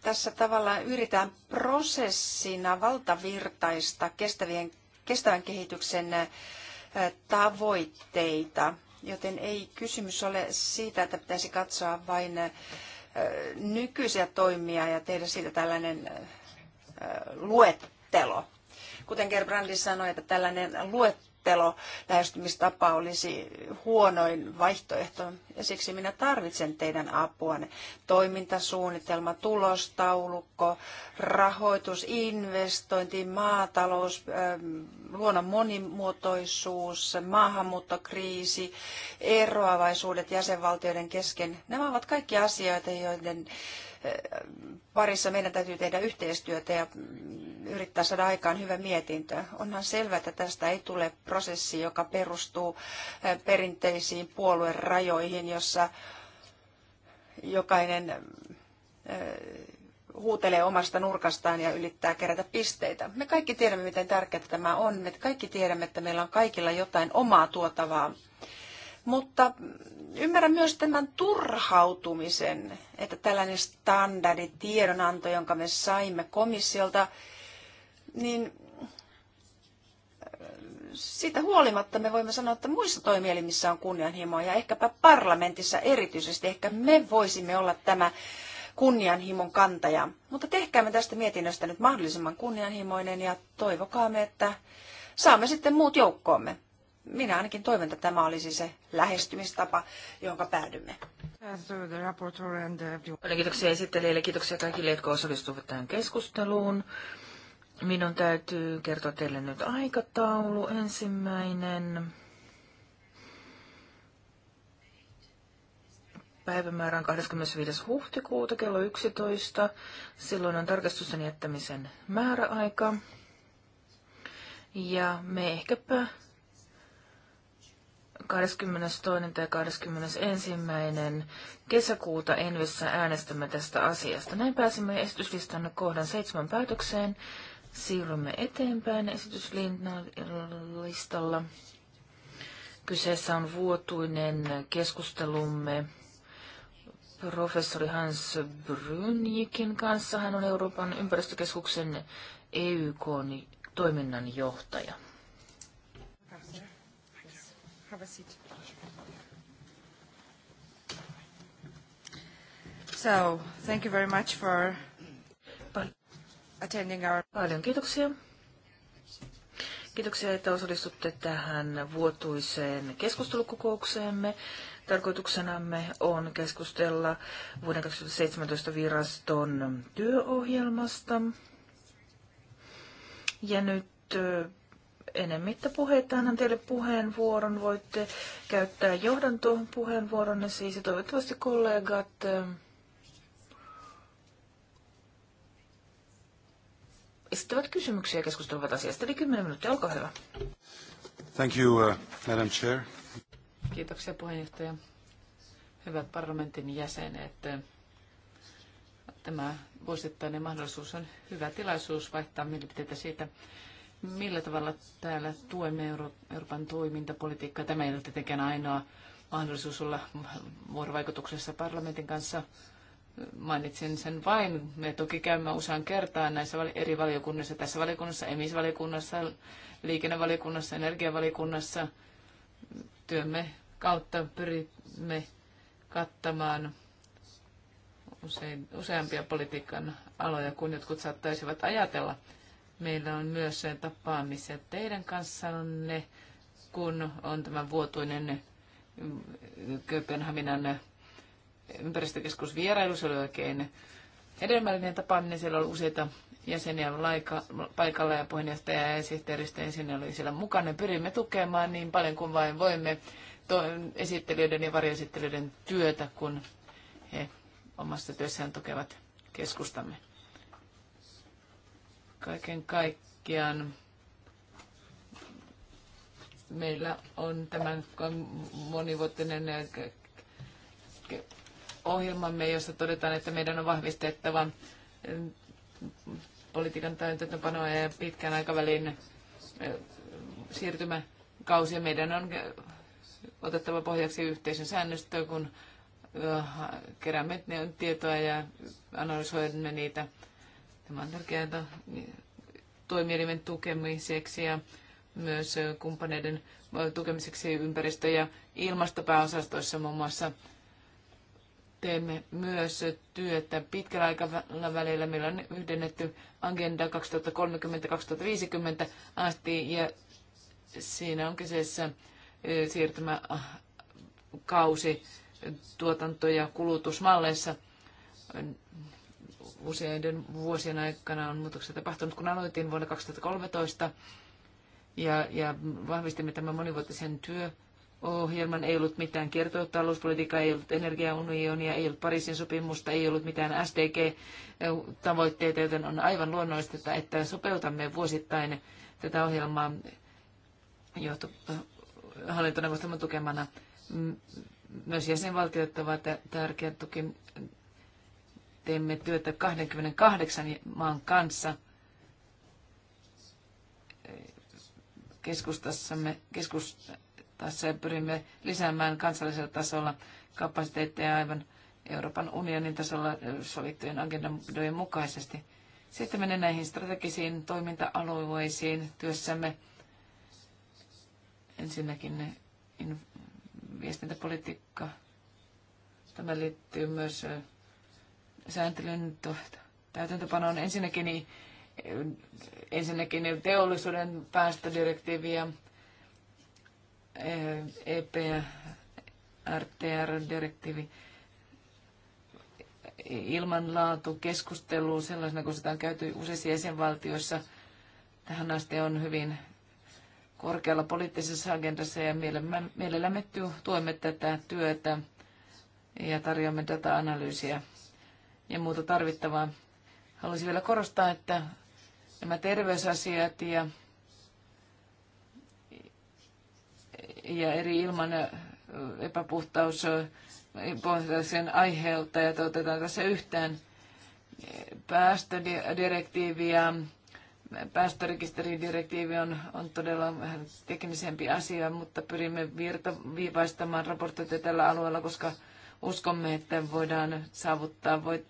[SPEAKER 1] tässä tavallaan yritetään prosessina valtavirtaista kestävien, kestävän kehityksen tavoitteita, joten ei kysymys ole siitä, että pitäisi katsoa vain nykyisiä toimia ja tehdä siitä tällainen luettelo. Kuten Gerbrandi sanoi, että tällainen luettelo luettelo lähestymistapa olisi huonoin vaihtoehto ja siksi minä tarvitsen teidän apuanne. Toimintasuunnitelma, tulostaulukko, rahoitus, investointi, maatalous, ähm, luonnon monimuotoisuus, maahanmuuttokriisi, eroavaisuudet jäsenvaltioiden kesken. Nämä ovat kaikki asioita, joiden parissa meidän täytyy tehdä yhteistyötä ja yrittää saada aikaan hyvä mietintö. Onhan selvää, että tästä ei tule prosessi, joka perustuu perinteisiin puoluerajoihin, jossa jokainen huutelee omasta nurkastaan ja yrittää kerätä pisteitä. Me kaikki tiedämme, miten tärkeää tämä on. Me kaikki tiedämme, että meillä on kaikilla jotain omaa tuotavaa mutta ymmärrän myös tämän turhautumisen, että tällainen standardi tiedonanto, jonka me saimme komissiolta, niin äh, siitä huolimatta me voimme sanoa, että muissa toimielimissä on kunnianhimoa ja ehkäpä parlamentissa erityisesti. Ehkä me voisimme olla tämä kunnianhimon kantaja. Mutta tehkäämme tästä mietinnöstä nyt mahdollisimman kunnianhimoinen ja toivokaamme, että saamme sitten muut joukkoomme minä ainakin toivon, että tämä olisi se lähestymistapa, jonka päädymme. kiitoksia esittelijälle, kiitoksia kaikille, jotka
[SPEAKER 2] osallistuivat tähän keskusteluun. Minun täytyy kertoa teille nyt aikataulu. Ensimmäinen päivämäärä on 25. huhtikuuta kello 11. Silloin on tarkastusten jättämisen määräaika. Ja me ehkäpä 22. tai 21. kesäkuuta Envissä äänestämme tästä asiasta. Näin pääsemme esityslistan kohdan seitsemän päätökseen. Siirrymme eteenpäin esityslistalla. Kyseessä on vuotuinen keskustelumme professori Hans Brynjikin kanssa. Hän on Euroopan ympäristökeskuksen eyk toiminnan johtaja. Have a seat. So, thank you very much for attending our... Paljon kiitoksia. Kiitoksia, että osallistutte tähän vuotuiseen keskustelukokoukseemme. Tarkoituksenamme on keskustella vuoden 2017 viraston työohjelmasta. Ja nyt enemmittä puheita annan teille puheenvuoron. Voitte käyttää tuohon puheenvuoronne siis ja toivottavasti kollegat eh, esittävät kysymyksiä ja keskustelevat asiasta. Eli 10 minuuttia, olkaa hyvä.
[SPEAKER 1] Thank you, uh, Madam Chair.
[SPEAKER 3] Kiitoksia puheenjohtaja. Hyvät parlamentin jäsenet, eh, tämä vuosittainen mahdollisuus on hyvä tilaisuus vaihtaa mielipiteitä siitä, millä tavalla täällä tuemme Euro- Euroopan toimintapolitiikkaa. Tämä ei ole tietenkään ainoa mahdollisuus olla vuorovaikutuksessa parlamentin kanssa. Mainitsin sen vain. Me toki käymme usean kertaan näissä eri valiokunnissa, tässä valiokunnassa, emisvaliokunnassa, liikennevaliokunnassa, energiavaliokunnassa. Työmme kautta pyrimme kattamaan usein, useampia politiikan aloja kuin jotkut saattaisivat ajatella. Meillä on myös tapaamisia teidän kanssanne, kun on tämä vuotuinen mm, Kööpenhaminan ympäristökeskusvierailu. Se oli oikein hedelmällinen tapaaminen. Siellä oli useita jäseniä laika, paikalla ja puheenjohtaja ja sihteeristö sinne oli siellä mukana. Pyrimme tukemaan niin paljon kuin vain voimme to, esittelijöiden ja varjoesittelijöiden työtä, kun he omassa työssään tukevat keskustamme. Kaiken kaikkiaan meillä on tämän monivuotinen eh, ohjelmamme, jossa todetaan, että meidän on vahvistettava eh, politiikan täytäntöpanoa ja pitkän aikavälin eh, siirtymäkausia. Meidän on otettava pohjaksi yhteisön säännöstöä, kun keräämme tietoa ja analysoimme niitä Tämä tärkeää toimielimen tukemiseksi ja myös kumppaneiden tukemiseksi ympäristö- ja ilmastopääosastoissa muun muassa teemme myös työtä pitkällä aikavälillä. Meillä on yhdennetty agenda 2030-2050 asti ja siinä on kyseessä eh, siirtymäkausi ah, tuotanto- ja kulutusmalleissa useiden vuosien aikana on muutoksia tapahtunut, kun aloitin vuonna 2013 ja, ja vahvistimme tämän monivuotisen työohjelman. Ei ollut mitään kiertotalouspolitiikkaa, ei ollut energiaunionia, ei ollut Pariisin sopimusta, ei ollut mitään SDG-tavoitteita, joten on aivan luonnollista, että sopeutamme vuosittain tätä ohjelmaa johto, hallintoneuvoston tukemana. Myös jäsenvaltiot ovat tärkeä tuki, teemme työtä 28 maan kanssa keskustassamme, keskustassa ja pyrimme lisäämään kansallisella tasolla kapasiteetteja aivan Euroopan unionin tasolla sovittujen agendojen mukaisesti. Sitten menen näihin strategisiin toiminta-alueisiin työssämme. Ensinnäkin viestintäpolitiikka. Tämä liittyy myös sääntelyn täytäntöpanoon. Ensinnäkin, niin, ensinnäkin teollisuuden päästödirektiivi ja EPRTR-direktiivi eh, e ilmanlaatu keskustelu sellaisena, kun sitä on käyty useissa jäsenvaltioissa, tähän asti on hyvin korkealla poliittisessa agendassa ja mielellämme tuemme tätä työtä ja tarjoamme data-analyysiä ja muuta tarvittavaa. Haluaisin vielä korostaa, että nämä terveysasiat ja, ja eri ilman epäpuhtaus sen ja otetaan tässä yhtään päästödirektiiviä. Päästörekisteridirektiivi on, on todella vähän teknisempi asia, mutta pyrimme virtaviivaistamaan raportteja tällä alueella, koska Uskomme, että voidaan saavuttaa voit,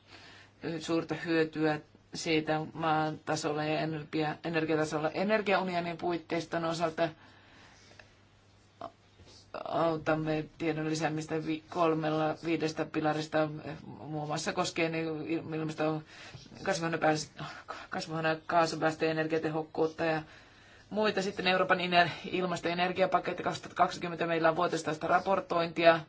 [SPEAKER 3] suurta hyötyä siitä maan tasolla ja energia, energiatasolla. Energiaunionin puitteiston osalta autamme tiedon lisäämistä kolmella viidestä pilarista, muun muassa koskien ilmasta kasvuhuonekaasupäästöjä, energiatehokkuutta ja muita. Sitten Euroopan ilmasto- ja energiapaketti 2020 meillä on vuotistaista raportointia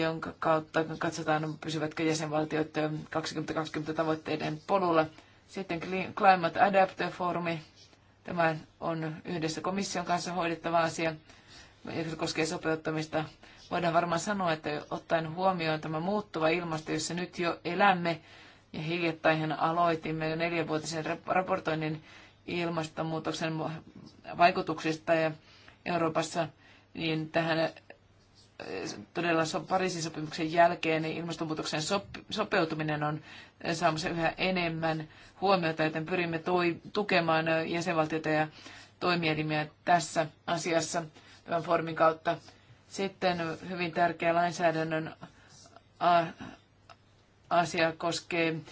[SPEAKER 3] jonka kautta katsotaan, pysyvätkö jäsenvaltiot 2020 tavoitteiden polulla. Sitten Climate Adapter Forumi. Tämä on yhdessä komission kanssa hoidettava asia, joka koskee sopeuttamista. Voidaan varmaan sanoa, että ottaen huomioon tämä muuttuva ilmasto, jossa nyt jo elämme, ja hiljattain aloitimme neljänvuotisen raportoinnin ilmastonmuutoksen vaikutuksista ja Euroopassa, niin tähän todella so, Pariisin sopimuksen jälkeen niin ilmastonmuutoksen sop- sopeutuminen on eh, saamassa yhä enemmän huomiota, joten pyrimme toi, tukemaan eh, jäsenvaltioita ja toimielimiä tässä asiassa tämän formin kautta. Sitten hyvin tärkeä lainsäädännön asia koskee eh,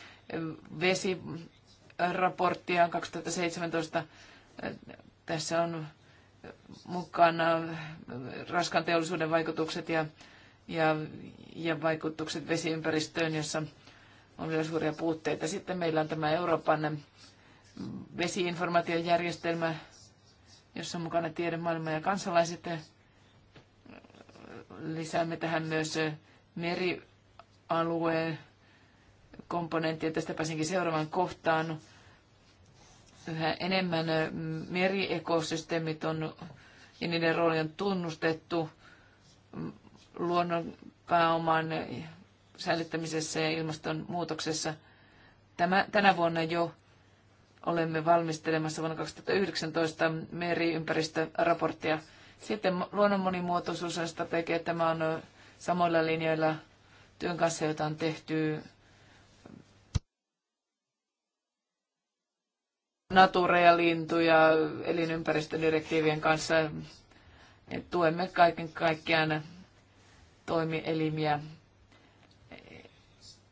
[SPEAKER 3] vesiraporttia 2017. Tässä on mukana raskan teollisuuden vaikutukset ja, ja, ja vaikutukset vesiympäristöön, jossa on vielä suuria puutteita. Sitten meillä on tämä Euroopan vesiinformaatiojärjestelmä, jossa on mukana tiedemaailma ja kansalaiset. Lisäämme tähän myös merialueen komponenttia. tästä pääsinkin seuraavaan kohtaan Yhä enemmän meriekosysteemit on, ja niiden rooli on tunnustettu luonnonpääoman säilyttämisessä ja ilmastonmuutoksessa. Tämä, tänä vuonna jo olemme valmistelemassa vuonna 2019 meriympäristöraporttia. Sitten luonnon strategia. tämä on samoilla linjoilla työn kanssa, jota on tehty natureja, lintuja elinympäristödirektiivien kanssa. Tuemme kaiken kaikkiaan toimielimiä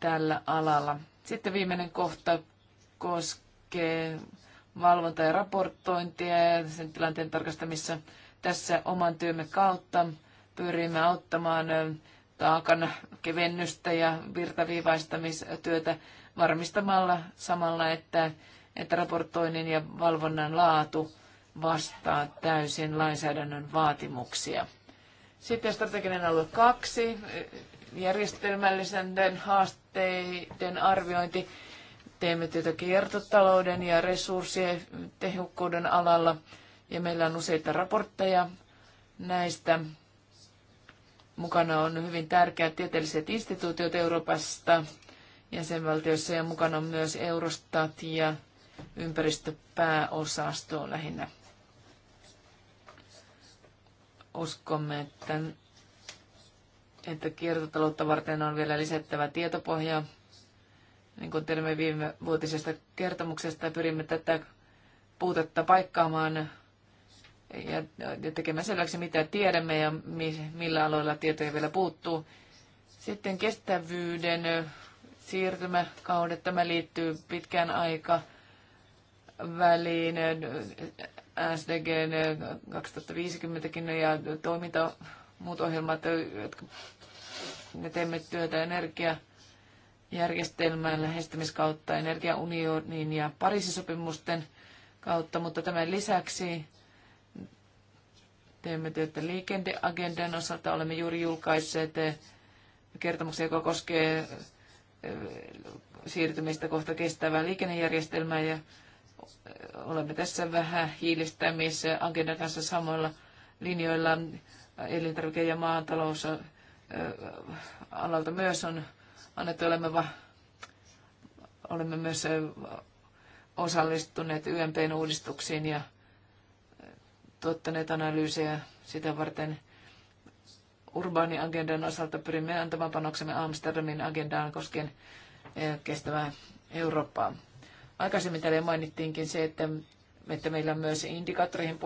[SPEAKER 3] tällä alalla. Sitten viimeinen kohta koskee valvonta- ja raportointia ja sen tilanteen tarkastamissa tässä oman työmme kautta pyrimme auttamaan taakan kevennystä ja virtaviivaistamistyötä varmistamalla samalla, että että raportoinnin ja valvonnan laatu vastaa täysin lainsäädännön vaatimuksia. Sitten strateginen alue kaksi, järjestelmällisen haasteiden arviointi. Teemme työtä kiertotalouden ja resurssien tehokkuuden alalla ja meillä on useita raportteja näistä. Mukana on hyvin tärkeät tieteelliset instituutiot Euroopasta jäsenvaltioissa ja mukana on myös Eurostat ja ympäristöpääosastoon lähinnä. Uskomme, että, että kiertotaloutta varten on vielä lisättävä tietopohjaa. Niin kuin tiedämme viime vuotisesta kertomuksesta, pyrimme tätä puutetta paikkaamaan ja, ja tekemään selväksi, mitä tiedämme ja mi, millä aloilla tietoja vielä puuttuu. Sitten kestävyyden siirtymäkaudet, tämä liittyy pitkään aika väliin SDG 2050kin ja toiminta, muut ohjelmat, jotka me teemme työtä energiajärjestelmään lähestymiskautta, energiaunionin ja Pariisin sopimusten kautta, mutta tämän lisäksi teemme työtä liikenteagendan osalta. Olemme juuri julkaisseet kertomuksen, joka koskee eh, siirtymistä kohta kestävää liikennejärjestelmää ja olemme tässä vähän hiilistämisagendan kanssa samoilla linjoilla. Elintarvike- ja maatalousalalta myös on annettu olemme, va, olemme myös osallistuneet YMPn uudistuksiin ja tuottaneet analyysejä sitä varten. Urbaani agendan osalta pyrimme antamaan panoksemme Amsterdamin agendaan koskien kestävää Eurooppaa. Aikaisemmin täällä mainittiinkin se, että, että meillä on myös indikaattoreihin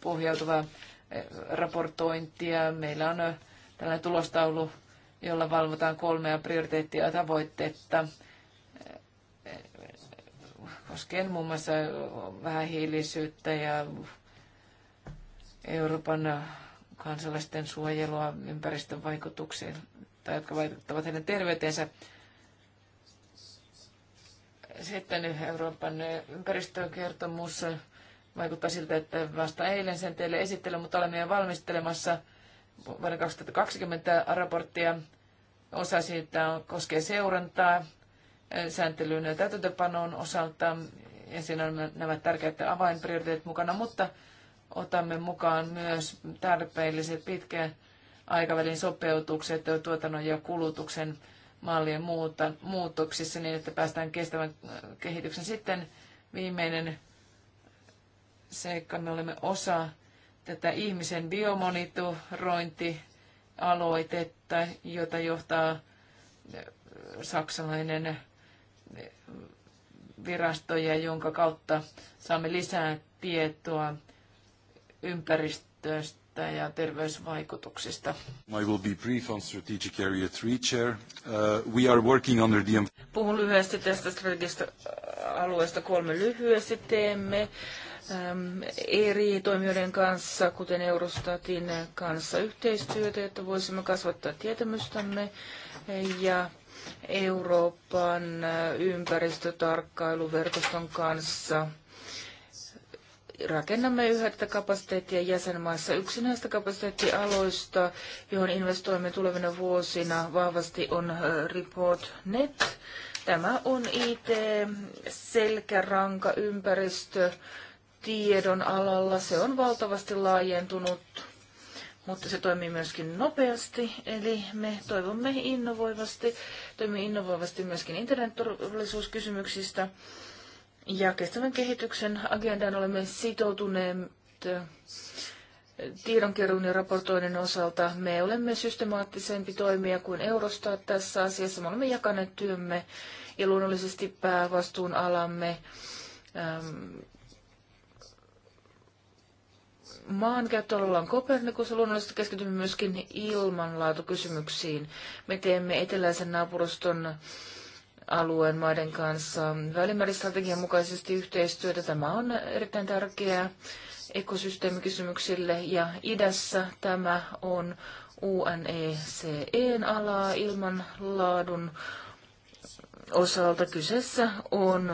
[SPEAKER 3] pohjautuvaa eh, raportointia. Meillä on eh, tällainen tulostaulu, jolla valvotaan kolmea prioriteettia ja tavoitteita eh, koskien muun muassa vähähiilisyyttä ja Euroopan kansalaisten suojelua ympäristön vaikutuksiin, tai jotka vaikuttavat heidän terveyteensä. Sitten Euroopan ympäristökertomus vaikuttaa siltä, että vasta eilen sen teille esittelen, mutta olemme jo valmistelemassa vuoden 2020 raporttia. Osa siitä koskee seurantaa sääntelyyn ja täytäntöpanon osalta, ja siinä on nämä tärkeät avainprioriteetit mukana, mutta otamme mukaan myös tarpeelliset pitkän aikavälin sopeutukset tuotannon ja kulutuksen mallien muuta, muutoksissa niin, että päästään kestävän äh, kehityksen. Sitten viimeinen seikka, me olemme osa tätä ihmisen biomonitorointialoitetta, jota johtaa äh, saksalainen äh, virasto ja jonka kautta saamme lisää tietoa ympäristöstä terveydestä ja terveysvaikutuksista.
[SPEAKER 2] I will be brief on strategic area 3, Chair. Uh, we are working under the... Puhun lyhyesti tästä strategista äh, alueesta kolme lyhyesti teemme ähm, eri toimijoiden kanssa, kuten Eurostatin kanssa yhteistyötä, että voisimme kasvattaa tietämystämme ja Euroopan äh, ympäristötarkkailuverkoston kanssa – rakennamme yhä tätä kapasiteettia jäsenmaissa. Yksi näistä kapasiteettialoista, johon investoimme tulevina vuosina vahvasti, on äh, Report Net. Tämä on IT-selkäranka ympäristö tiedon alalla. Se on valtavasti laajentunut, mutta se toimii myöskin nopeasti. Eli me toivomme innovoivasti, toimii innovoivasti myöskin internetturvallisuuskysymyksistä. kysymyksistä. Ja kestävän kehityksen agendaan olemme sitoutuneet tiedonkeruun ja raportoinnin osalta. Me olemme systemaattisempi toimija kuin Eurostat tässä asiassa. Me olemme jakaneet työmme ja luonnollisesti päävastuun alamme äm, maankäyttöalalla on Kopernikus ja luonnollisesti keskitymme myöskin ilmanlaatukysymyksiin. Me teemme eteläisen naapuruston alueen maiden kanssa välimeristrategian mukaisesti yhteistyötä. Tämä on erittäin tärkeää ekosysteemikysymyksille ja idässä tämä on UNECEn alaa ilmanlaadun osalta kyseessä on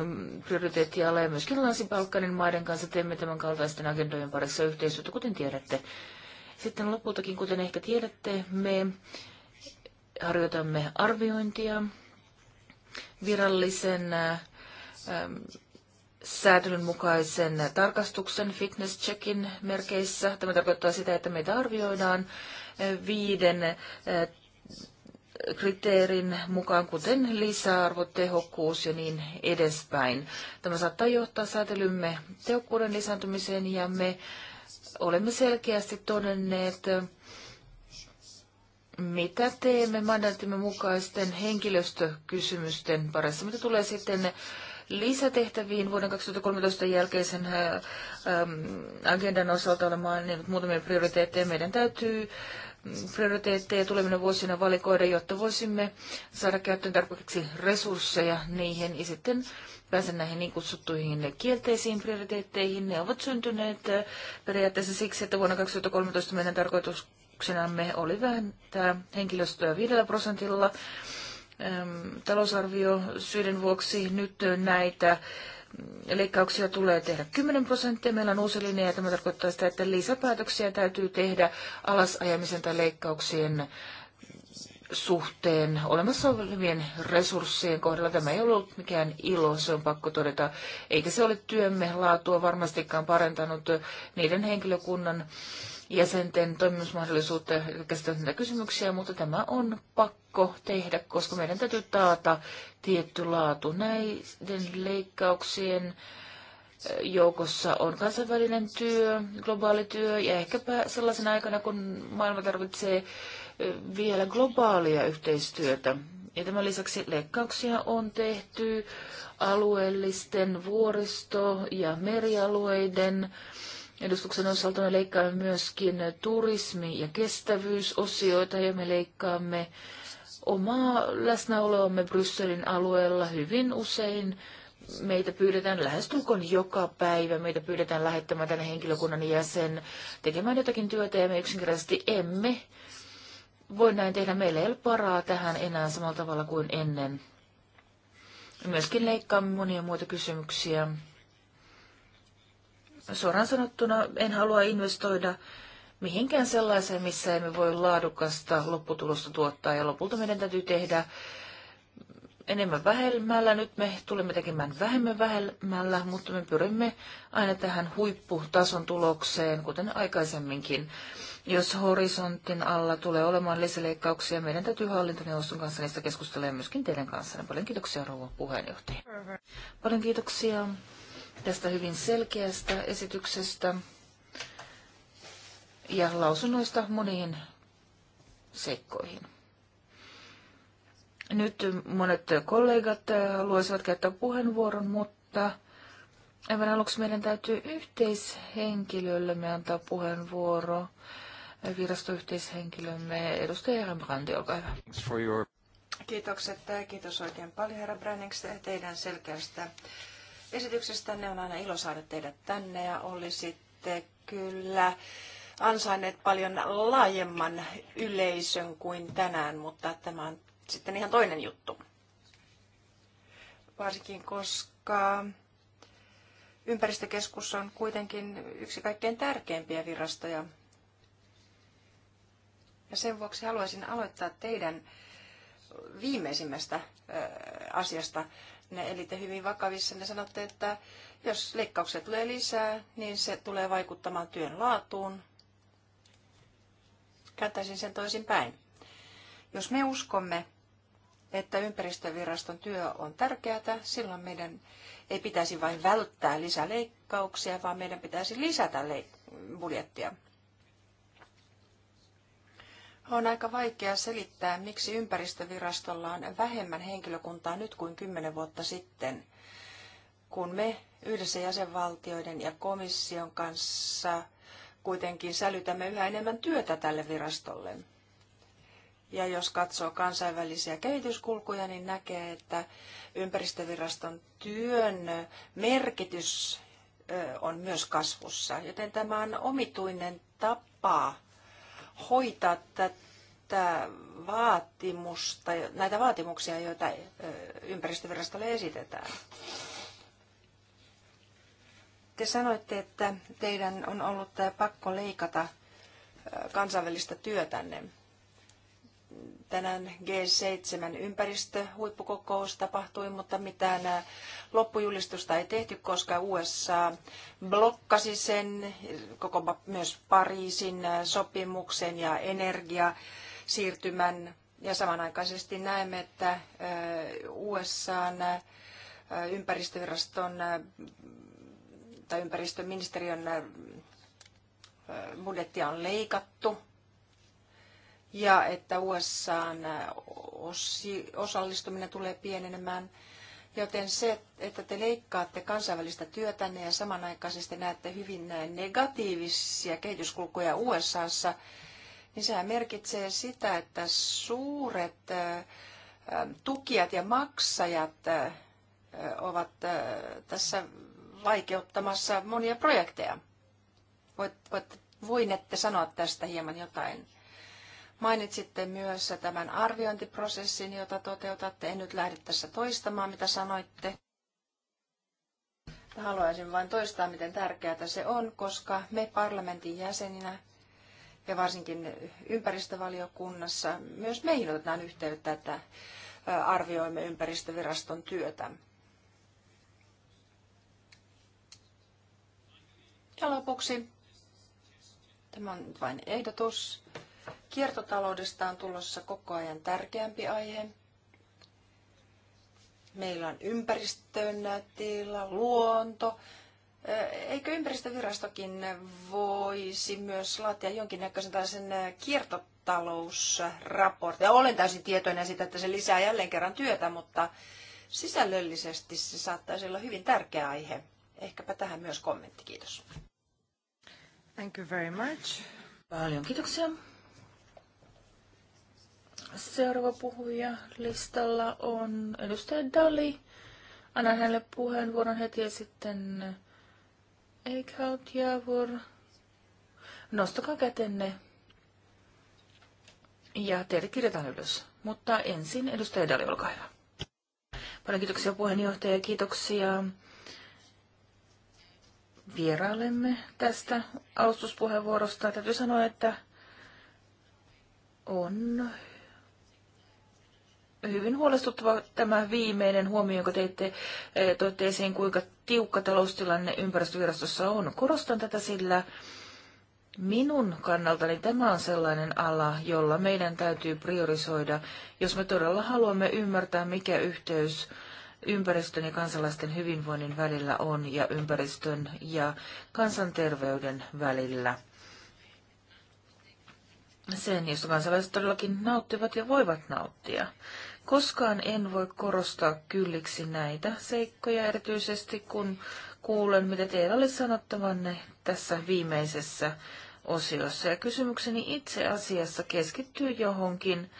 [SPEAKER 2] prioriteettiala ja myöskin Länsi-Balkanin maiden kanssa teemme tämän kaltaisten agendojen parissa yhteistyötä, kuten tiedätte. Sitten lopultakin, kuten ehkä tiedätte, me harjoitamme arviointia virallisen säätelyn mukaisen tarkastuksen fitness checkin merkeissä. Tämä tarkoittaa sitä, että meitä arvioidaan viiden kriteerin mukaan, kuten lisäarvo, tehokkuus ja niin edespäin. Tämä saattaa johtaa säätelymme tehokkuuden lisääntymiseen ja me olemme selkeästi todenneet, mitä teemme mandaattimme mukaisten henkilöstökysymysten parissa. Mitä tulee sitten lisätehtäviin vuoden 2013 jälkeisen agendan osalta olemaan niin muutamia prioriteetteja. Meidän täytyy mm, prioriteetteja tulevina vuosina valikoida, jotta voisimme saada käyttöön tarpeeksi resursseja niihin ja sitten pääsen näihin niin kutsuttuihin kielteisiin prioriteetteihin. Ne ovat syntyneet periaatteessa siksi, että vuonna 2013 meidän tarkoitus tarkoituksenamme oli vähentää henkilöstöä 5 prosentilla. Talousarvio syiden vuoksi nyt näitä leikkauksia tulee tehdä 10 prosenttia. Meillä on uusi linja ja tämä tarkoittaa sitä, että lisäpäätöksiä täytyy tehdä alasajamisen tai leikkauksien suhteen olemassa olevien resurssien kohdalla. Tämä ei ollut mikään ilo, se on pakko todeta. Eikä se ole työmme laatua varmastikaan parantanut niiden henkilökunnan jäsenten toimimusmahdollisuutta ja näitä kysymyksiä, mutta tämä on pakko tehdä, koska meidän täytyy taata tietty laatu näiden leikkauksien eh, joukossa on kansainvälinen työ, globaali työ ja ehkäpä sellaisena aikana, kun maailma tarvitsee eh, vielä globaalia yhteistyötä. Ja tämän lisäksi leikkauksia on tehty alueellisten vuoristo- ja merialueiden edustuksen osalta me leikkaamme myöskin turismi- ja kestävyysosioita ja me leikkaamme omaa läsnäoloamme Brysselin alueella hyvin usein. Meitä pyydetään lähestulkoon joka päivä, meitä pyydetään lähettämään tänne henkilökunnan jäsen tekemään jotakin työtä ja me yksinkertaisesti emme voi näin tehdä. Meillä ei ole paraa tähän enää samalla tavalla kuin ennen. Myöskin leikkaamme monia muita kysymyksiä suoraan sanottuna en halua investoida mihinkään sellaiseen, missä emme voi laadukasta lopputulosta tuottaa. Ja lopulta meidän täytyy tehdä enemmän vähemmällä. Nyt me tulemme tekemään vähemmän vähemmällä, mutta me pyrimme aina tähän huipputason tulokseen, kuten aikaisemminkin. Jos horisontin alla tulee olemaan lisäleikkauksia, meidän täytyy hallintoneuvoston kanssa niistä keskustella ja myöskin teidän kanssa, Paljon kiitoksia, rouva puheenjohtaja. Paljon kiitoksia tästä hyvin selkeästä esityksestä ja lausunnoista moniin seikkoihin. Nyt monet kollegat haluaisivat käyttää puheenvuoron, mutta aivan aluksi meidän täytyy yhteishenkilöllemme antaa puheenvuoro. Virastoyhteishenkilömme edustaja Herranbrandi, olkaa
[SPEAKER 1] hyvä. Kiitokset ja kiitos oikein paljon herra Brannings teidän selkeästä Esityksestä ne On aina ilo saada teidät tänne ja olisitte kyllä ansainneet paljon laajemman yleisön kuin tänään, mutta tämä on sitten ihan toinen juttu. Varsinkin koska ympäristökeskus on kuitenkin yksi kaikkein tärkeimpiä virastoja. Ja sen vuoksi haluaisin aloittaa teidän viimeisimmästä asiasta ne elitte hyvin vakavissa. Ne sanotte, että jos leikkauksia tulee lisää, niin se tulee vaikuttamaan työn laatuun. Kääntäisin sen toisin päin. Jos me uskomme, että ympäristöviraston työ on tärkeää, silloin meidän ei pitäisi vain välttää lisäleikkauksia, vaan meidän pitäisi lisätä budjettia. On aika vaikea selittää, miksi ympäristövirastolla on vähemmän henkilökuntaa nyt kuin kymmenen vuotta sitten, kun me yhdessä jäsenvaltioiden ja komission kanssa kuitenkin sälytämme yhä enemmän työtä tälle virastolle. Ja jos katsoo kansainvälisiä kehityskulkuja, niin näkee, että ympäristöviraston työn merkitys on myös kasvussa. Joten tämä on omituinen tapa hoitaa tätä vaatimusta, näitä vaatimuksia, joita ympäristövirastolle esitetään? Te sanoitte, että teidän on ollut pakko leikata kansainvälistä työtänne tänään G7 ympäristöhuippukokous tapahtui, mutta mitään loppujulistusta ei tehty, koska USA blokkasi sen, koko myös Pariisin sopimuksen ja energiasiirtymän. Ja samanaikaisesti näemme, että USAn ympäristöviraston tai ympäristöministeriön budjettia on leikattu ja että USAn äh, osallistuminen tulee pienenemään. Joten se, että te leikkaatte kansainvälistä työtänne ja samanaikaisesti näette hyvin äh, negatiivisia kehityskulkuja USAssa, niin sehän merkitsee sitä, että suuret äh, tukijat ja maksajat ovat tässä vaikeuttamassa monia projekteja. Voit, voit, voinette sanoa tästä hieman jotain. Mainitsitte myös tämän arviointiprosessin, jota toteutatte. En nyt lähde tässä toistamaan, mitä sanoitte. Haluaisin vain toistaa, miten tärkeää se on, koska me parlamentin jäseninä ja varsinkin ympäristövaliokunnassa myös meihin otetaan yhteyttä, että arvioimme ympäristöviraston työtä. Ja lopuksi, tämä on vain ehdotus, Kiertotaloudesta on tulossa koko ajan tärkeämpi aihe. Meillä on ympäristön tila, luonto. Eikö ympäristövirastokin voisi myös laatia jonkinnäköisen tällaisen kiertotalousraportin? Olen täysin tietoinen siitä, että se lisää jälleen kerran työtä, mutta sisällöllisesti se saattaisi olla hyvin tärkeä aihe. Ehkäpä tähän myös kommentti. Kiitos.
[SPEAKER 2] Thank you very much. Paljon kiitoksia. Seuraava puhuja listalla on edustaja Dali. Annan hänelle puheenvuoron heti ja sitten Eichhout Javor. Nostakaa kätenne ja teille kirjataan ylös. Mutta ensin edustaja Dali, olkaa hyvä. Paljon kiitoksia puheenjohtaja ja kiitoksia vierailemme tästä alustuspuheenvuorosta. Täytyy sanoa, että on hyvin huolestuttava tämä viimeinen huomio, jonka teitte, eh, toitte esiin, kuinka tiukka taloustilanne ympäristövirastossa on. Korostan tätä sillä minun kannaltani tämä on sellainen ala, jolla meidän täytyy priorisoida, jos me todella haluamme ymmärtää, mikä yhteys ympäristön ja kansalaisten hyvinvoinnin välillä on ja ympäristön ja kansanterveyden välillä sen, josta kansalaiset todellakin nauttivat ja voivat nauttia. Koskaan en voi korostaa kylliksi näitä seikkoja, erityisesti kun kuulen, mitä teillä oli sanottavanne tässä viimeisessä osiossa. Ja kysymykseni itse asiassa keskittyy johonkin,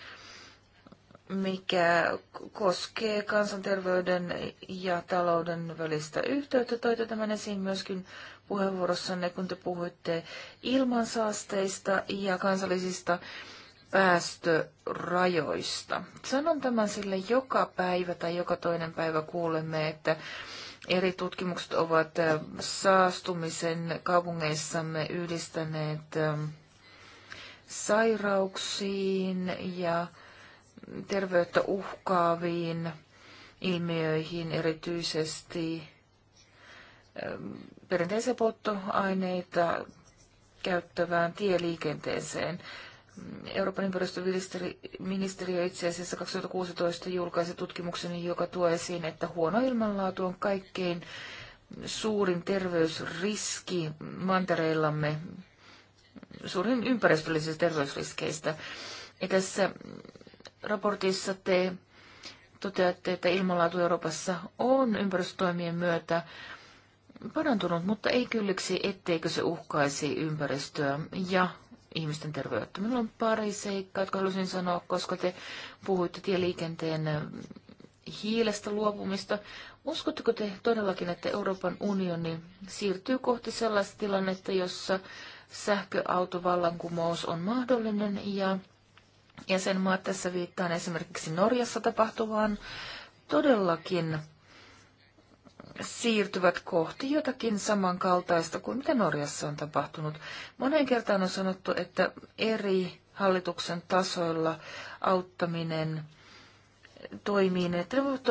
[SPEAKER 2] mikä koskee kansanterveyden ja talouden välistä yhteyttä. Toitte tämän esiin myöskin puheenvuorossanne, kun te puhuitte ilmansaasteista ja kansallisista äh, päästörajoista. Sanon tämän sille joka päivä tai joka toinen päivä kuulemme, että eri tutkimukset ovat saastumisen kaupungeissamme yhdistäneet sairauksiin ja terveyttä uhkaaviin ilmiöihin, erityisesti perinteisiä polttoaineita käyttävään tieliikenteeseen. Euroopan ympäristöministeriö itse asiassa 2016 julkaisi tutkimuksen, joka tuo esiin, että huono ilmanlaatu on kaikkein suurin terveysriski mantereillamme, suurin ympäristöllisistä terveysriskeistä. Ja tässä raportissa te toteatte, että ilmanlaatu Euroopassa on ympäristötoimien myötä parantunut, mutta ei kylliksi, etteikö se uhkaisi ympäristöä ja ihmisten terveyttä. Minulla on pari seikkaa, jotka halusin sanoa, koska te puhuitte tieliikenteen ähm, hiilestä luopumista. Uskotteko te todellakin, että Euroopan unioni siirtyy kohti sellaista tilannetta, jossa sähköautovallankumous on mahdollinen ja jäsenmaat tässä viittaan esimerkiksi Norjassa tapahtuvaan todellakin siirtyvät kohti jotakin samankaltaista kuin mitä Norjassa on tapahtunut. Moneen kertaan on sanottu, että eri hallituksen tasoilla auttaminen toimii, niin, että ne voivat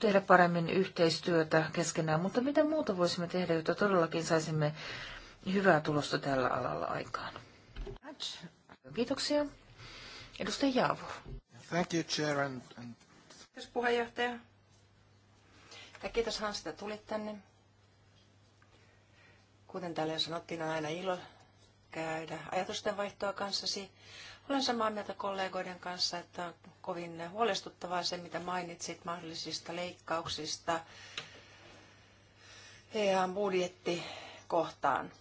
[SPEAKER 2] tehdä paremmin yhteistyötä keskenään, mutta mitä muuta voisimme tehdä, jotta todellakin saisimme hyvää tulosta tällä alalla aikaan?
[SPEAKER 1] Kiitoksia. Edustaja Jaavo.
[SPEAKER 2] Thank you, Chair, and, and...
[SPEAKER 1] Kiitos puheenjohtaja. Ja kiitos Hans, että tulit tänne. Kuten täällä jo sanottiin, on aina ilo käydä ajatusten vaihtoa kanssasi. Olen samaa mieltä kollegoiden kanssa, että on kovin huolestuttavaa se, mitä mainitsit mahdollisista leikkauksista e budjetti kohtaan.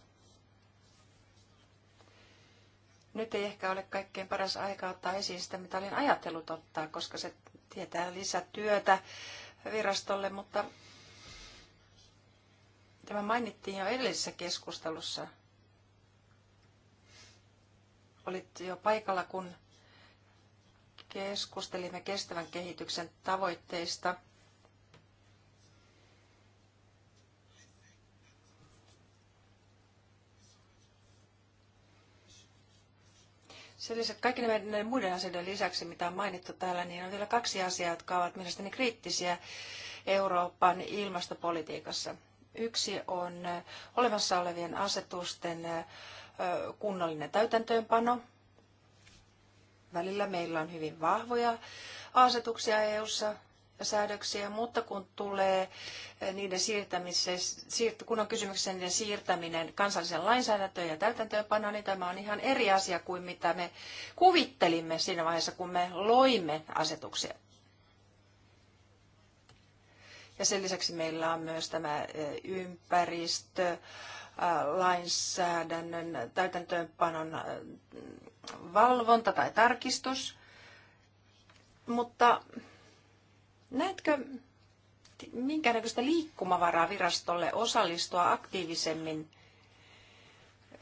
[SPEAKER 1] Nyt ei ehkä ole kaikkein paras aika ottaa esiin sitä, mitä olin ajatellut ottaa, koska se tietää lisätyötä virastolle, mutta tämä mainittiin jo edellisessä keskustelussa. Olit jo paikalla, kun keskustelimme kestävän kehityksen tavoitteista – Sen lisäksi kaikki näiden muiden asioiden lisäksi, mitä on mainittu täällä, niin on vielä kaksi asiaa, jotka ovat mielestäni kriittisiä Euroopan ilmastopolitiikassa. Yksi on olemassa olevien asetusten kunnollinen täytäntöönpano. Välillä meillä on hyvin vahvoja asetuksia EU:ssa säädöksiä, mutta kun tulee eh, niiden siirtämiseen, kun on kysymyksessä niiden siirtäminen kansallisen lainsäädäntöön ja täytäntöönpanoon, niin tämä on ihan eri asia kuin mitä me kuvittelimme siinä vaiheessa, kun me loimme asetuksia. Ja sen lisäksi meillä on myös tämä eh, ympäristö, eh, lainsäädännön täytäntöönpanon valvonta tai tarkistus. Mutta Näetkö minkäännäköistä liikkumavaraa virastolle osallistua aktiivisemmin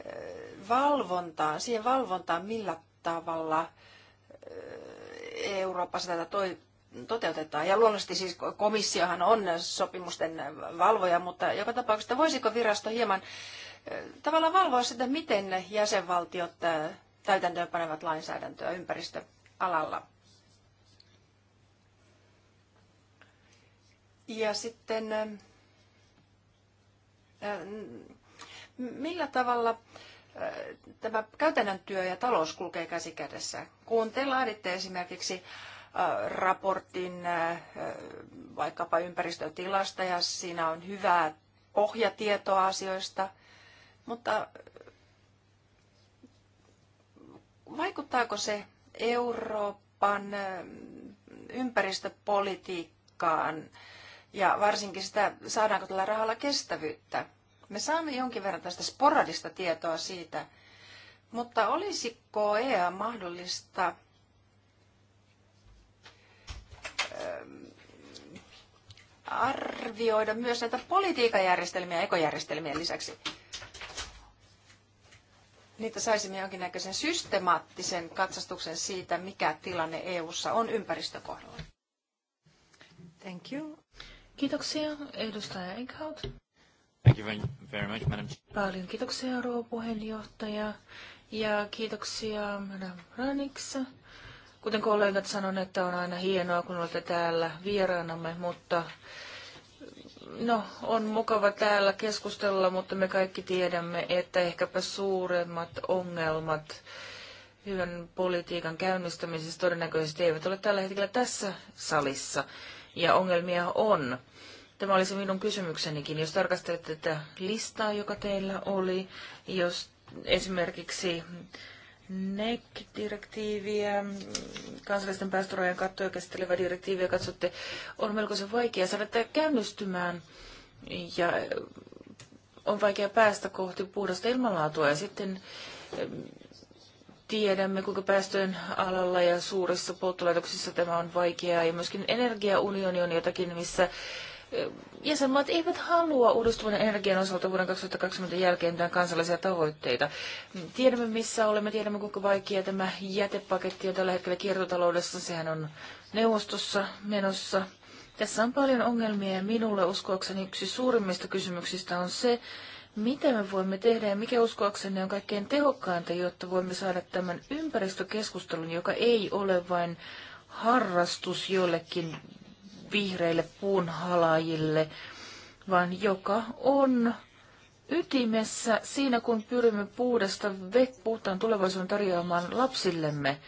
[SPEAKER 1] äh, valvontaan, siihen valvontaan, millä tavalla äh, Euroopassa tätä toi, toteutetaan. Ja luonnollisesti siis komissiohan on sopimusten valvoja, mutta joka tapauksessa voisiko virasto hieman äh, tavalla valvoa sitä, miten jäsenvaltiot panevat lainsäädäntöä ympäristöalalla. Ja sitten äh, millä tavalla äh, tämä käytännön työ ja talous kulkee käsi kädessä? Kun te laaditte esimerkiksi äh, raportin vaikkapa ympäristötilasta ja siinä on hyvää pohjatietoa asioista, mutta vaikuttaako se Euroopan ympäristöpolitiikkaan? ja varsinkin sitä, saadaanko tällä rahalla kestävyyttä. Me saamme jonkin verran tästä sporadista tietoa siitä, mutta olisiko EA mahdollista ähm, arvioida myös näitä politiikajärjestelmiä ekojärjestelmien lisäksi? Niitä saisimme jonkinnäköisen systemaattisen katsastuksen siitä, mikä tilanne EU:ssa on ympäristökohdalla. Thank you.
[SPEAKER 2] Kiitoksia, edustaja Eckhout.
[SPEAKER 3] Thank you very much, madam.
[SPEAKER 2] Paljon kiitoksia, rouva puheenjohtaja. Ja kiitoksia, madam Ranix. Kuten kollegat sanon, että on aina hienoa, kun olette täällä vieraanamme, mutta no, on mukava täällä keskustella, mutta me kaikki tiedämme, että ehkäpä suuremmat ongelmat hyvän politiikan käynnistämisessä todennäköisesti eivät ole tällä hetkellä tässä salissa ja ongelmia on. Tämä olisi minun kysymyksenikin. Jos tarkastelette tätä listaa, joka teillä oli, jos esimerkiksi NEC-direktiiviä, kansallisten päästörajojen kattoja käsittelevä direktiiviä katsotte, on melkoisen vaikea saada tämä käynnistymään ja on vaikea päästä kohti puhdasta ilmanlaatua. Ja sitten tiedämme, kuinka päästöjen alalla ja suurissa polttolaitoksissa tämä on vaikeaa. Ja myöskin energiaunioni on jotakin, missä e, jäsenmaat eivät halua uudistuvan energian osalta vuoden 2020 jälkeen mitään kansallisia tavoitteita. Tiedämme, missä olemme, tiedämme, kuinka vaikea tämä jätepaketti on tällä hetkellä kiertotaloudessa. Sehän on neuvostossa menossa. Tässä on paljon ongelmia ja minulle uskoakseni yksi suurimmista kysymyksistä on se, mitä me voimme tehdä ja mikä uskoakseni on kaikkein tehokkainta, jotta voimme saada tämän ympäristökeskustelun, joka ei ole vain harrastus jollekin vihreille puunhalajille, vaan joka on ytimessä siinä, kun pyrimme puhdasta vet, puhtaan tulevaisuuden tarjoamaan lapsillemme.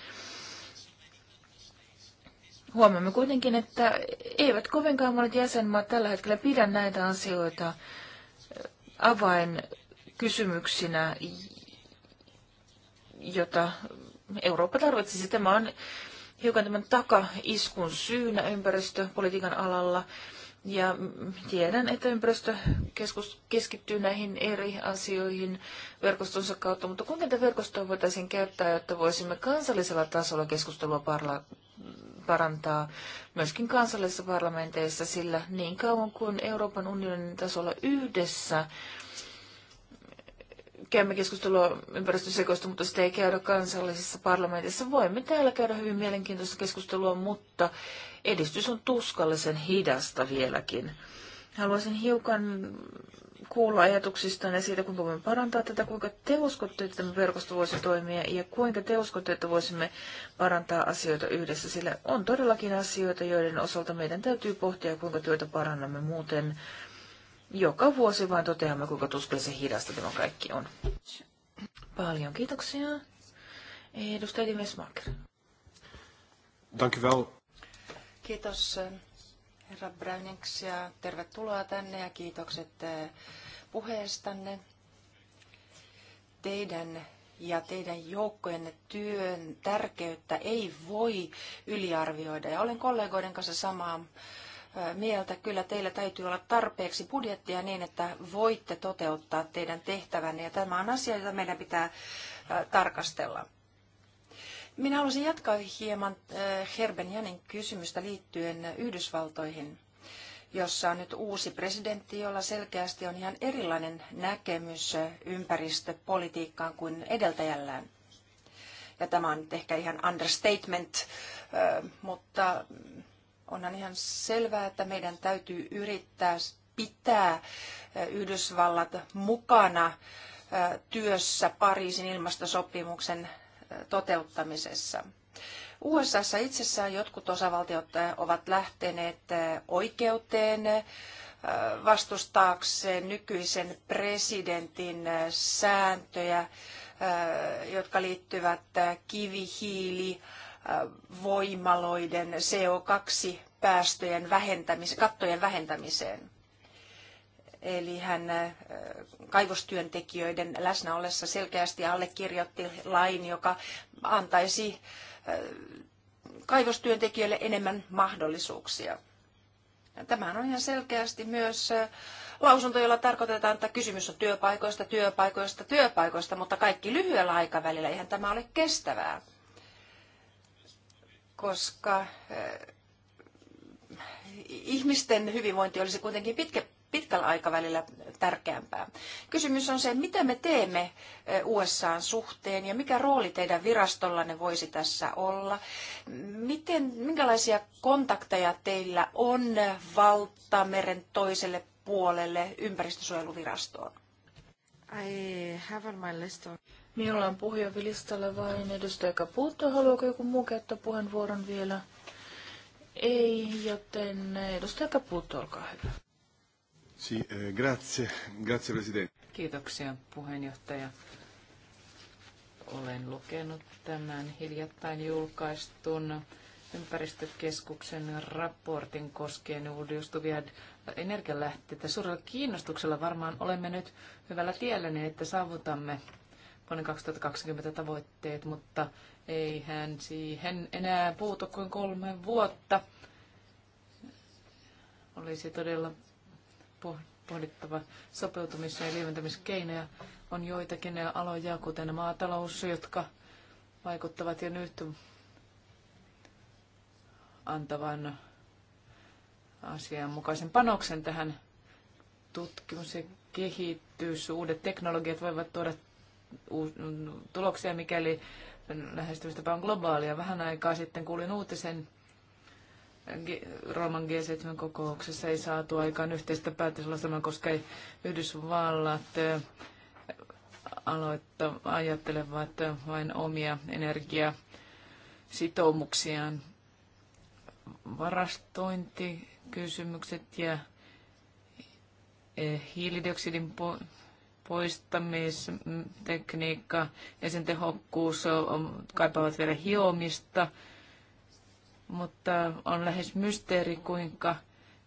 [SPEAKER 2] Huomaamme kuitenkin, että eivät kovinkaan monet jäsenmaat tällä hetkellä pidä näitä asioita avainkysymyksinä, jota Eurooppa tarvitsisi. Tämä on hiukan tämän takaiskun syynä ympäristöpolitiikan alalla. Ja tiedän, että ympäristökeskus keskittyy näihin eri asioihin verkostonsa kautta, mutta kuinka tätä verkostoa voitaisiin käyttää, jotta voisimme kansallisella tasolla keskustelua parla- parantaa myöskin kansallisissa parlamenteissa, sillä niin kauan kuin Euroopan unionin tasolla yhdessä käymme keskustelua ympäristösekoista, mutta sitä ei käydä kansallisissa parlamenteissa. Voimme täällä käydä hyvin mielenkiintoista keskustelua, mutta edistys on tuskallisen hidasta vieläkin. Haluaisin hiukan kuulla ja siitä, kuinka voimme parantaa tätä, kuinka te uskotte, että tämä verkosto voisi toimia ja kuinka te uskotte, että voisimme parantaa asioita yhdessä, sillä on todellakin asioita, joiden osalta meidän täytyy pohtia, kuinka työtä parannamme muuten. Joka vuosi vain toteamme, kuinka tuskallisen hidasta tämä kaikki on. Paljon kiitoksia. Edustaja Dimes Marker.
[SPEAKER 3] u
[SPEAKER 1] Kiitos herra Brownings, ja tervetuloa tänne ja kiitokset eh, puheestanne. Teidän ja teidän joukkojenne työn tärkeyttä ei voi yliarvioida. Ja olen kollegoiden kanssa samaa eh, mieltä. Kyllä teillä täytyy olla tarpeeksi budjettia niin, että voitte toteuttaa teidän tehtävänne. Ja tämä on asia, jota meidän pitää eh, tarkastella. Minä haluaisin jatkaa hieman äh, Herben Janin kysymystä liittyen Yhdysvaltoihin, jossa on nyt uusi presidentti, jolla selkeästi on ihan erilainen näkemys ympäristöpolitiikkaan kuin edeltäjällään. Ja tämä on nyt ehkä ihan understatement, äh, mutta onhan ihan selvää, että meidän täytyy yrittää pitää äh, Yhdysvallat mukana työssä Pariisin ilmastosopimuksen toteuttamisessa. USAssa itsessään jotkut osavaltiot äh, ovat lähteneet äh, oikeuteen äh, vastustaakseen nykyisen presidentin sääntöjä, jotka liittyvät kivihiili, voimaloiden CO2 päästöjen vähentämiseen, kattojen vähentämiseen. Eli hän kaivostyöntekijöiden läsnä ollessa selkeästi allekirjoitti lain, joka antaisi kaivostyöntekijöille enemmän mahdollisuuksia. Tämä on ihan selkeästi myös lausunto, jolla tarkoitetaan, että kysymys on työpaikoista, työpaikoista, työpaikoista, mutta kaikki lyhyellä aikavälillä. Eihän tämä ole kestävää, koska ihmisten hyvinvointi olisi kuitenkin pitkä, pitkällä aikavälillä tärkeämpää. Kysymys on se, mitä me teemme eh, USAn suhteen ja mikä rooli teidän virastollanne voisi tässä olla. Miten, minkälaisia kontakteja teillä on valtameren toiselle puolelle ympäristösuojeluvirastoon?
[SPEAKER 2] I have on my list on... Minulla on puhujavilistalla vain edustaja Caputo. Haluaako joku muu käyttää puheenvuoron vielä? Ei, joten edustaja Caputo, olkaa hyvä. Si, eh, grazie. Grazie, presidente.
[SPEAKER 3] Kiitoksia, puheenjohtaja. Olen lukenut tämän hiljattain julkaistun ympäristökeskuksen raportin koskien uudistuvia energialähteitä. Suurella kiinnostuksella varmaan olemme nyt hyvällä tiellä niin, että saavutamme vuoden 2020 tavoitteet, mutta eihän siihen enää puutu kuin kolme vuotta. Olisi todella pohdittava sopeutumis- ja lieventämiskeinoja. On joitakin aloja, kuten maatalous, jotka vaikuttavat jo nyt antavan asianmukaisen panoksen tähän tutkimus- ja kehitys. Uudet teknologiat voivat tuoda tuloksia, mikäli lähestymistapa on globaalia. Vähän aikaa sitten kuulin uutisen, Rooman G7-kokouksessa ei saatu aikaan yhteistä päätöslaselmaa, koska ei Yhdysvallat aloittaa, ajattelevat vain omia energiasitoumuksiaan. Varastointikysymykset ja e, hiilidioksidin poistamistekniikka ja sen tehokkuus kaipaavat vielä hiomista mutta on lähes mysteeri, kuinka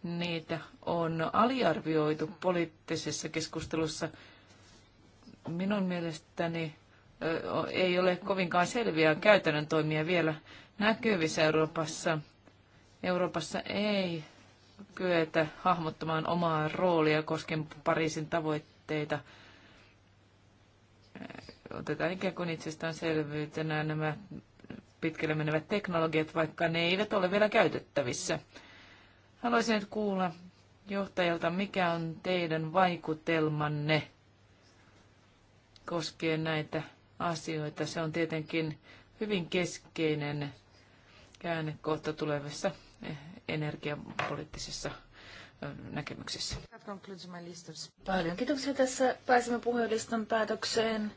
[SPEAKER 3] niitä on aliarvioitu poliittisessa keskustelussa. Minun mielestäni ei ole kovinkaan selviä käytännön toimia vielä näkyvissä Euroopassa. Euroopassa ei kyetä hahmottamaan omaa roolia koskien Pariisin tavoitteita. Otetaan ikään kuin itsestäänselvyytenä nämä pitkälle menevät teknologiat, vaikka ne eivät ole vielä käytettävissä. Haluaisin nyt kuulla johtajalta, mikä on teidän vaikutelmanne koskien näitä asioita. Se on tietenkin hyvin keskeinen käännekohta tulevissa eh, energiapoliittisissa näkemyksissä. Paljon kiitoksia.
[SPEAKER 2] Tässä pääsemme puheenjohtajan päätökseen.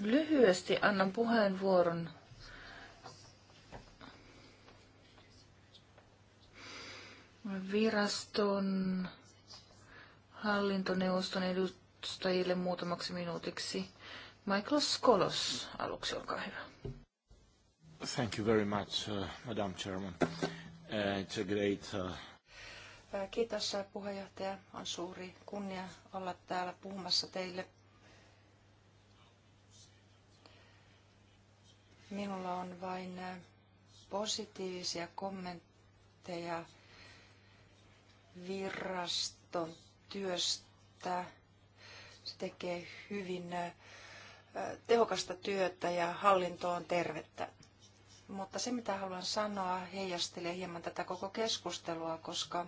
[SPEAKER 2] Lyhyesti annan puheenvuoron viraston hallintoneuvoston edustajille muutamaksi minuutiksi. Michael Skolos, aluksi olkaa hyvä. Thank you very much, uh, Madam Chairman. Uh, it's a great, uh...
[SPEAKER 1] Kiitos puheenjohtaja. On suuri kunnia olla täällä puhumassa teille Minulla on vain äh, positiivisia kommentteja viraston työstä. Se tekee hyvin äh, tehokasta työtä ja hallinto on tervettä. Mutta se, mitä haluan sanoa, heijastelee hieman tätä koko keskustelua, koska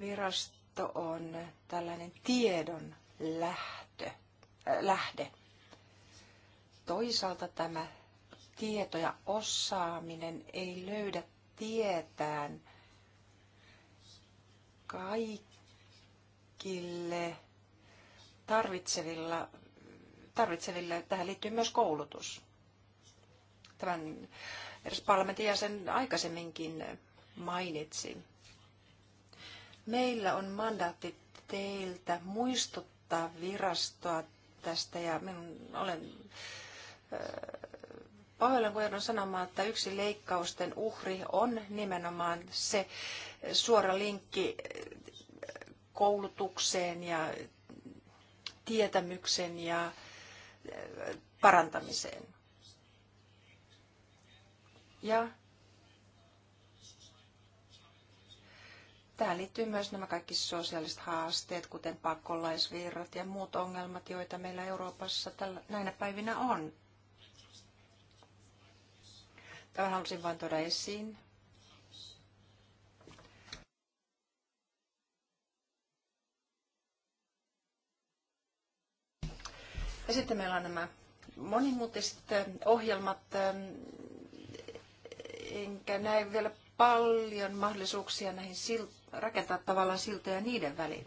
[SPEAKER 1] virasto on tällainen tiedon lähtö lähde. Toisaalta tämä tieto ja osaaminen ei löydä tietään kaikille tarvitsevilla, tarvitseville. Tähän liittyy myös koulutus. Tämän eräs parlamentin jäsen aikaisemminkin mainitsi. Meillä on mandaatti teiltä muistuttaa virastoa tästä ja minun olen pahoillan kun joudun sanomaan, että yksi leikkausten uhri on nimenomaan se suora linkki koulutukseen ja tietämyksen ja parantamiseen. Ja Tähän liittyy myös nämä kaikki sosiaaliset haasteet, kuten pakolaisvirrat ja muut ongelmat, joita meillä Euroopassa tällä, näinä päivinä on. tämä halusin vain tuoda esiin. Ja sitten meillä on nämä monimutiset ohjelmat, enkä näe vielä paljon mahdollisuuksia näihin siltoihin rakentaa tavallaan siltoja niiden väliin.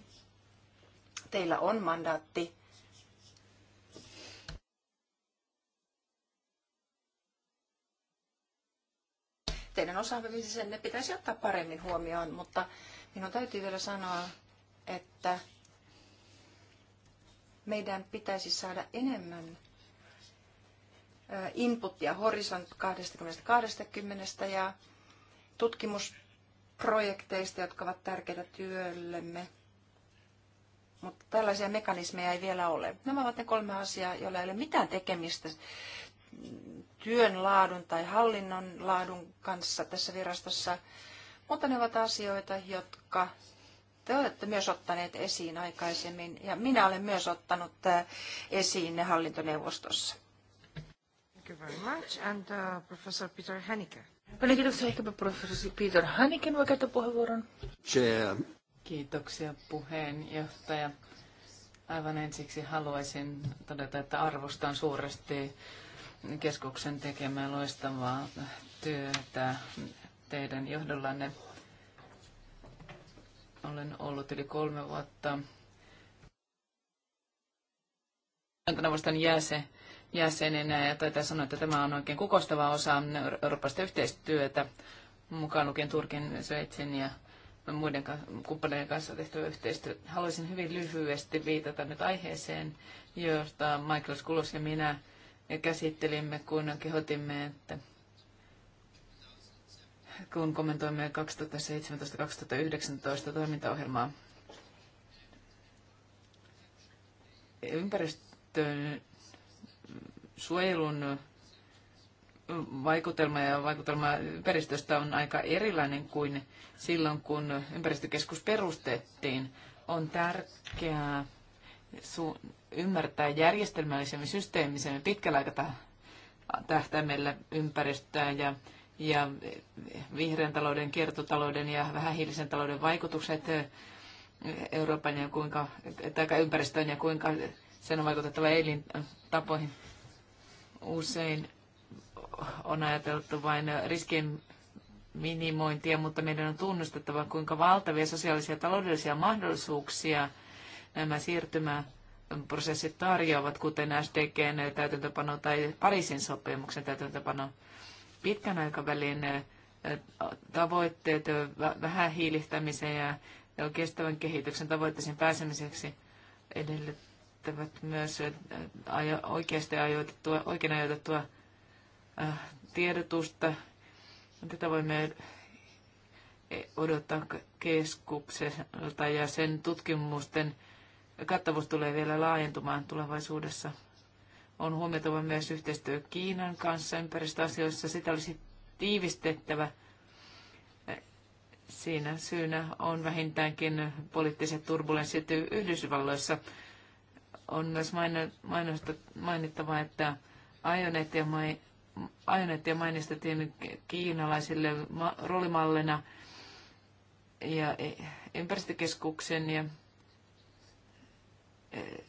[SPEAKER 1] Teillä on mandaatti teidän ne pitäisi ottaa paremmin huomioon, mutta minun täytyy vielä sanoa, että meidän pitäisi saada enemmän inputtia horisont 20-20 ja tutkimus projekteista, jotka ovat tärkeitä työllemme. Mutta tällaisia mekanismeja ei vielä ole. Nämä ovat ne kolme asiaa, joilla ei ole mitään tekemistä työn laadun tai hallinnon laadun kanssa tässä virastossa, mutta ne ovat asioita, jotka te olette myös ottaneet esiin aikaisemmin, ja minä olen myös ottanut äh, esiin ne hallintoneuvostossa. Thank you very much. And uh, Professor Peter Henneke. Paljon
[SPEAKER 3] kiitoksia. Ehkäpä professori Peter Hanikin oikeutta puheenvuoron. Chair. Kiitoksia puheenjohtaja. Aivan ensiksi haluaisin todeta, että arvostan suuresti keskuksen tekemää loistavaa työtä teidän johdollanne. Olen ollut yli kolme vuotta Antanavaston jäsen jäsenenä ja taitaa sanoa, että tämä on oikein kukostava osa eurooppalaista yhteistyötä, mukaan lukien Turkin, Sveitsin ja muiden kumppaneiden kanssa tehtyä yhteistyö. Haluaisin hyvin lyhyesti viitata nyt aiheeseen, josta Michael Skulos ja minä käsittelimme, kun kehotimme, että kun kommentoimme 2017-2019 toimintaohjelmaa. ympäristöön suojelun vaikutelma ja vaikutelma ympäristöstä on aika erilainen kuin silloin, kun ympäristökeskus perustettiin. On tärkeää ymmärtää järjestelmällisemmin, systeemisemmin, pitkällä tähtäimellä ympäristöä ja, ja vihreän talouden, kiertotalouden ja vähähiilisen talouden vaikutukset Euroopan ja kuinka, ympäristöön ja kuinka sen on vaikutettava elintapoihin. Usein on ajateltu vain riskien minimointia, mutta meidän on tunnustettava, kuinka valtavia sosiaalisia ja taloudellisia mahdollisuuksia nämä siirtymäprosessit tarjoavat, kuten SDGn täytäntöpano tai Pariisin sopimuksen täytäntöpano. Pitkän aikavälin eh, tavoitteet eh, vähän hiilistämiseen ja kestävän kehityksen tavoitteisiin pääsemiseksi edellyttävät käyttävät myös oikeasti ajoitettua, oikein ajoitettua tiedotusta. Tätä voimme e, odottaa keskukselta ja sen tutkimusten kattavuus tulee vielä laajentumaan tulevaisuudessa. On huomioitava myös yhteistyö Kiinan kanssa ympäristöasioissa. Sitä olisi tiivistettävä. E, siinä syynä on vähintäänkin poliittiset turbulenssit Yhdysvalloissa. On myös mainittava, että ajoneettia mai, mainistettiin kiinalaisille roolimallina ja e-, ympäristökeskuksen ja e-,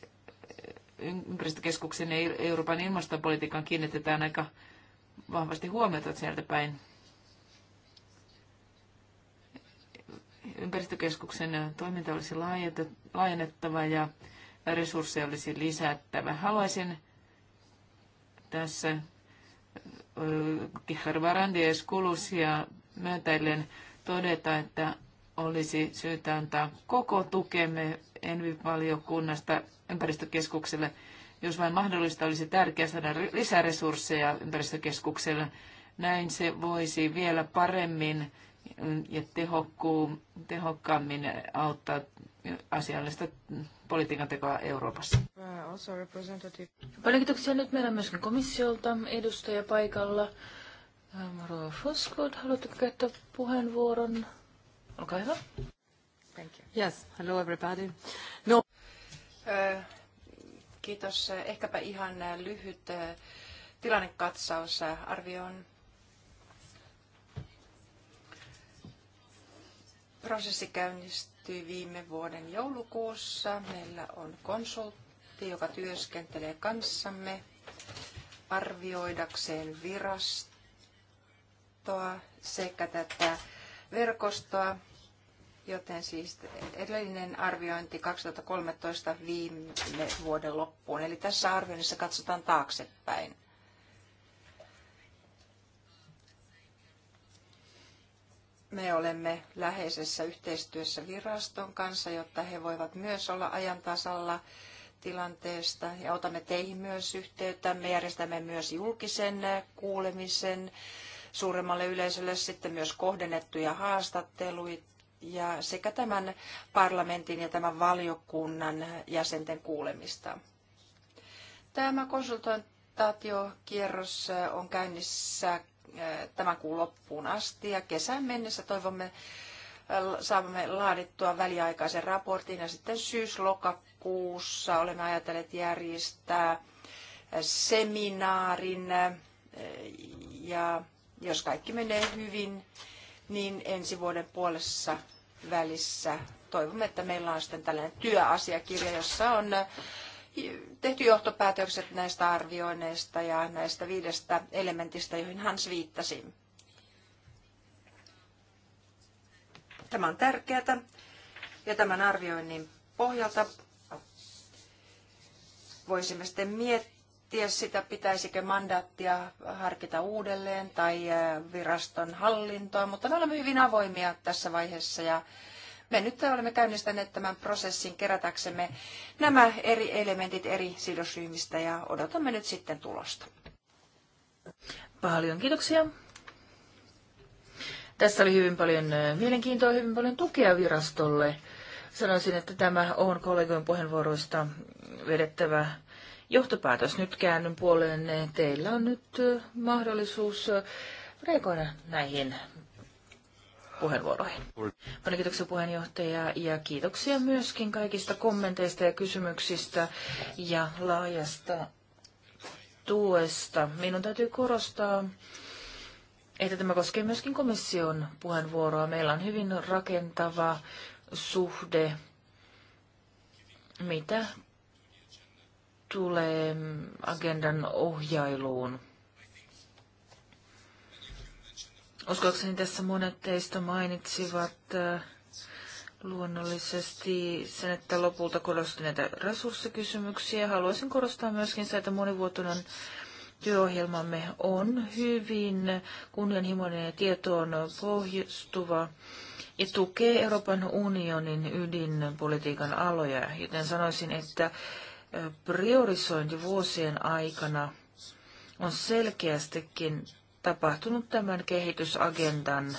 [SPEAKER 3] ympäristökeskuksen ja Euroopan ilmastopolitiikan kiinnitetään aika vahvasti huomiota sieltä päin. Ympäristökeskuksen toiminta olisi laajennettava ja resursseja olisi lisättävä. Haluaisin tässä Harvarandies kulusia myötäillen todeta, että olisi syytä antaa koko tukemme Envi-valiokunnasta ympäristökeskukselle. Jos vain mahdollista, olisi tärkeää saada lisäresursseja ympäristökeskukselle. Näin se voisi vielä paremmin ja tehokkuun, tehokkaammin auttaa asiallista politiikan tekoa Euroopassa. Paljon kiitoksia.
[SPEAKER 2] Nyt meillä on myöskin komissiolta edustaja paikalla. Ähm, Rova Foskod, haluatteko käyttää puheenvuoron?
[SPEAKER 3] Olkaa hyvä. Thank you. Yes, hello everybody. No.
[SPEAKER 1] Äh, kiitos. Ehkäpä ihan lyhyt äh, tilannekatsaus. Äh, Arvio on Prosessi käynnistyi viime vuoden joulukuussa. Meillä on konsultti, joka työskentelee kanssamme arvioidakseen virastoa sekä tätä verkostoa, joten siis edellinen arviointi 2013 viime vuoden loppuun. Eli tässä arvioinnissa katsotaan taaksepäin. Me olemme läheisessä yhteistyössä viraston kanssa, jotta he voivat myös olla ajan tasalla tilanteesta ja otamme teihin myös yhteyttä. Me järjestämme myös julkisen kuulemisen suuremmalle yleisölle sitten myös kohdennettuja haastatteluita ja sekä tämän parlamentin ja tämän valiokunnan jäsenten kuulemista. Tämä konsultointiaktivaatiokierros on käynnissä tämän kuun loppuun asti ja kesän mennessä toivomme saamme laadittua väliaikaisen raportin ja sitten syys-lokakuussa olemme ajatelleet järjestää seminaarin ja jos kaikki menee hyvin, niin ensi vuoden puolessa välissä toivomme, että meillä on sitten tällainen työasiakirja, jossa on tehty johtopäätökset näistä arvioinneista ja näistä viidestä elementistä, joihin Hans viittasi. Tämä on tärkeää ja tämän arvioinnin pohjalta voisimme sitten miettiä sitä, pitäisikö mandaattia harkita uudelleen tai viraston hallintoa, mutta me olemme hyvin avoimia tässä vaiheessa ja me nyt olemme käynnistäneet tämän prosessin kerätäksemme nämä eri elementit eri sidosryhmistä ja odotamme nyt sitten tulosta.
[SPEAKER 2] Paljon kiitoksia. Tässä oli hyvin paljon mielenkiintoa, hyvin paljon tukea virastolle. Sanoisin, että tämä on kollegojen puheenvuoroista vedettävä johtopäätös. Nyt käännyn puoleen. Teillä on nyt mahdollisuus reagoida näihin puheenvuoroihin. Paljon kiitoksia puheenjohtaja ja kiitoksia myöskin kaikista kommenteista ja kysymyksistä ja laajasta tuesta. Minun täytyy korostaa, että tämä koskee myöskin komission puheenvuoroa. Meillä on hyvin rakentava suhde, mitä tulee agendan ohjailuun. Uskoakseni tässä monet teistä mainitsivat luonnollisesti sen, että lopulta korostin näitä resurssikysymyksiä. Haluaisin korostaa myöskin sitä, että monivuotinen työohjelmamme on hyvin kunnianhimoinen ja tietoon pohjustuva ja tukee Euroopan unionin ydinpolitiikan aloja, joten sanoisin, että priorisointi vuosien aikana on selkeästikin tapahtunut tämän kehitysagendan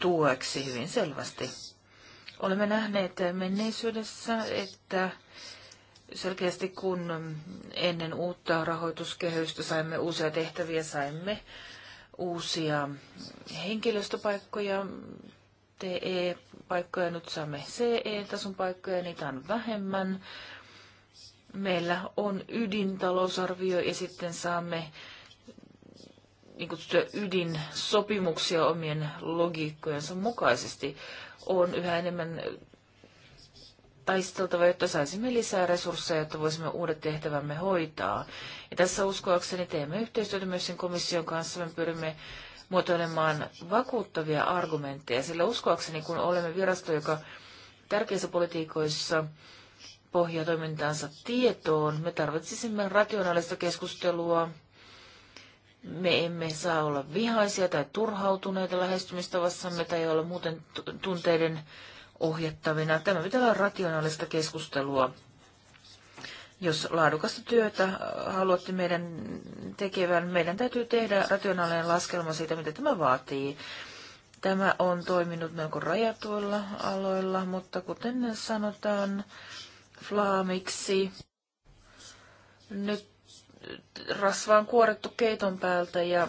[SPEAKER 2] tueksi hyvin selvästi. Olemme nähneet menneisyydessä, että selkeästi kun ennen uutta rahoituskehystä saimme uusia tehtäviä, saimme uusia henkilöstöpaikkoja, TE-paikkoja, nyt saamme CE-tason paikkoja, niitä on vähemmän. Meillä on ydintalousarvio ja sitten saamme niin kutsuttuja ydinsopimuksia omien logiikkojensa mukaisesti, on yhä enemmän taisteltava, jotta saisimme lisää resursseja, jotta voisimme uudet tehtävämme hoitaa. Ja tässä uskoakseni teemme yhteistyötä myös sen komission kanssa. Me pyrimme muotoilemaan vakuuttavia argumentteja, sillä uskoakseni kun olemme virasto, joka tärkeissä politiikoissa pohjaa toimintaansa tietoon, me tarvitsisimme rationaalista keskustelua me emme saa olla vihaisia tai turhautuneita lähestymistavassamme tai olla muuten tunteiden ohjattavina. Tämä pitää olla rationaalista keskustelua. Jos laadukasta työtä haluatte meidän tekevän, meidän täytyy tehdä rationaalinen laskelma siitä, mitä tämä vaatii. Tämä on toiminut melko rajatuilla aloilla, mutta kuten sanotaan flaamiksi, nyt rasva on kuorettu keiton päältä ja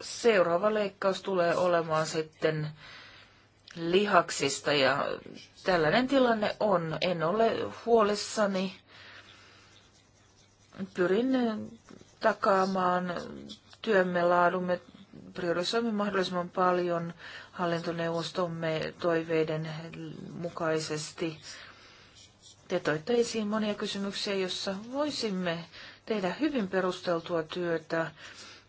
[SPEAKER 2] seuraava leikkaus tulee olemaan sitten lihaksista ja tällainen tilanne on. En ole huolissani. Pyrin takaamaan työmme laadumme, priorisoimme mahdollisimman paljon hallintoneuvostomme toiveiden mukaisesti. Te toitte esiin monia kysymyksiä, joissa voisimme tehdä hyvin perusteltua työtä.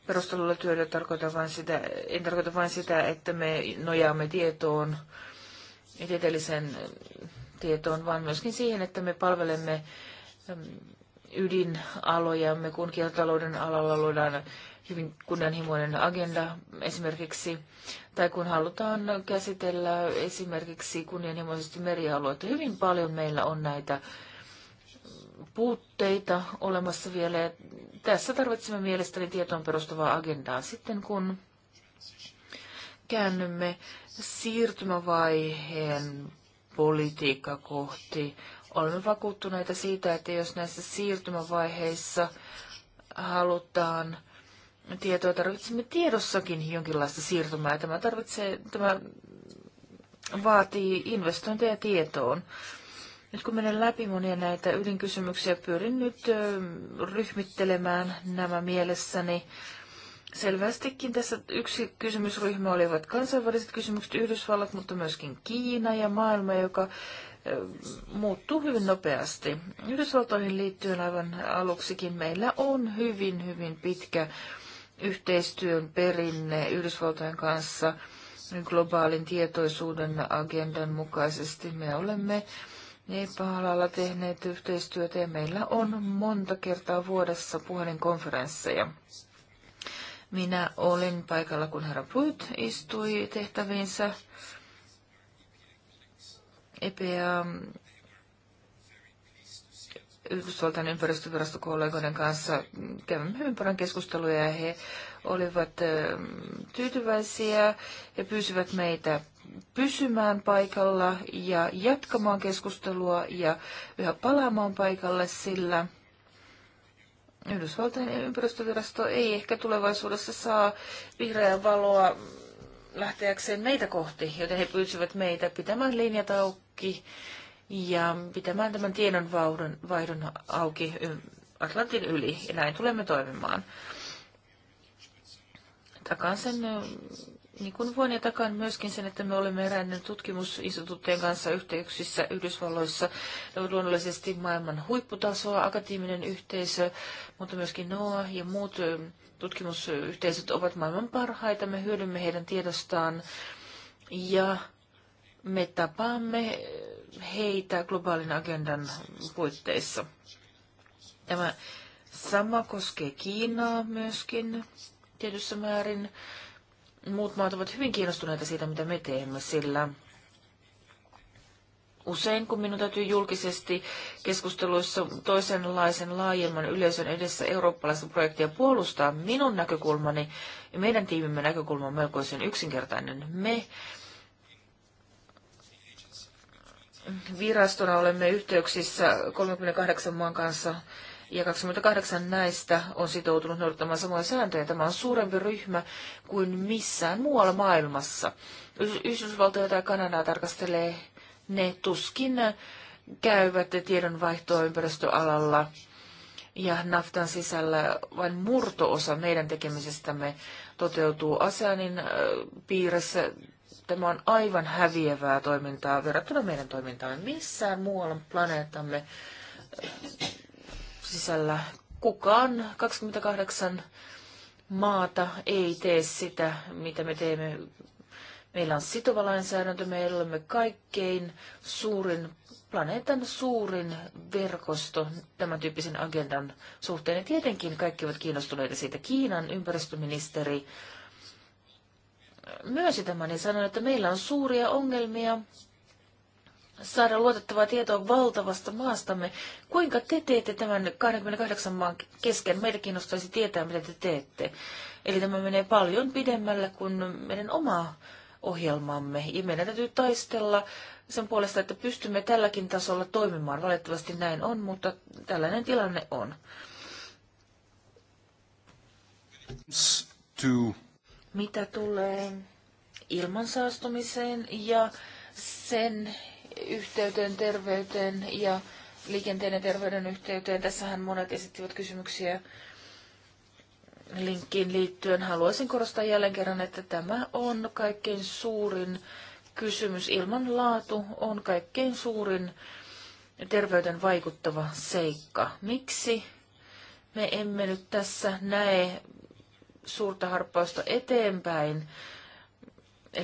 [SPEAKER 2] Perustelulla työllä tarkoitan vain sitä, en tarkoita vain sitä, että me nojaamme tietoon, tieteelliseen tietoon, vaan myöskin siihen, että me palvelemme ydinalojamme, kun kiertotalouden alalla luodaan hyvin kunnianhimoinen agenda esimerkiksi, tai kun halutaan käsitellä esimerkiksi kunnianhimoisesti merialueita. Hyvin paljon meillä on näitä puutteita olemassa vielä. tässä tarvitsemme mielestäni tietoon perustuvaa agendaa sitten, kun käännymme siirtymävaiheen politiikka kohti. Olemme vakuuttuneita siitä, että jos näissä siirtymävaiheissa halutaan tietoa, tarvitsemme tiedossakin jonkinlaista siirtymää. Tämä, tarvitsee, tämä vaatii investointeja tietoon. Nyt kun menen läpi monia näitä ydinkysymyksiä, pyrin nyt ryhmittelemään nämä mielessäni. Selvästikin tässä yksi kysymysryhmä olivat kansainväliset kysymykset, Yhdysvallat, mutta myöskin Kiina ja maailma, joka muuttuu hyvin nopeasti. Yhdysvaltoihin liittyen aivan aluksikin meillä on hyvin, hyvin pitkä yhteistyön perinne Yhdysvaltojen kanssa globaalin tietoisuuden agendan mukaisesti. Me olemme Nepalalla tehneet yhteistyötä ja meillä on monta kertaa vuodessa puhelinkonferensseja. Minä olin paikalla, kun herra Pruitt istui tehtäviinsä. EPA Yhdysvaltain ympäristövirastokollegoiden kanssa kävimme hyvin paljon keskusteluja ja he olivat tyytyväisiä ja pyysivät meitä pysymään paikalla ja jatkamaan keskustelua ja yhä palaamaan paikalle, sillä Yhdysvaltain ympäristövirasto ei ehkä tulevaisuudessa saa vihreää valoa lähteäkseen meitä kohti, joten he pyysivät meitä pitämään linjat auki ja pitämään tämän tiedon vaihdon auki Atlantin yli, ja näin tulemme toimimaan. Takaan sen niin kuin vuonna takan myöskin sen, että me olemme eräiden tutkimusinstituuttien kanssa yhteyksissä Yhdysvalloissa luonnollisesti maailman huipputasoa, akateeminen yhteisö, mutta myöskin NOA ja muut tutkimusyhteisöt ovat maailman parhaita. Me hyödymme heidän tiedostaan ja me tapaamme heitä globaalin agendan puitteissa. Tämä sama koskee Kiinaa myöskin tietyssä määrin muut maat ovat hyvin kiinnostuneita siitä, mitä me teemme, sillä usein, kun minun täytyy julkisesti keskusteluissa toisenlaisen laajemman yleisön edessä eurooppalaista projektia puolustaa, minun näkökulmani ja meidän tiimimme näkökulma on melkoisen yksinkertainen. Me virastona olemme yhteyksissä 38 maan kanssa ja 28 näistä on sitoutunut noudattamaan samoja sääntöjä. Tämä on suurempi ryhmä kuin missään muualla maailmassa. Yhdysvaltoja tai Kanadaa tarkastelee ne tuskin käyvät tiedonvaihtoa ympäristöalalla ja naftan sisällä vain murtoosa meidän tekemisestämme toteutuu ASEANin piirissä. Tämä on aivan häviävää toimintaa verrattuna meidän toimintaamme missään muualla planeetamme sisällä. Kukaan 28 maata ei tee sitä, mitä me teemme. Meillä on sitova lainsäädäntö, me olemme kaikkein suurin, planeetan suurin verkosto tämän tyyppisen agendan suhteen. Ja tietenkin kaikki ovat kiinnostuneita siitä. Kiinan ympäristöministeri myönsi tämän ja sanoi, että meillä on suuria ongelmia saada luotettavaa tietoa valtavasta maastamme. Kuinka te teette tämän 28 maan kesken? Meitä kiinnostaisi tietää, mitä te teette. Eli tämä menee paljon pidemmälle kuin meidän oma ohjelmamme. Ja meidän täytyy taistella sen puolesta, että pystymme tälläkin tasolla toimimaan. Valitettavasti näin on, mutta tällainen tilanne on. Mitä tulee ilmansaastumiseen ja sen yhteyteen, terveyteen ja liikenteen ja terveyden yhteyteen. Tässähän monet esittivät kysymyksiä linkkiin liittyen. Haluaisin korostaa jälleen kerran, että tämä on kaikkein suurin kysymys. Ilman laatu on kaikkein suurin terveyden vaikuttava seikka. Miksi me emme nyt tässä näe suurta harppausta eteenpäin?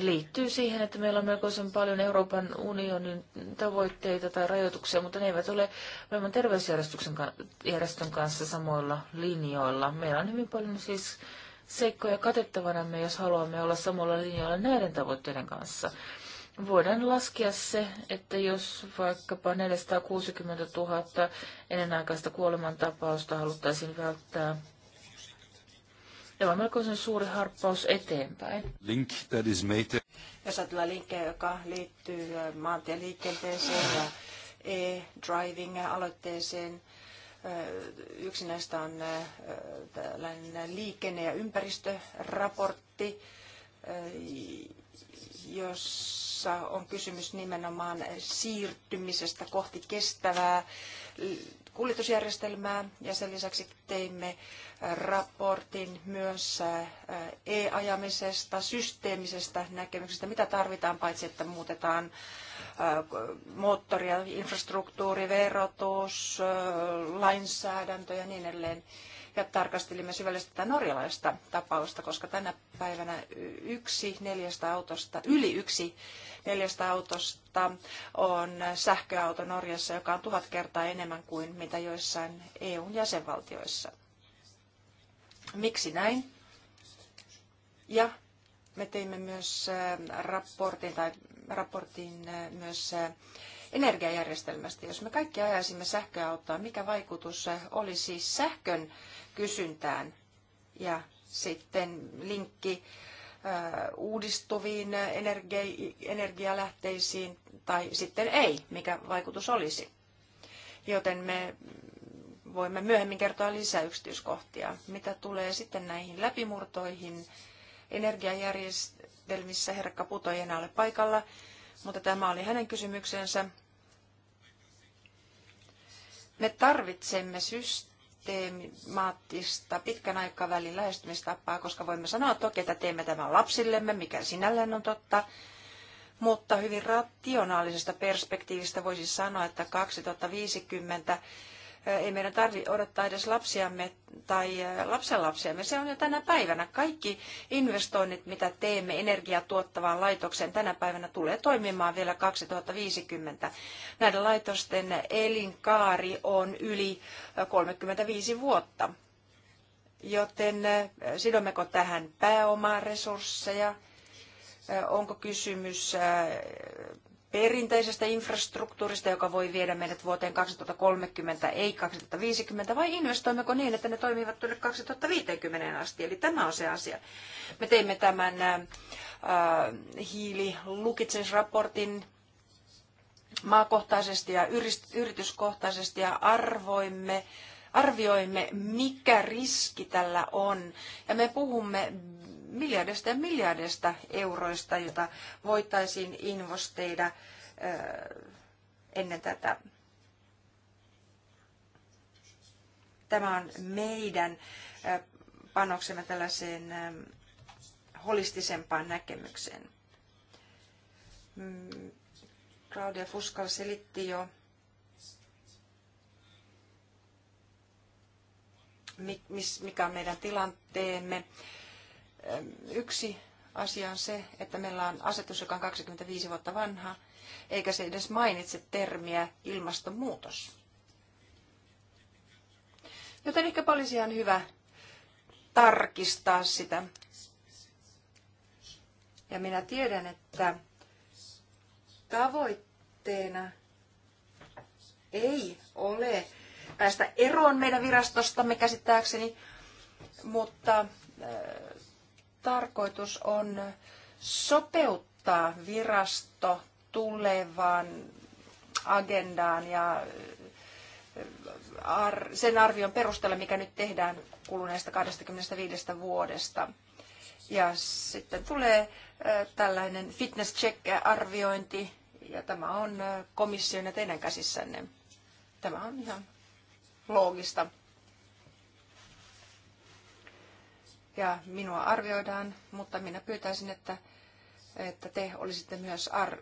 [SPEAKER 2] liittyy siihen, että meillä on melkoisen paljon Euroopan unionin tavoitteita tai rajoituksia, mutta ne eivät ole maailman terveysjärjestön kanssa samoilla linjoilla. Meillä on hyvin paljon siis seikkoja katettavanamme, jos haluamme olla samalla linjalla näiden tavoitteiden kanssa. Voidaan laskea se, että jos vaikkapa 460 000 ennenaikaista kuolemantapausta haluttaisiin välttää Tämä on melkoisen suuri harppaus eteenpäin. Link that is made.
[SPEAKER 1] Jos ajatellaan linkkejä, joka liittyy maantieliikenteeseen ja e-driving-aloitteeseen, yksi näistä on tällainen liikenne- ja ympäristöraportti, jossa on kysymys nimenomaan siirtymisestä kohti kestävää kuljetusjärjestelmää ja sen lisäksi teimme raportin myös e-ajamisesta, systeemisestä näkemyksestä, mitä tarvitaan paitsi, että muutetaan moottoria, infrastruktuuri, verotus, lainsäädäntö ja niin edelleen ja tarkastelimme syvällisesti tätä norjalaista tapausta, koska tänä päivänä yksi neljästä autosta, yli yksi neljästä autosta on sähköauto Norjassa, joka on tuhat kertaa enemmän kuin mitä joissain EUn jäsenvaltioissa. Miksi näin? Ja me teimme myös äh, raportin, tai raportin äh, myös äh, energiajärjestelmästä. Jos me kaikki ajaisimme sähköautoa, mikä vaikutus olisi sähkön kysyntään ja sitten linkki uudistuviin energi- energialähteisiin tai sitten ei, mikä vaikutus olisi. Joten me voimme myöhemmin kertoa lisää yksityiskohtia. Mitä tulee sitten näihin läpimurtoihin energiajärjestelmissä, herra alle ei enää ole paikalla, mutta tämä oli hänen kysymyksensä. Me tarvitsemme systeemaattista pitkän aikavälin lähestymistapaa, koska voimme sanoa toki, että teemme tämän lapsillemme, mikä sinällään on totta, mutta hyvin rationaalisesta perspektiivistä voisi sanoa, että 2050 ei meidän tarvitse odottaa edes lapsiamme tai lapsenlapsiamme. Se on jo tänä päivänä. Kaikki investoinnit, mitä teemme energiaa tuottavaan laitokseen tänä päivänä, tulee toimimaan vielä 2050. Näiden laitosten elinkaari on yli 35 vuotta. Joten sidommeko tähän pääomaa resursseja? Onko kysymys perinteisestä infrastruktuurista, joka voi viedä meidät vuoteen 2030, ei 2050, vai investoimmeko niin, että ne toimivat tuonne 2050 asti? Eli tämä on se asia. Me teimme tämän äh, hiililukitsemisraportin maakohtaisesti ja yrityskohtaisesti ja arvoimme, arvioimme, mikä riski tällä on. Ja me puhumme miljardeista ja miljardeista euroista, jota voitaisiin investoida ennen tätä. Tämä on meidän panoksemme tällaiseen holistisempaan näkemykseen. Mm, Claudia Fuskal selitti jo, mikä on meidän tilanteemme Yksi asia on se, että meillä on asetus, joka on 25 vuotta vanha, eikä se edes mainitse termiä ilmastonmuutos. Joten ehkä olisi ihan hyvä tarkistaa sitä. Ja minä tiedän, että tavoitteena ei ole päästä eroon meidän virastostamme käsittääkseni, mutta tarkoitus on sopeuttaa virasto tulevaan agendaan ja äh, sen arvion perusteella, mikä nyt tehdään kuluneesta 25 vuodesta. Ja sitten tulee äh, tällainen fitness check-arviointi, ja tämä on äh, komission ja teidän käsissänne. Tämä on ihan loogista. ja minua arvioidaan, mutta minä pyytäisin, että, että te olisitte myös ar-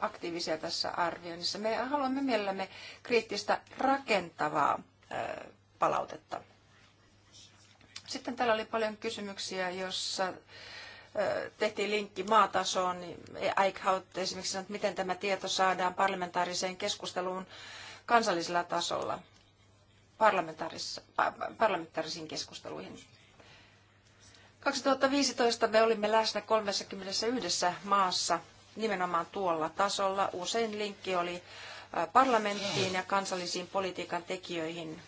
[SPEAKER 1] aktiivisia tässä arvioinnissa. Me haluamme mielellämme kriittistä rakentavaa palautetta. Sitten täällä oli paljon kysymyksiä, jossa tehtiin linkki maatasoon. Eichhout esimerkiksi sanoi, että miten tämä tieto saadaan parlamentaariseen keskusteluun kansallisella tasolla parlamentaarisiin keskusteluihin. 2015 me olimme läsnä 31 maassa nimenomaan tuolla tasolla. Usein linkki oli äh, parlamenttiin ja kansallisiin politiikan tekijöihin.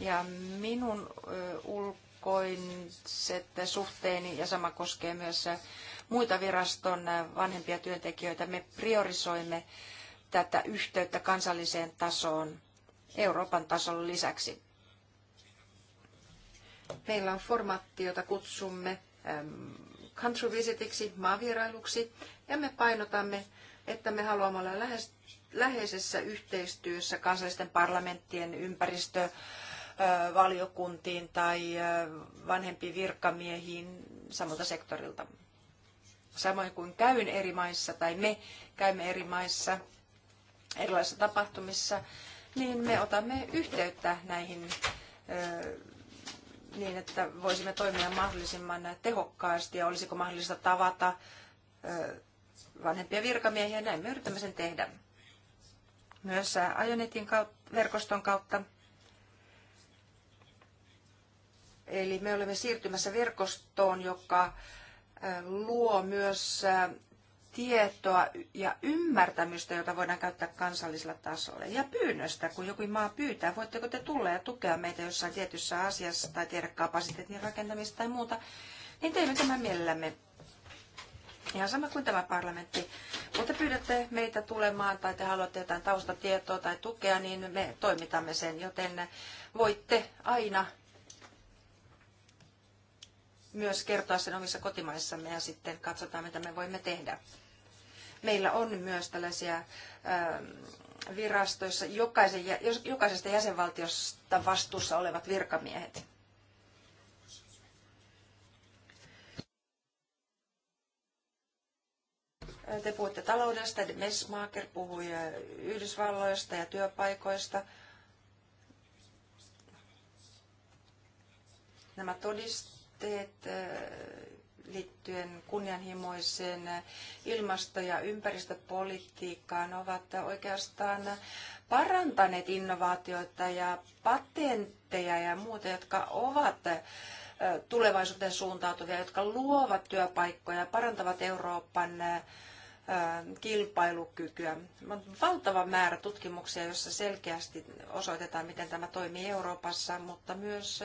[SPEAKER 1] Ja minun äh, ulkoiset suhteeni, ja sama koskee myös äh, muita viraston vanhempia työntekijöitä, me priorisoimme tätä yhteyttä kansalliseen tasoon Euroopan tason lisäksi. Meillä on formaatti, jota kutsumme country visitiksi, maavierailuksi, ja me painotamme, että me haluamme olla lähes, läheisessä yhteistyössä kansallisten parlamenttien ympäristö, valiokuntiin tai vanhempiin virkamiehiin samalta sektorilta. Samoin kuin käyn eri maissa tai me käymme eri maissa erilaisissa tapahtumissa, niin me otamme yhteyttä näihin niin, että voisimme toimia mahdollisimman tehokkaasti ja olisiko mahdollista tavata vanhempia virkamiehiä. Näin me yritämme sen tehdä. Myös Ajonetin verkoston kautta. Eli me olemme siirtymässä verkostoon, joka luo myös tietoa ja ymmärtämystä, jota voidaan käyttää kansallisella tasolla. Ja pyynnöstä, kun joku maa pyytää, voitteko te tulla ja tukea meitä jossain tietyssä asiassa tai tiedä kapasiteetin rakentamista tai muuta, niin teemme tämän mielellämme. Ihan sama kuin tämä parlamentti. Mutta pyydätte meitä tulemaan tai te haluatte jotain taustatietoa tai tukea, niin me toimitamme sen, joten voitte aina myös kertoa sen omissa kotimaissamme ja sitten katsotaan, mitä me voimme tehdä. Meillä on myös tällaisia ähm, virastoissa jokaisen, jokaisesta jäsenvaltiosta vastuussa olevat virkamiehet. Äh, te puhutte taloudesta, Messmaker puhui äh, Yhdysvalloista ja työpaikoista. Nämä todisteet äh, liittyen kunnianhimoiseen ilmasto- ja ympäristöpolitiikkaan ovat oikeastaan parantaneet innovaatioita ja patentteja ja muuta, jotka ovat tulevaisuuteen suuntautuvia, jotka luovat työpaikkoja ja parantavat Euroopan kilpailukykyä. On valtava määrä tutkimuksia, joissa selkeästi osoitetaan, miten tämä toimii Euroopassa, mutta myös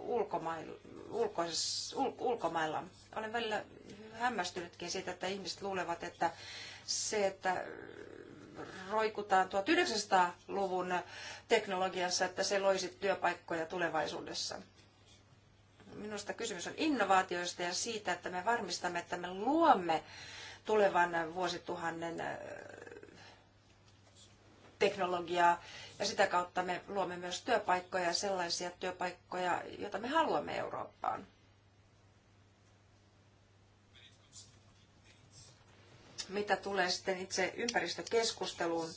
[SPEAKER 1] ulkomailla, ulkoisessa, ul, ulkomailla. Olen välillä hämmästynytkin siitä, että ihmiset luulevat, että se, että roikutaan 1900-luvun teknologiassa, että se loisi työpaikkoja tulevaisuudessa. Minusta kysymys on innovaatioista ja siitä, että me varmistamme, että me luomme tulevan vuosituhannen teknologiaa ja sitä kautta me luomme myös työpaikkoja, sellaisia työpaikkoja, joita me haluamme Eurooppaan. Mitä tulee sitten itse ympäristökeskusteluun,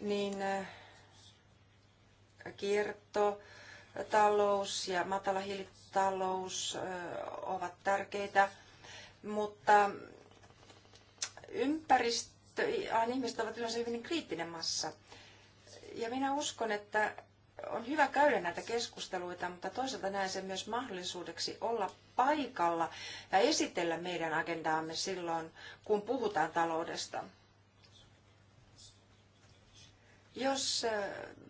[SPEAKER 1] niin äh, kierto, talous ja hiilitalous äh, ovat tärkeitä, mutta äh, ympäristö aina ihmiset ovat yleensä hyvin kriittinen massa. Ja minä uskon, että on hyvä käydä näitä keskusteluita, mutta toisaalta näen sen myös mahdollisuudeksi olla paikalla ja esitellä meidän agendaamme silloin, kun puhutaan taloudesta. Jos eh,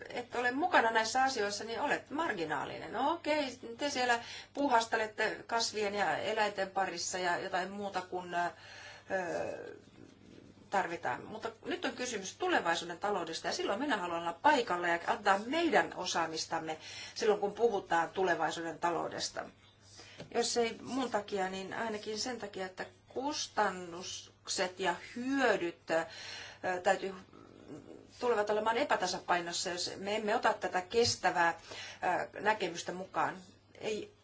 [SPEAKER 1] et ole mukana näissä asioissa, niin olet marginaalinen. No okei, te siellä puhastelette kasvien ja eläinten parissa ja jotain muuta kuin eh, tarvitaan. Mutta nyt on kysymys tulevaisuuden taloudesta ja silloin minä haluan olla paikalla ja antaa meidän osaamistamme silloin, kun puhutaan tulevaisuuden taloudesta. Jos ei mun takia, niin ainakin sen takia, että kustannukset ja hyödyt täytyy tulevat olemaan epätasapainossa, jos me emme ota tätä kestävää näkemystä mukaan. Ei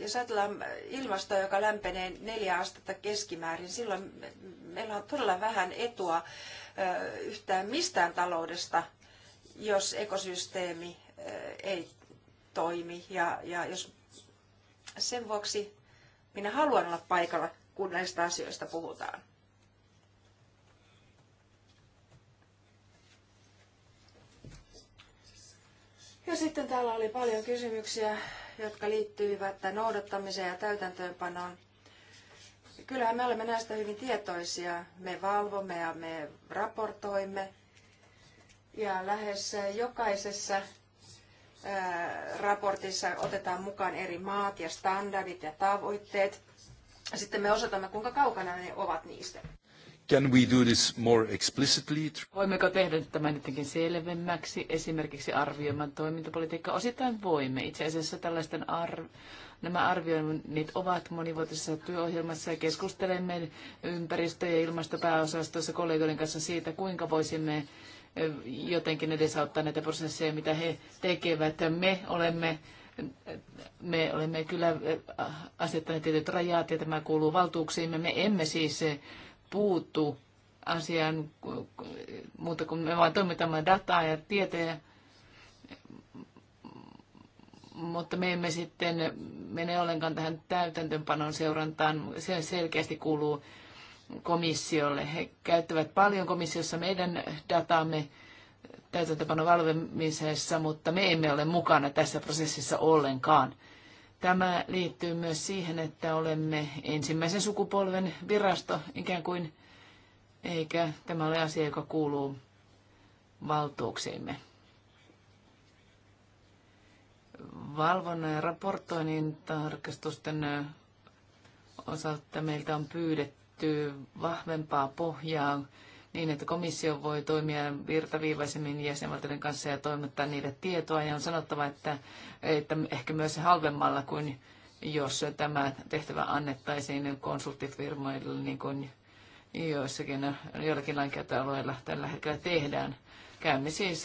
[SPEAKER 1] jos ajatellaan ilmastoa, joka lämpenee neljä astetta keskimäärin, silloin meillä on todella vähän etua yhtään mistään taloudesta, jos ekosysteemi ei toimi. Ja, ja jos sen vuoksi minä haluan olla paikalla, kun näistä asioista puhutaan. Ja sitten täällä oli paljon kysymyksiä jotka liittyivät noudattamiseen ja täytäntöönpanoon. Kyllähän me olemme näistä hyvin tietoisia. Me valvomme ja me raportoimme. Ja lähes jokaisessa raportissa otetaan mukaan eri maat ja standardit ja tavoitteet. Sitten me osoitamme, kuinka kaukana ne ovat niistä.
[SPEAKER 2] Can we do this more explicitly?
[SPEAKER 3] Voimmeko tehdä tämän jotenkin selvemmäksi, esimerkiksi arvioimaan toimintapolitiikkaa? Osittain voimme. Itse asiassa tällaisten ar- nämä arvioinnit ovat monivuotisessa työohjelmassa ja keskustelemme ympäristö- ja ilmastopääosastossa kollegoiden kanssa siitä, kuinka voisimme jotenkin edesauttaa näitä prosesseja, mitä he tekevät. Me olemme me olemme kyllä asettaneet tietyt rajat ja tämä kuuluu valtuuksiimme. Me emme siis puuttu asiaan muuta kuin me vain toimitamme dataa ja tietoja, mutta me emme sitten mene ollenkaan tähän täytäntöönpanon seurantaan. Se selkeästi kuuluu komissiolle. He käyttävät paljon komissiossa meidän dataamme täytäntöönpanon valvomisessa, mutta me emme ole mukana tässä prosessissa ollenkaan. Tämä liittyy myös siihen, että olemme ensimmäisen sukupolven virasto ikään kuin, eikä tämä ole asia, joka kuuluu valtuuksiimme. Valvonnan ja raportoinnin tarkastusten osalta meiltä on pyydetty vahvempaa pohjaa niin, että komissio voi toimia virtaviivaisemmin jäsenvaltioiden kanssa ja toimittaa niille tietoa. Ja on sanottava, että, että ehkä myös halvemmalla kuin jos tämä tehtävä annettaisiin konsulttifirmoille, niin kuin joissakin, joillakin lainkäyttöalueilla tällä hetkellä tehdään. Käymme siis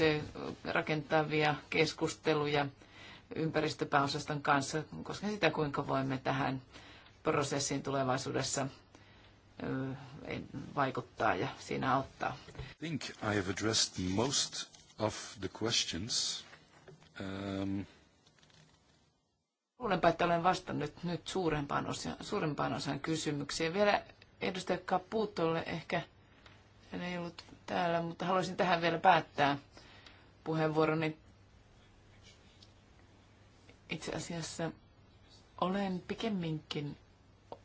[SPEAKER 3] rakentavia keskusteluja ympäristöpääosaston kanssa, koska sitä kuinka voimme tähän prosessiin tulevaisuudessa vaikuttaa ja siinä auttaa. I think I have addressed most of
[SPEAKER 2] the questions. Um...
[SPEAKER 3] Luulenpa, että olen vastannut nyt suurempaan osaan, suurempaan osaan kysymyksiä. Vielä edustaja Kaputolle ehkä, hän ei ollut täällä, mutta haluaisin tähän vielä päättää puheenvuoroni. Itse asiassa olen pikemminkin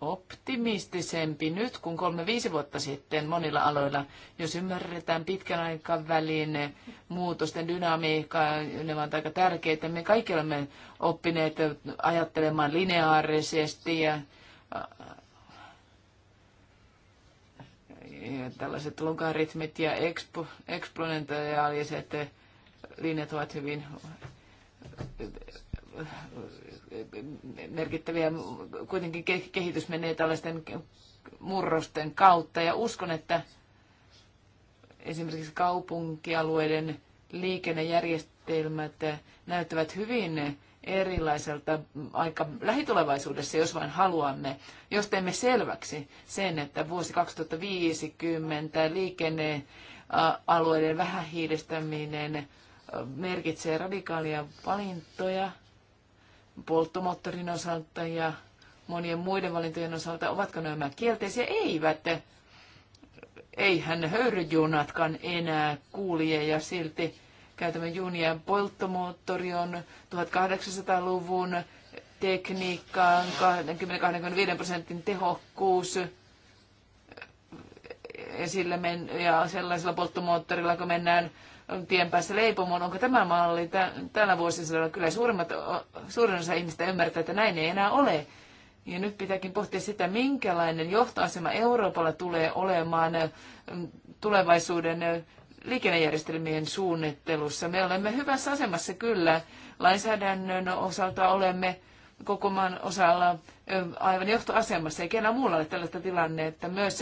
[SPEAKER 3] optimistisempi nyt kuin kolme-viisi vuotta sitten monilla aloilla, jos ymmärretään pitkän aikavälin muutosten dynamiikkaa, ne ovat aika tärkeitä. Me kaikki olemme oppineet ajattelemaan lineaarisesti ja, ja tällaiset logaritmit ja expo, eksponentiaaliset linjat ovat hyvin merkittäviä, kuitenkin kehitys menee tällaisten murrosten kautta ja uskon, että esimerkiksi kaupunkialueiden liikennejärjestelmät näyttävät hyvin erilaiselta aika lähitulevaisuudessa, jos vain haluamme. Jos teemme selväksi sen, että vuosi 2050 liikennealueiden vähähiilistäminen merkitsee radikaalia valintoja, polttomoottorin osalta ja monien muiden valintojen osalta, ovatko nämä kielteisiä? Eivät. Eihän höyryjunatkaan enää kulje ja silti käytämme junia. Polttomoottori on 1800-luvun tekniikkaan 20-25 prosentin tehokkuus ja, sillä men- ja sellaisella polttomoottorilla, kun mennään tien päässä leipomoon. Onko tämä malli t- tällä vuosisadalla? Kyllä suurimmat, suurin osa ihmistä ymmärtää, että näin ei enää ole. Ja nyt pitääkin pohtia sitä, minkälainen johtoasema Euroopalla tulee olemaan tulevaisuuden liikennejärjestelmien suunnittelussa. Me olemme hyvässä asemassa kyllä. Lainsäädännön osalta olemme koko maan osalla aivan johtoasemassa. Ei kenellä muulla ole tällaista tilannetta. Myös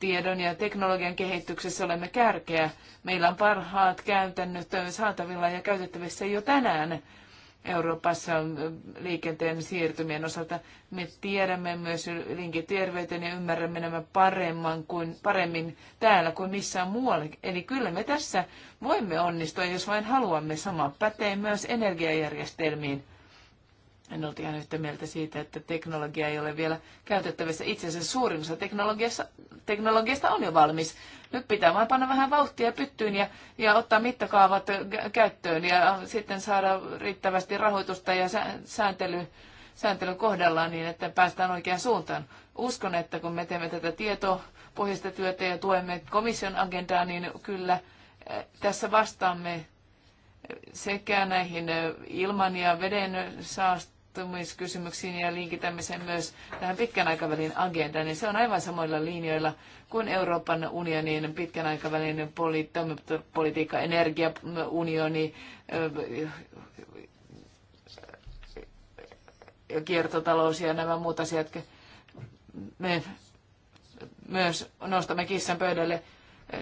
[SPEAKER 3] tiedon ja teknologian kehityksessä olemme kärkeä. Meillä on parhaat käytännöt saatavilla ja käytettävissä jo tänään Euroopassa liikenteen siirtymien osalta. Me tiedämme myös linkin terveyteen ja ymmärrämme nämä paremman kuin, paremmin täällä kuin missään muualla. Eli kyllä me tässä voimme onnistua, jos vain haluamme. Sama pätee myös energiajärjestelmiin en ollut ihan yhtä mieltä siitä, että teknologia ei ole vielä käytettävissä. Itse asiassa suurin osa teknologiasta on jo valmis. Nyt pitää vain panna vähän vauhtia pyttyyn ja, ja ottaa mittakaavat käyttöön ja sitten saada riittävästi rahoitusta ja sääntely, sääntely kohdallaan niin, että päästään oikeaan suuntaan. Uskon, että kun me teemme tätä tietopohjaista työtä ja tuemme komission agendaa, niin kyllä eh, tässä vastaamme eh, sekä näihin eh, ilman ja veden saast sopeutumiskysymyksiin ja linkitämme sen myös tähän pitkän aikavälin agendaan, niin se on aivan samoilla linjoilla kuin Euroopan unionin pitkän aikavälin politiikka, energiaunioni, kiertotalous ja nämä muut asiat. Me myös nostamme kissan pöydälle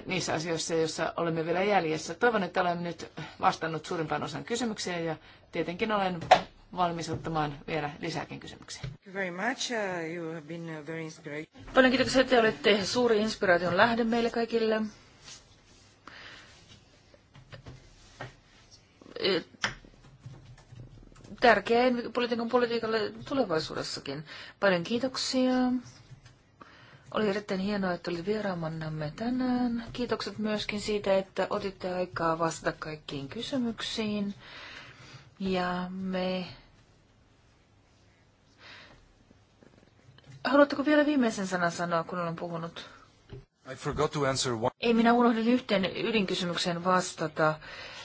[SPEAKER 3] niissä asioissa, joissa olemme vielä jäljessä. Toivon, että olen nyt vastannut suurimpaan osan kysymyksiä ja tietenkin olen valmis ottamaan vielä lisääkin kysymyksiä.
[SPEAKER 1] Very much. Uh, you have been uh, very Paljon kiitoksia, että olette suuri
[SPEAKER 2] inspiraation lähde meille kaikille. E, tärkeä, politiikan politiikalle tulevaisuudessakin. Paljon kiitoksia. Oli erittäin hienoa, että olit vieraamannamme tänään. Kiitokset myöskin siitä, että otitte aikaa vastata kaikkiin kysymyksiin. Ja me... Haluatteko vielä viimeisen sanan sanoa, kun olen puhunut? I forgot to answer one... Ei minä unohdin yhteen ydinkysymyksen vastata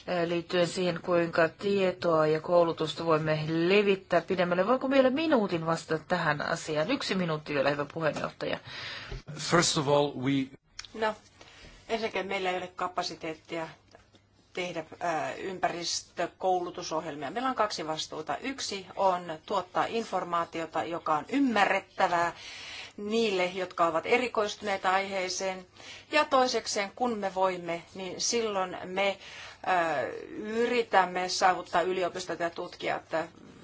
[SPEAKER 2] eh, liittyen siihen, kuinka tietoa ja koulutusta voimme levittää pidemmälle. Voiko vielä minuutin vastata tähän asiaan? Yksi minuutti vielä, hyvä puheenjohtaja. First of all, we...
[SPEAKER 1] No, ensinnäkin meillä ei ole kapasiteettia tehdä ympäristökoulutusohjelmia. Meillä on kaksi vastuuta. Yksi on tuottaa informaatiota, joka on ymmärrettävää niille, jotka ovat erikoistuneita aiheeseen. Ja toisekseen, kun me voimme, niin silloin me yritämme saavuttaa yliopistot ja tutkijat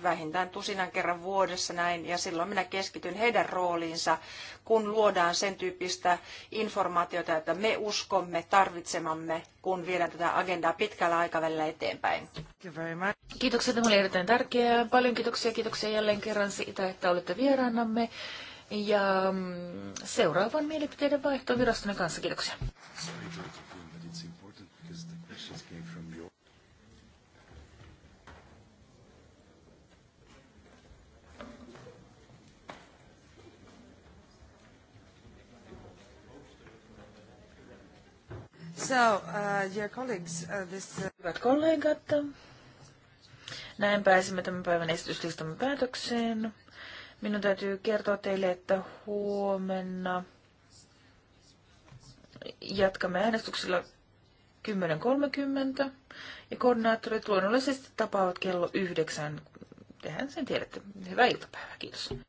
[SPEAKER 1] vähintään tusinan kerran vuodessa näin, ja silloin minä keskityn heidän rooliinsa, kun luodaan sen tyyppistä informaatiota, että me uskomme tarvitsemamme, kun viedään tätä agendaa pitkällä aikavälillä eteenpäin.
[SPEAKER 2] Kiitoksia, tämä oli erittäin tärkeää. Paljon kiitoksia, kiitoksia jälleen kerran siitä, että olette vieraanamme. Ja mm, seuraavan mielipiteiden vaihto viraston kanssa. Kiitoksia.
[SPEAKER 1] So, uh, dear colleagues, uh, this, uh...
[SPEAKER 2] Hyvät kollegat, näin pääsimme tämän päivän esityslistamme päätökseen. Minun täytyy kertoa teille, että huomenna jatkamme äänestyksellä 10.30 ja koordinaattorit luonnollisesti tapaavat kello 9. Tehän sen tiedätte. Hyvää iltapäivää. Kiitos.